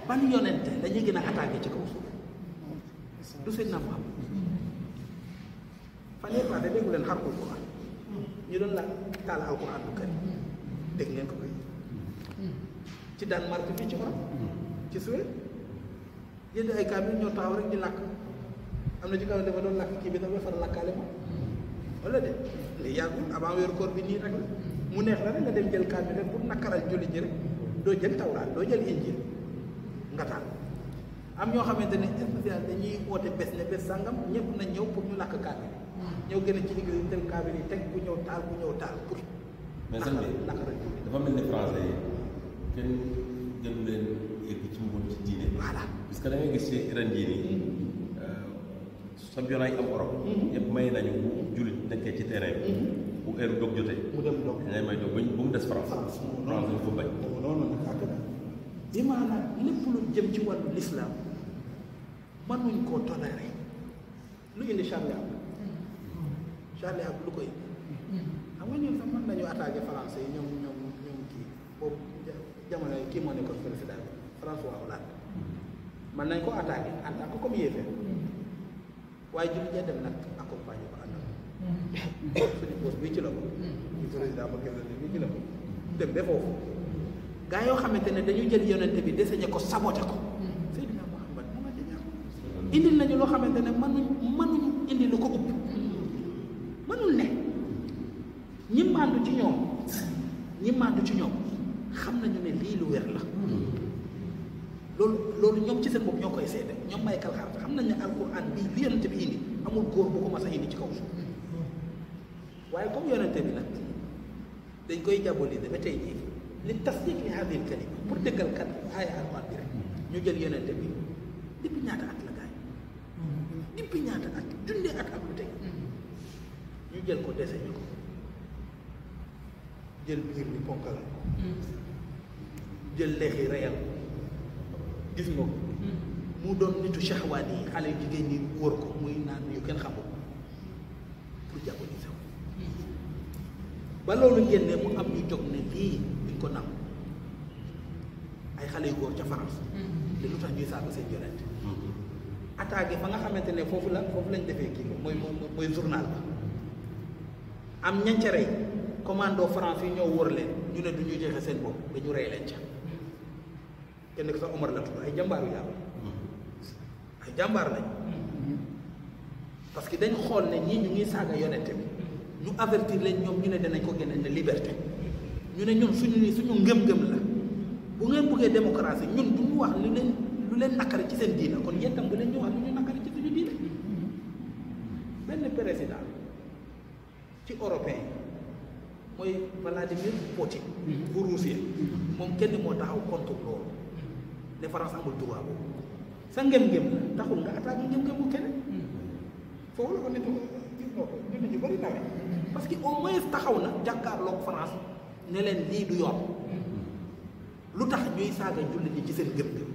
ban yonente la ñuy gën a attaqué ci kaw suuf du Seydina Muhammad hmm. fan yëpp daal déggu leen xarul Quran ñu doon la taal alquran bu karim dégg ngeen ko koy ci Danemark fii ci Europe ci Suède yenn ay camion ñoo taxaw rek di làkk am na ci kaw dafa doon làkk kii bi dafa far làkkaale ma wala de léegi yàggul avant weeru koor bi nii rek mu neex la rek nga dem jël camion rek pour nakkaral julli ji rek doo jël tawraat doo jël injil nga taal am ñoo xamante ne spécial dañuy woote bés ne bés sàngam ñëpp na ñëw pour ñu làkk camion ñëw gën a ci liggéey jël camion yi teg ku ñëw taal ku ñëw taal pour mais sëñ bi dafa mel ni français yi kenn gënu leen ci mboolu ci diine. parce que da gis ci irandiens yi euh, championnat yi am Europe. Mm-hmm. may nañu jullit nekkee ci terrain bi. Mm-hmm. bu heure doog jotee. mu dem doog ngay may doog mu des France. France ñu ko bañ. loolu bi maanaam lépp lu jëm ci wàllu lislaam mënuñ koo toléré lu indi charia mm-hmm. charia lu koy. ba ñun sax mën nañu attaqué français yi ñoom ñoom kii boobu jamono yi kii moo nekkoon président bi François Hollande mën nañ ko attaqué en tant que comme yéefee waaye julli ja dem nag accompagné ko àndal (laughs) suñu poste bi ci la ko ñu mm. dem de foofu gaa yoo xamante ne dañu jël yonente bi deseñe ko saboté ko mm. Seydina ma indil nañu loo xamante ne mënuñ mënuñ indi lu ko upp mm. mënul ne ñi màndu ci ñoom ñi màndu ci ñoom xam nañu ne lii lu wér la loolu ñoom ci seen bopp ñoo koy seede ñoom may kalxar xam ak ne alquran bii li yonente bi indi amul góor bu ko mas indi ci kaw suuf waaye comme yonente bi nag dañ koy diaboliser ba tey jii li tasdiq li hadil kalima pour dëggal kat aaya alquran bi rek ñu jël yonente bi depuis ñaata at la gaay depuis ñaata at junne at ak lu teg ñu jël ko dese ñu ko jël biir bi ponkal hmm. jël leexi reyal gis nga hmm. mu doon nittu shahwaat yi xale yu jigéen ñi wër ko muy naan yu kenn xamul pour diaboliser ko hmm. ba loolu génnee mu am ñu jóg ne lii duñ ko nangu ay xale yu góor ca France te lu tax ñuy saaga seen yonent attaqué fa nga xamante ne foofu la foofu lañ defee kii mooy mooy journal ba am ñancere commando France yi ñoo wër leen ñu ne du ñu jeexee seen bopp dañu rey leen ca kenn ko sax Omar la tudd ay jàmbaaru yàlla ay jàmbaar lañ parce que dañ xool ne ñii ñu ngi saaga yonente bi ñu avertir leen ñoom ñu ne danañ ko génne ne liberté ñu ne ñun suñu ni suñu ngëm-ngëm la bu ngeen bëggee démocratie ñun du ñu wax lu leen lu leen naqari ci seen diina kon yéen tam bu leen ñu wax lu ñu naqari ci suñu diina benn président ci européen balaa Vladimir Poutine bu mm-hmm. Russie moom kenn moo taxaw contre loolu ne mm-hmm. France amul droit boobu sa ngëm-ngëm la taxul nga attaqué ngëm-ngëm bu keneen mm-hmm. foofu la ko nit gis parce que au moins taxaw na jàkkaarloog France ne leen lii du yoon lu tax ñuy saaga julli ñi ci seen ngëm-ngëm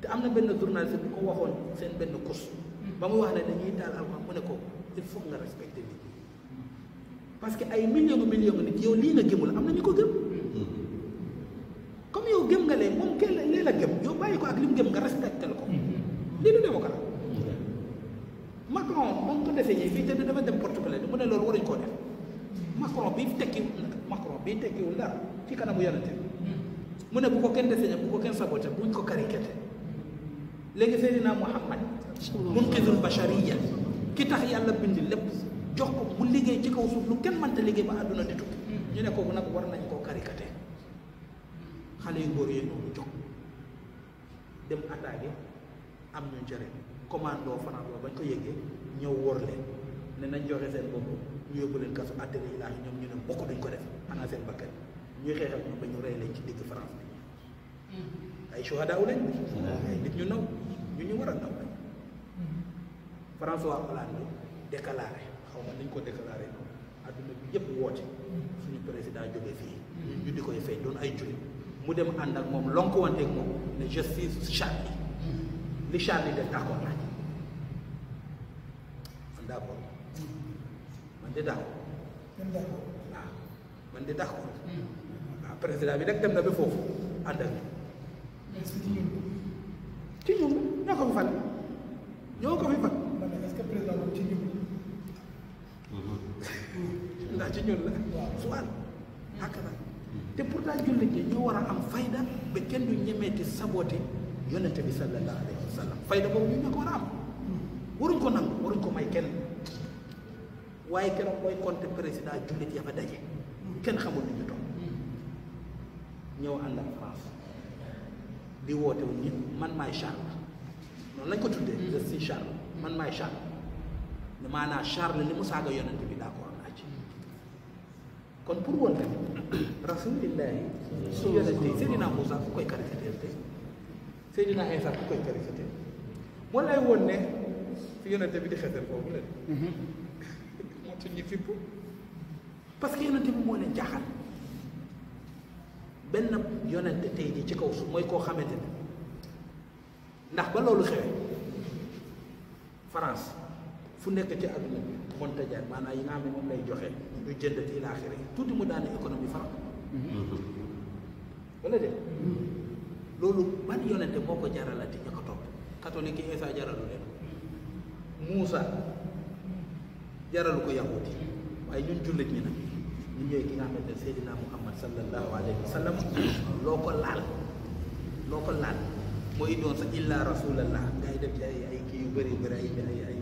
te am na benn journaliste bu ko waxoon seen benn course ba mu wax ne dañuy taal alxuraan mu ne ko il foog nga respecter nit parce que ay millions millions nit yow lii nga gëmul am na ñu ko gëm comme yow gëm nga lee moom kenn lee la gëm yow bàyyi ko ak li mu gëm nga respecté ko lii du démocrate Macron moom ko defee fii te dafa dem porte plainte mu ne loolu waruñ koo def Macron bi tekki Macron bi tekkiwul dara ci kanamu yonente mu ne bu ko kenn defee bu ko kenn saboté buñ ko karikete léegi Seydina Mouhamad munqidul bashariya ki tax yàlla bind lépp jox ko mu liggéey ci kaw suuf lu kenn mante liggéey ba àdduna di tukki mm. ñu ne kooku nag war nañ koo karikate xale yu góor yooyu noonu jox dem attaqué am ñu njëriñ commando fanaan loolu bañ ko yëgee ñëw wor leen ne nañ joxe seen bopp ñu yóbbu leen kasu àtte yi laax ñoom ñu ne bokk duñ ko def xanaa seen bakkan ñuy xeex ak ñoom ba ñu rey leen ci digg France bi mm. ay suhadaa lañ ay nit ñu naw ñu ñu war a naw lañ mm. François Hollande déclaré xaw dañ nañ ko déclaré adduna bi yëpp woote suñu président jógee fii ñu di koy fay doon ay jullit mu dem ànd ak moom lonk ak moom ne je suis Charlie li Charlie def d'accord naa man d'accord man de d'accord président bi nag dem na ba foofu ànd ak ñu ci ñun ñoo ko fi fal ñoo ko fi fal est-ce que président ci ñun ndax ci ñun la suwal hakada te pourtant jullit ñi ñoo war a am fayda ba kenn du ñemeeti sabooti yonente bi sallallahu alayhi wa sallam fayda boobu ñu ñoo ko war a am waruñ ko nangu waruñ ko may kenn waaye keroog mooy compte président jullit ya fa daje kenn xamul ni ñu toog ñëw ànd ak France di woote wu nit man maay Charles noonu lañ ko tuddee. je suis Charles man maay Charles. maanaa Charles li mu saaga yonent bi d'accord naa ci kon pour woon tamit rasulillahi su yonent yi Seydina Moussa ku koy caricature tey Seydina Insa ku koy caricature moo lay woon ne fi yonent bi di xetal foofu leen (laughs) moo tax ñu fipp parce que yonent bi moo leen jaaxal benn yonent tey ji ci kaw su mooy koo xamante ne ndax ba loolu xewee France fu nekk ci àdduna bi mënta jaay yi nga xam ne moom lay joxe du jënd ci laaxira tuuti mu daane économie faram. Mm-hmm. wala de loolu ban yonente moo ko jaralati ña ko topp catholique yi Isa jaralu leen ko Muusa jaralu ko yahudi waaye ñun jullit ñi nag ñu ñëwee ki nga xamante ne Seydina Muhammad sallallahu alayhi wa sallam loo ko laal loo ko laal moo indoon sa illa rasulallah ngay def ci ay kii yu bëri bëri ay ay.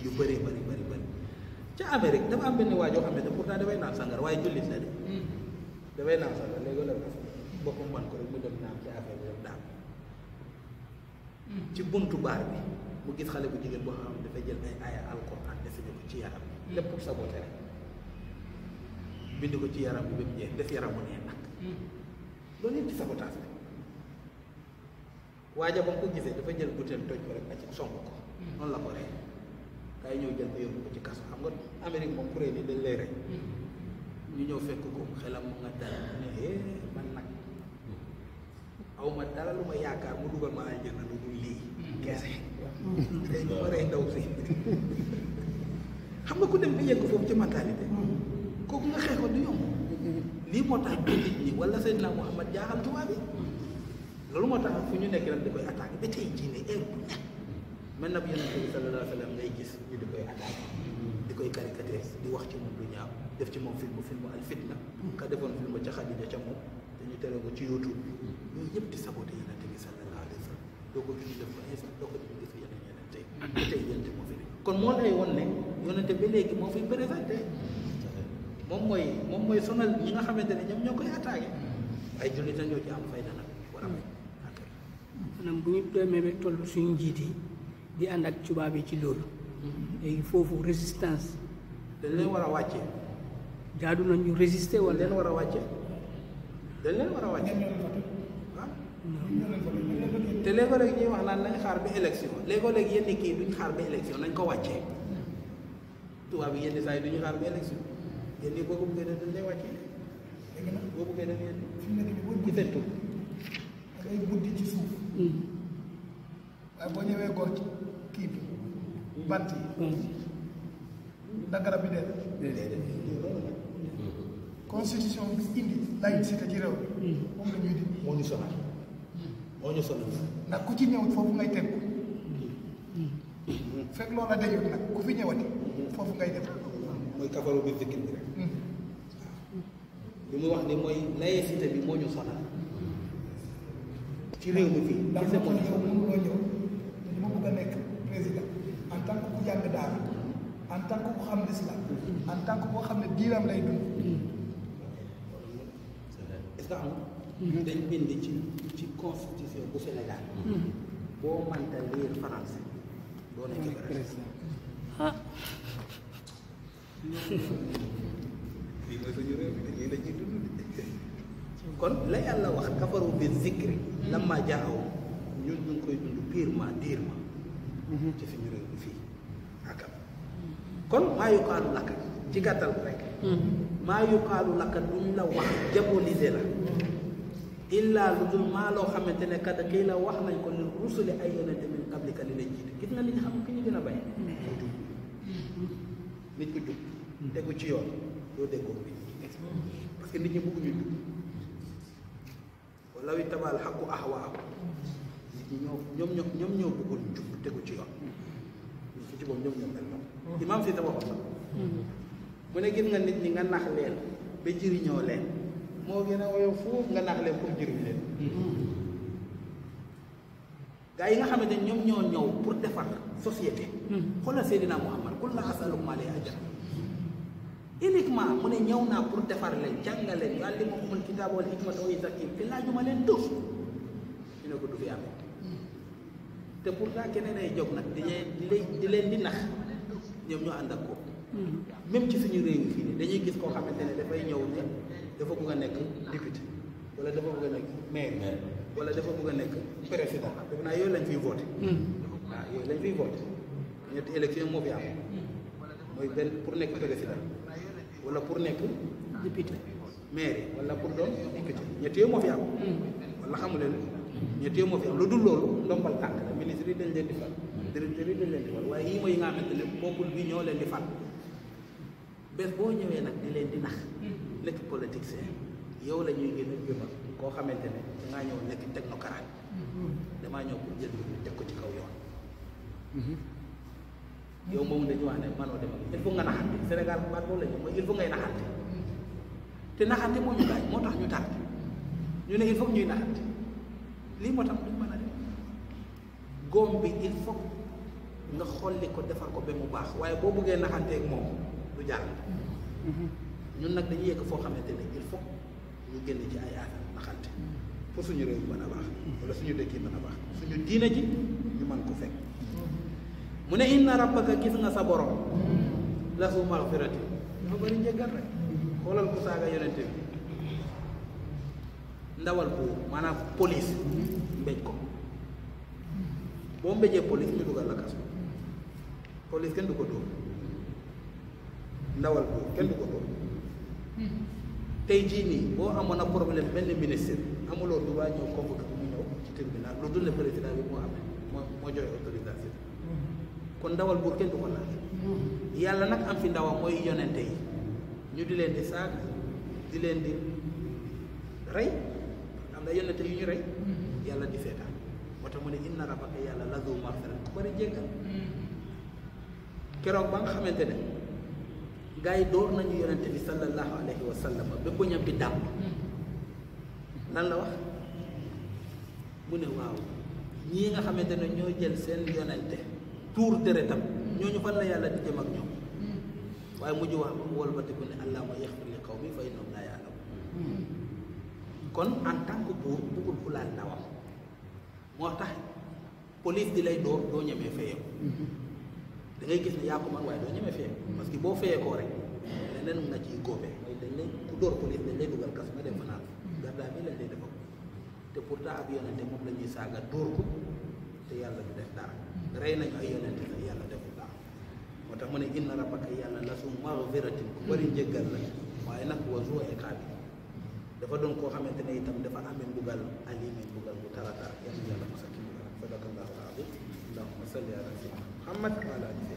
jikko yu bëree bëri bëri bëri ca Amérique dafa am benn waa xam ne pourtant dafay naan sangar waaye jullit la de hmm. dafay ko rek mu dem naan ci affaire hmm. gis xale bu jigéen boo xam ne ay aaya alquran def ko hmm. ko ci yaram bi ba mu jeex def yaramu neen nag loolu waaja ba ko gisee dafa jël butéel toj ko rek acc song ko noonu la ko ree day ñëw jël ko yóbbu ko ci kaso xam nga Amérique moom kuréel yi dañ lay rey hmm. ñu ñëw fekk ko xelam mu nga dal ne eh, man nag hmm. aw ma dara lu ma yaakaar mu dugal ma àjjana lu dul lii hmm. keese tey ñu xam nga ku dem ba yegg foofu ci mentalité kooku nga xeexoon du yomb lii moo tax nit ñi wala Seydina Muhammad jaaxal tubaab yi loolu moo tax fu ñu nekk rek da koy attaqué ba tey ne heure من نبي النبي صلى الله عليه وسلم لا يجلس يدق أي أحد يدق أي كاريكاتير دي وقت يوم الدنيا دفت يوم فيلم فيلم الفتنة كده فون فيلم جاهد يدا جمو تاني ترى وجه يوتيوب يوم يبت سبوت يلا تبي صلى الله عليه وسلم دوكو تبي دفع إيش دوكو تبي دفع يلا يلا تي تي يلا تبي فيلم كون مولا يوون لين يوون تبي ليك مو فيلم بريزا تي mom moy mom moy sonal yi nga xamanteni ñam ñokoy attaqué ay julli ta ñoo ci am fayda nak war am ñam bu ñu démé be di ànd ak tubaab yi ci loolu léegi foofu résistance dañ leen war a wàcce jaadu nañu résister wala leen war a wàcce dañ leen war a wàcce ah? te léegoo léegi ñuy wax naan nañ xaar bi élection léegoo léegi yenn kii duñ xaar ba élection nañ ko wàccee tubaab yi yenn saa yi duñu xaar ba élection yenn boo ko bëggee def dañ lay wàccee boo bëggee def yenn waaye boo ñëwee góor kii bi bant yi ndax bi dee constitution bi indi laïcité ci réew moom la ñuy di moo ñu sonal moo ñu sonal ndax ku ci ñëw foofu ngay tegu fekk loola dañu nag ku fi ñëwati foofu ngay def mooy kafaru bi fikkin bi rek li mu wax ni mooy laïcité bi moo ñu sonal ci réew mi fii ndax mënuloo ñëw ma bëgg nekk président en tant que ku yàgg daal en tant que ku xam ne diiram lay dund. est-ce que dañ bind ci ci constitution bu Sénégal. boo mënta lire français doo nekk président. ah. lii mooy suñu kon la yàlla wax kafaru bi zikri lamma jaaw ñun ñu koy dund purement durement. Mm-hmm. ci suñu réew mi fii akam kon maa yuqaalu lakka ci gàttal rek mm-hmm. maa yuqaalu lakka duñ la wax diaboliser la illaa lu dul maa loo xamante ne kat kii la wax nañ ko ne rusuli ay yonente min qablika li leen jiitu gis nga li ñu xam ki ñu gën a bay mm-hmm. nit ku jub ci yoon doo que nit ñi bëgguñu jub walaw ittabaal ñoo jub ñu tegu ci yoon ci jubóom ñoom ñoom mel noonu imaam fi dafa wax mu ne gis nga nit ñi nga nax leen ba jëriñoo leen moo gën nga nax leen pour ñoo pour société Muhammad kul la asalukum alayhi ajran uniquement mu ne ñëw naa pour defar leen jàngal leen yu àllimahumul kitaaba wal hikmata wa yuzakkiihim te laajuma leen dus ñu ko du fi te pour pourtant keneen ay jóg nag di leen di leen di nax ñoom ñoo ànd ak ko mm-hmm. même ci suñu réew fii nii dañuy gis koo xamante ne dafay ñëw ne dafa bëgg a nekk député wala dafa bëgg a nekk maire wala dafa bëgg a nekk président def naa yooyu lañ fiy voté waaw mm-hmm. ah, yooyu lañ fiy voté ñetti élection moo fi am mooy benn pour nekk président wala pour nekk député maire wala pour doon député ñett yooyu moo fi am mm-hmm. wala xamu leen ñett yooyu lu dul loolu ndombal tànk la yi dañ leen di fal directeur leen di fal waaye yii mooy yi nga xamante ne bokkul bi ñoo leen boo ñëwee nag di leen di nax nekk yow la ñuy gën a koo xamante ne dangaa ñëw nekk technocrate damaa ñëw pour jël teg ko ci kaw yoon mm-hmm. yow moom dañu wax ne manoo dem il faut nga naxante Sénégal baat boobu la ñu mooy il faut ngay naxante te naxante moo ñu gaañ moo tax ñu tardé ñu ne il faut ñuy naxante lii moo tax duñ mën a def góom bi il faut nga xolli ko defar ko ba mu baax waaye boo bëggee naxanteeg moom du jàll mm-hmm. ñun nag dañuy yegg foo xamante ne il faut ñu génn ci ay aada naxante pour suñu réew mën a baax wala suñu dëkk yi mën a baax suñu diina ji ñu man ko fekk mm-hmm. mu ne inna rabbaka gis nga sa borom mm-hmm. la su maxfirati dafa bëri njëggal rek xoolal ku saaga yonente dawal buur maanaam police mbéj ko boo mbéjee police ñu dugal la kaso police kenn du ko dóor ndawal buur kenn du ko dóor tey jii nii boo amoon na problème benn ministre amuloo droit ñëw convoqué bu mu ñëw ci tribunal lu dul le président bi moo amee moo moo joxe autorisation kon ndawal buur kenn du ko laal yàlla nag am fi ndawam mooy yonente yi ñu di leen di saag di leen di rey ndax yonent yi ñu rey yàlla di seetaan moo tax mu ne inna rabbaka yàlla lazu maxfirat ku bëri keroog ba nga xamante ne gars yi door nañu yonent bi sallallahu alayhi wa sallam ba bëñam bi dàmm lan la wax mu ne waaw ñii nga xamante ne ñoo jël seen yonente tuur deretam ñooñu fan la yàlla di jëm ak ñoom hmm. waaye mujj wax ba mu wolbatiku ne allahumma yaxfir li qawmi fa innahum laa ya'lamuun hmm. kon en tant que buur bëggul ku laal ndawam moo tax police di lay door doo ñemee fayeeku mhm. da ngay gis ne yaa ko man waaye doo ñemee fayeeku mhm. parce que boo fayeekoo rek leneen na ciy góobee mooy dañ lay ku door police dañ lay dugal kas nga dem fanaan mhm. gardaa bi lañ lay defal te pourtant ab yonente moom la ñuy saaga dóor ko te yàlla du def dara rey nañu ay yonente te yàlla deful dara moo tax ma ne na inna rabbaka yàlla la su magfiratin ku bëri njëggal la waaye nag wa zoo iqaabi dafa doon koo xamante ne itam dafa ame mbugal alimi mbugal bu taratar yàlla yàlla mos a kii bi daal sadaqallaahu al-aziim allahumma salli ala sayyidina Muhammad wa ala